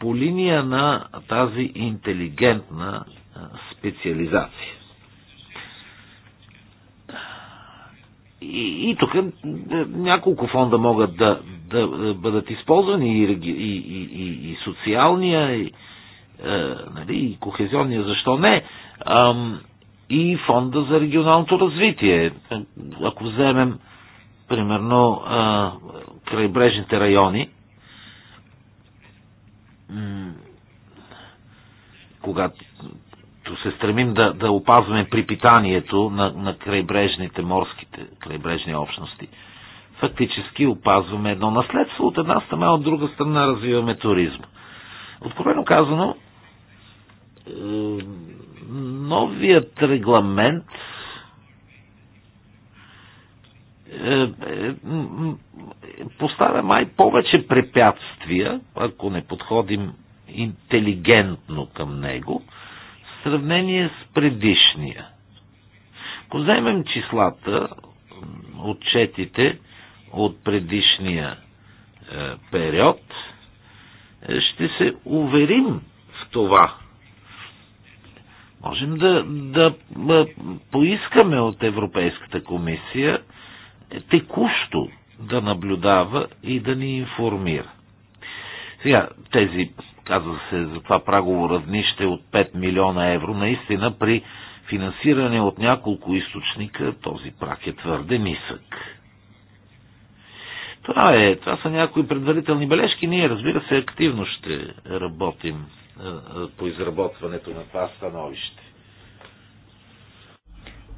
по линия на тази интелигентна специализация. И, и тук е, няколко фонда могат да, да, да бъдат използвани и, и, и, и социалния, и, е, нали, и кохезионния, защо не, ам, и фонда за регионалното развитие. Ако вземем, примерно, а, крайбрежните райони, когато като се стремим да, да опазваме припитанието на, на крайбрежните морските крайбрежни общности, фактически опазваме едно наследство от една страна, от друга страна развиваме туризма. Откровено казано, е, новият регламент е, е, поставя май повече препятствия, ако не подходим интелигентно към него, сравнение с предишния. Ако вземем числата, отчетите от предишния е, период, е, ще се уверим в това. Можем да, да, да е, поискаме от Европейската комисия текущо да наблюдава и да ни информира. Сега, тези казва се за това прагово равнище от 5 милиона евро, наистина при финансиране от няколко източника този прак е твърде нисък. Това, е, това са някои предварителни бележки. Ние, разбира се, активно ще работим по изработването на това становище.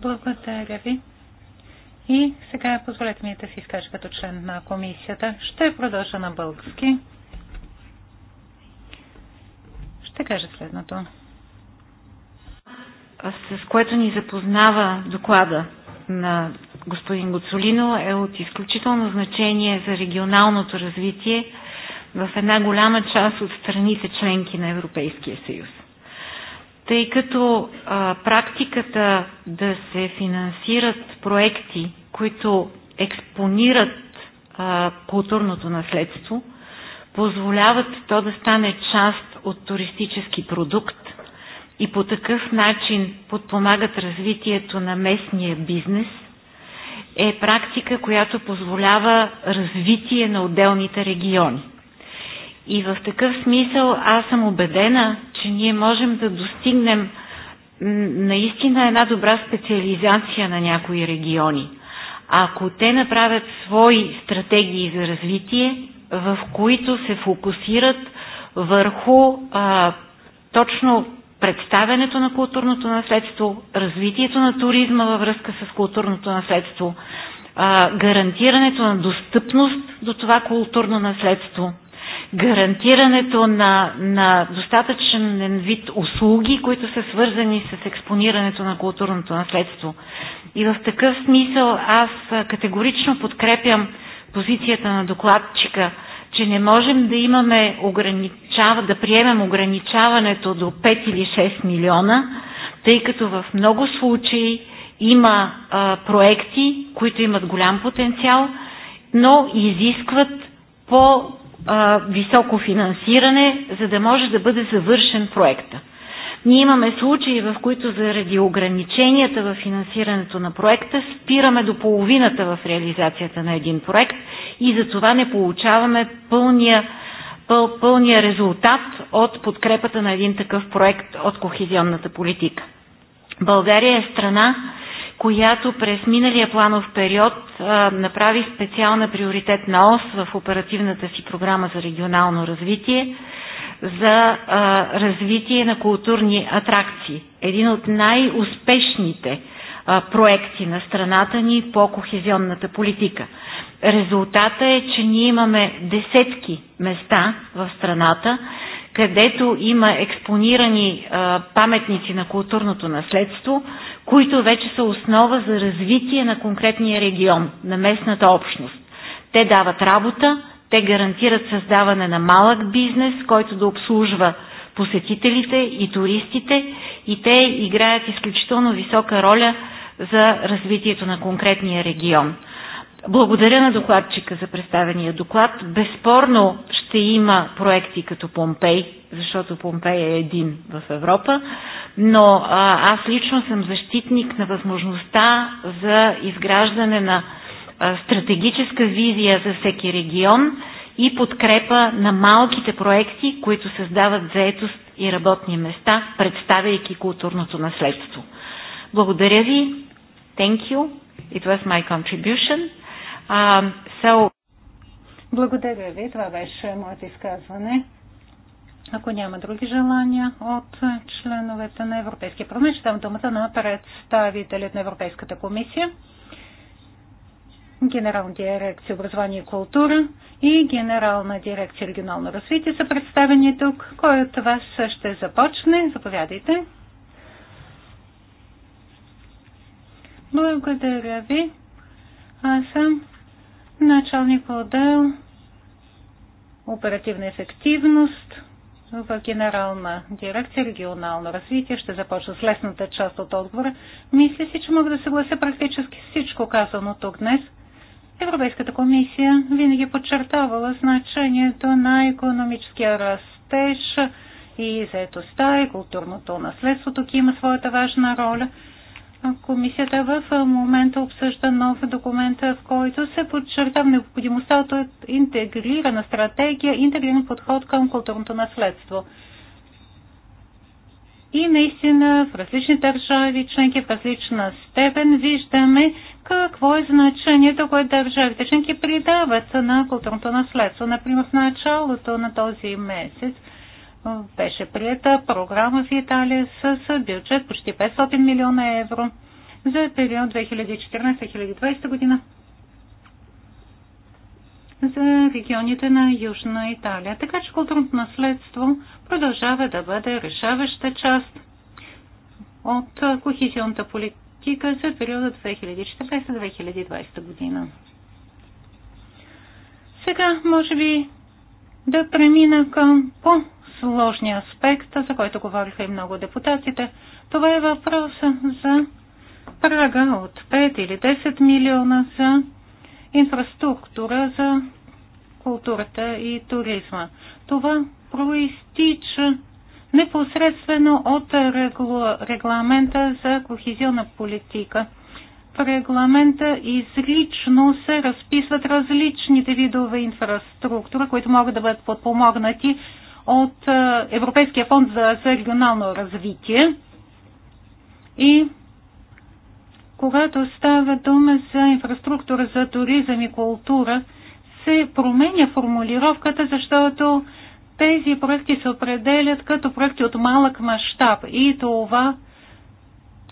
Благодаря ви. И сега позволете ми да си изкажа като член на комисията. Ще продължа на български ще каже следното. С което ни запознава доклада на господин Гоцолино е от изключително значение за регионалното развитие в една голяма част от страните членки на Европейския съюз. Тъй като а, практиката да се финансират проекти, които експонират а, културното наследство, позволяват то да стане част от туристически продукт и по такъв начин подпомагат развитието на местния бизнес, е практика, която позволява развитие на отделните региони. И в такъв смисъл аз съм убедена, че ние можем да достигнем наистина една добра специализация на някои региони. Ако те направят свои стратегии за развитие, в които се фокусират върху а, точно представянето на културното наследство, развитието на туризма във връзка с културното наследство, а, гарантирането на достъпност до това културно наследство, гарантирането на, на достатъчен вид услуги, които са свързани с експонирането на културното наследство. И в такъв смисъл аз категорично подкрепям позицията на докладчика – че не можем да имаме ограничава, да приемем ограничаването до 5 или 6 милиона, тъй като в много случаи има а, проекти, които имат голям потенциал, но изискват по-високо финансиране, за да може да бъде завършен проектът. Ние имаме случаи, в които заради ограниченията в финансирането на проекта спираме до половината в реализацията на един проект и за това не получаваме пълния, пъл, пълния резултат от подкрепата на един такъв проект от кохезионната политика. България е страна, която през миналия планов период а, направи специална приоритетна ос в оперативната си програма за регионално развитие за а, развитие на културни атракции. Един от най-успешните проекти на страната ни по кохезионната политика. Резултата е, че ние имаме десетки места в страната, където има експонирани а, паметници на културното наследство, които вече са основа за развитие на конкретния регион, на местната общност. Те дават работа, те гарантират създаване на малък бизнес, който да обслужва посетителите и туристите и те играят изключително висока роля за развитието на конкретния регион. Благодаря на докладчика за представения доклад. Безспорно ще има проекти като Помпей, защото Помпей е един в Европа, но аз лично съм защитник на възможността за изграждане на стратегическа визия за всеки регион и подкрепа на малките проекти, които създават заетост и работни места, представяйки културното наследство. Благодаря ви. Thank you. It was my contribution. Uh, so... Благодаря ви. Това беше моето изказване. Ако няма други желания от членовете на Европейския парламент, ще дам думата на представителят на Европейската комисия. Генерална дирекция образование и култура и Генерална дирекция регионално развитие са представени тук. Кой от вас ще започне? Заповядайте. Благодаря ви. Аз съм началник отдел оперативна ефективност в Генерална дирекция регионално развитие. Ще започна с лесната част от отговора. Мисля си, че мога да съглася практически всичко казано тук днес – Европейската комисия винаги подчертавала значението на економическия растеж и заетостта и културното наследство. Тук има своята важна роля. Комисията в момента обсъжда нов документ, в който се подчертава необходимостта от интегрирана стратегия, интегриран подход към културното наследство. И наистина в различни държави, членки в различна степен, виждаме какво е значението, което държавите членки придават на културното наследство. Например, в началото на този месец беше прията програма в Италия с бюджет почти 500 милиона евро за период 2014-2020 година за регионите на Южна Италия. Така че културното наследство продължава да бъде решаваща част от кохезионната политика за периода 2014-2020 година. Сега, може би, да премина към по-сложния аспект, за който говориха и много депутатите. Това е въпроса за прага от 5 или 10 милиона за инфраструктура за културата и туризма. Това проистича непосредствено от регламента за кохезионна политика. В регламента излично се разписват различните видове инфраструктура, които могат да бъдат подпомогнати от е, Европейския фонд за, за регионално развитие. И когато става дума за инфраструктура за туризъм и култура, се променя формулировката, защото тези проекти се определят като проекти от малък мащаб и това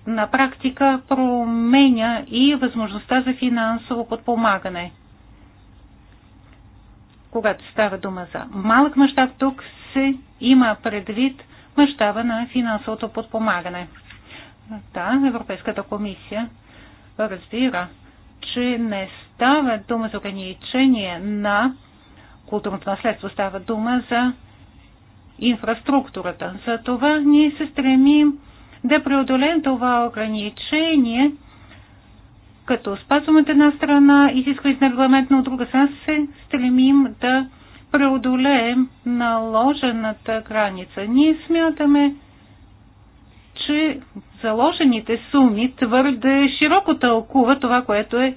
на практика променя и възможността за финансово подпомагане. Когато става дума за малък мащаб, тук се има предвид мащаба на финансовото подпомагане. Да, Европейската комисия разбира, че не става дума за ограничение на културното наследство. Става дума за инфраструктурата. За това ние се стремим да преодолеем това ограничение, като спазваме от една страна изискването на регламент, но от друга страна се стремим да преодолеем наложената граница. Ние смятаме, че заложените суми твърде широко тълкува това, което е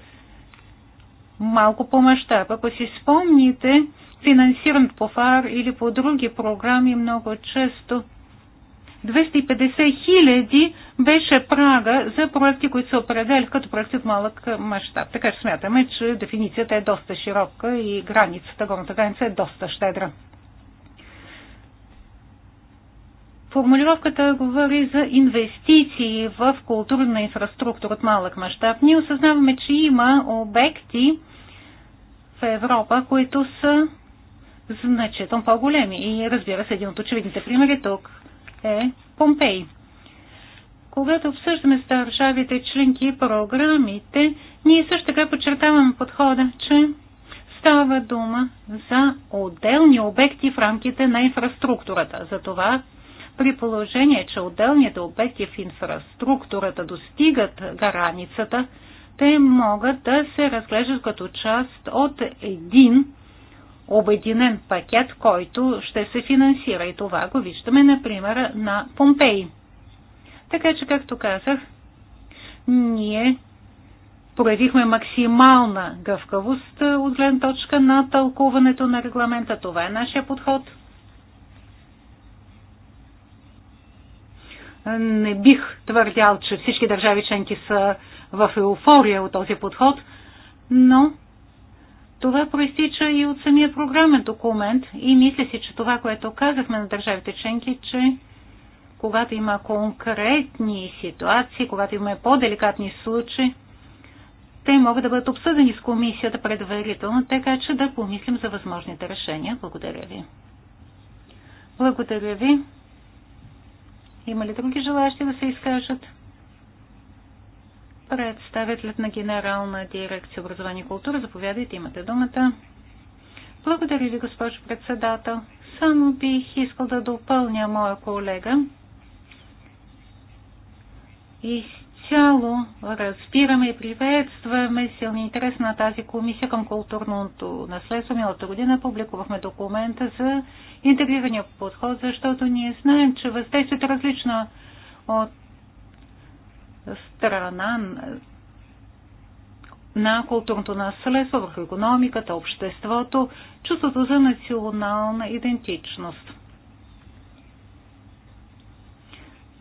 малко по мащаб. Ако си спомните, финансиран по ФАР или по други програми много често 250 хиляди беше прага за проекти, които се определят като проекти от малък мащаб. Така че смятаме, че дефиницията е доста широка и границата, горната граница е доста щедра. Формулировката говори за инвестиции в културна инфраструктура от малък мащаб. Ние осъзнаваме, че има обекти, Европа, които са значително по-големи. И разбира се, един от очевидните примери тук е Помпей. Когато обсъждаме с държавите членки и програмите, ние също така подчертаваме подхода, че става дума за отделни обекти в рамките на инфраструктурата. Затова при положение, че отделните обекти в инфраструктурата достигат границата, те могат да се разглеждат като част от един обединен пакет, който ще се финансира. И това го виждаме, например, на Помпей. Така че, както казах, ние проявихме максимална гъвкавост от гледна точка на тълкуването на регламента. Това е нашия подход. Не бих твърдял, че всички държави членки са в еуфория от този подход, но това проистича и от самия програмен документ и мисля си, че това, което казахме на държавите членки, че когато има конкретни ситуации, когато има по-деликатни случаи, те могат да бъдат обсъдени с комисията предварително, така че да помислим за възможните решения. Благодаря ви. Благодаря ви. Има ли други желаящи да се изкажат? представителят на Генерална дирекция образование и култура. Заповядайте, имате думата. Благодаря ви, госпожо председател. Само бих искал да допълня моя колега. Изцяло разбираме и приветстваме силния интерес на тази комисия към културното наследство. Милата година публикувахме документа за интегрирания подход, защото ние знаем, че въздействието е различно от страна на културното наследство върху економиката, обществото, чувството за национална идентичност.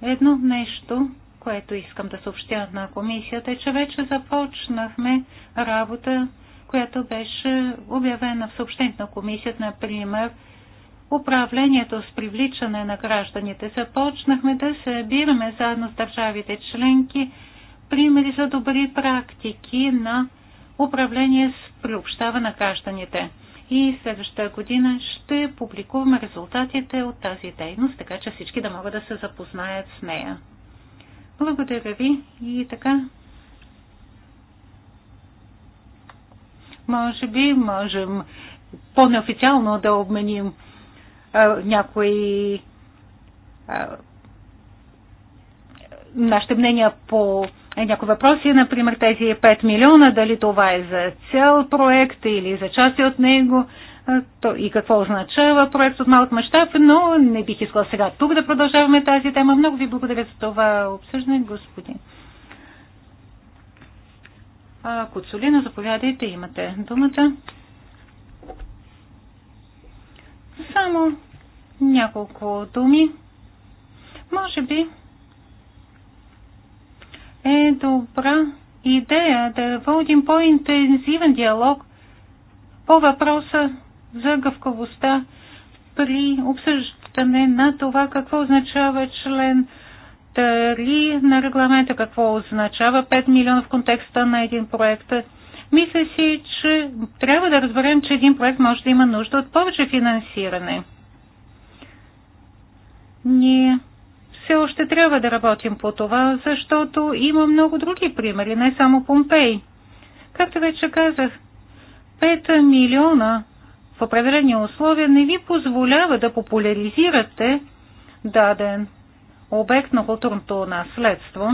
Едно нещо, което искам да съобщя на комисията, е, че вече започнахме работа, която беше обявена в съобщението на комисията, например, управлението с привличане на гражданите. Започнахме да събираме заедно с държавите членки примери за добри практики на управление с приобщава на гражданите. И следващата година ще публикуваме резултатите от тази дейност, така че всички да могат да се запознаят с нея. Благодаря ви и така. Може би можем по-неофициално да обменим някои нашите мнения по някои въпроси, например тези 5 милиона, дали това е за цял проект или за части от него то и какво означава проект от малък мащаб, но не бих искала сега тук да продължаваме тази тема. Много ви благодаря за това обсъждане, господин. Коцолина, заповядайте, имате думата. Само няколко думи. Може би е добра идея да водим по-интензивен диалог по въпроса за гъвкавостта при обсъждане на това какво означава член 3 на регламента, какво означава 5 милиона в контекста на един проект. Мисля си, че трябва да разберем, че един проект може да има нужда от повече финансиране. Ние все още трябва да работим по това, защото има много други примери, не само Помпей. Както вече казах, 5 милиона в определени условия не ви позволява да популяризирате даден обект на културното наследство.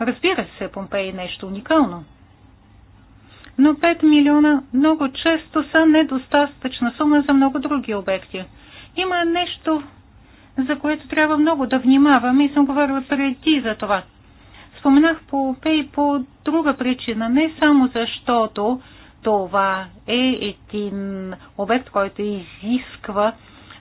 Разбира се, Помпей е нещо уникално. Но 5 милиона много често са недостатъчна сума за много други обекти. Има нещо, за което трябва много да внимаваме и съм говорила преди за това. Споменах Помпей по друга причина, не само защото това е един обект, който изисква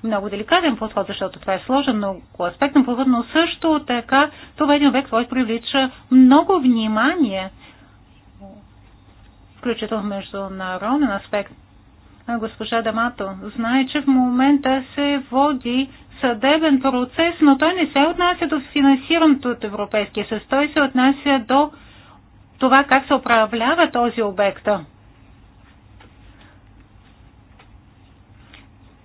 много деликатен подход, защото това е сложен, много аспектен подход, но също така това е един обект, който привлича много внимание, включително международен аспект. Госпожа Дамато знае, че в момента се води съдебен процес, но той не се отнася до финансирането от Европейския съюз. Той се отнася до това как се управлява този обект.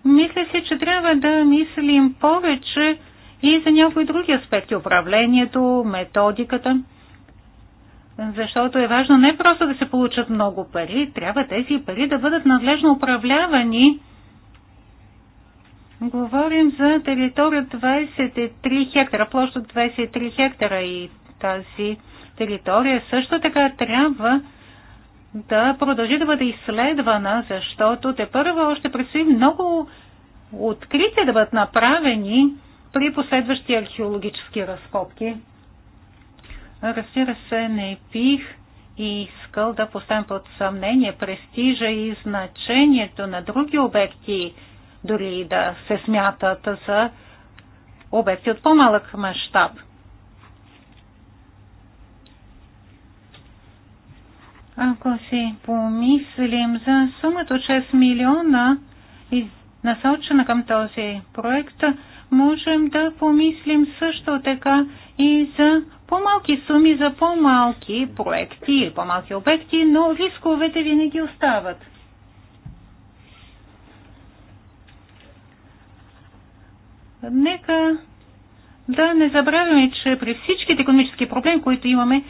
Мисля си, че трябва да мислим повече и за някои други аспекти. Управлението, методиката. Защото е важно не просто да се получат много пари, трябва тези пари да бъдат надлежно управлявани. Говорим за територия 23 хектара, площа от 23 хектара и тази територия също така трябва да продължи да бъде изследвана, защото те първо още предстои много открития да бъдат направени при последващи археологически разкопки. Разбира се, не бих и искал да поставим под съмнение престижа и значението на други обекти, дори да се смятат за обекти от по-малък мащаб – Ако си помислим за сумата 6 милиона, насочена към този проект, можем да помислим също така и за по-малки суми, за по-малки проекти или по-малки обекти, но рисковете винаги остават. Нека да не забравяме, че при всичките економически проблеми, които имаме,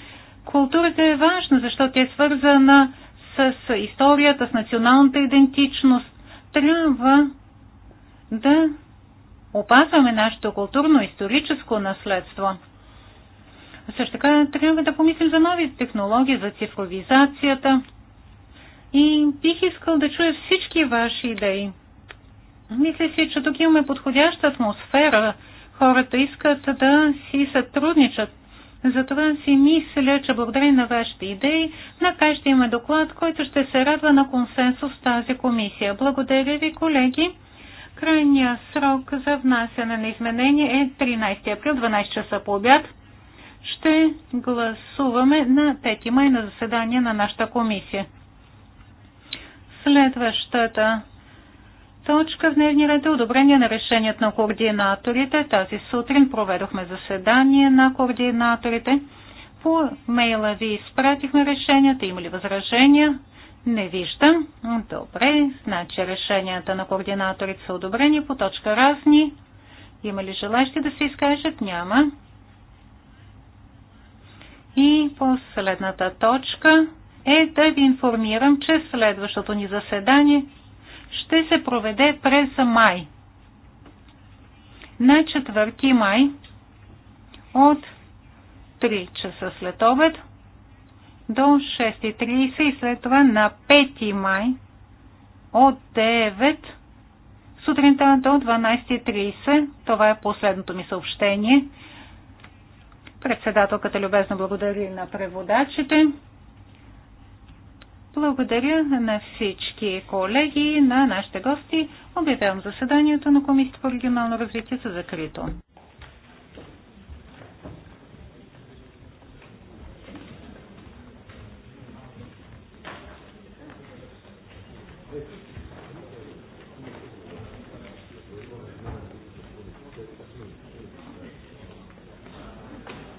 Културата е важна, защото е свързана с историята, с националната идентичност. Трябва да опазваме нашето културно-историческо наследство. Също така трябва да помислим за нови технологии, за цифровизацията. И бих искал да чуя всички ваши идеи. Мисля си, че тук имаме подходяща атмосфера. Хората искат да си сътрудничат. Затова си мисля, че благодарение на вашите идеи, накрая ще има доклад, който ще се радва на консенсус в тази комисия. Благодаря ви, колеги. Крайният срок за внасяне на изменение е 13 април, 12 часа по обяд. Ще гласуваме на 5 май на заседание на нашата комисия. Следващата точка в дневния ред е одобрение на решението на координаторите. Тази сутрин проведохме заседание на координаторите. По мейла ви изпратихме решенията. Има ли възражения? Не виждам. Добре, значи решенията на координаторите са одобрени по точка разни. Има ли желащи да се изкажат? Няма. И последната точка е да ви информирам, че следващото ни заседание ще се проведе през май. На 4 май от 3 часа след обед до 6.30 и след това на 5 май от 9 сутринта до 12.30. Това е последното ми съобщение. Председателката любезно благодари на преводачите. Благодаря на всички колеги, на нашите гости. Обявявам заседанието на Комисията по регионално развитие за закрито.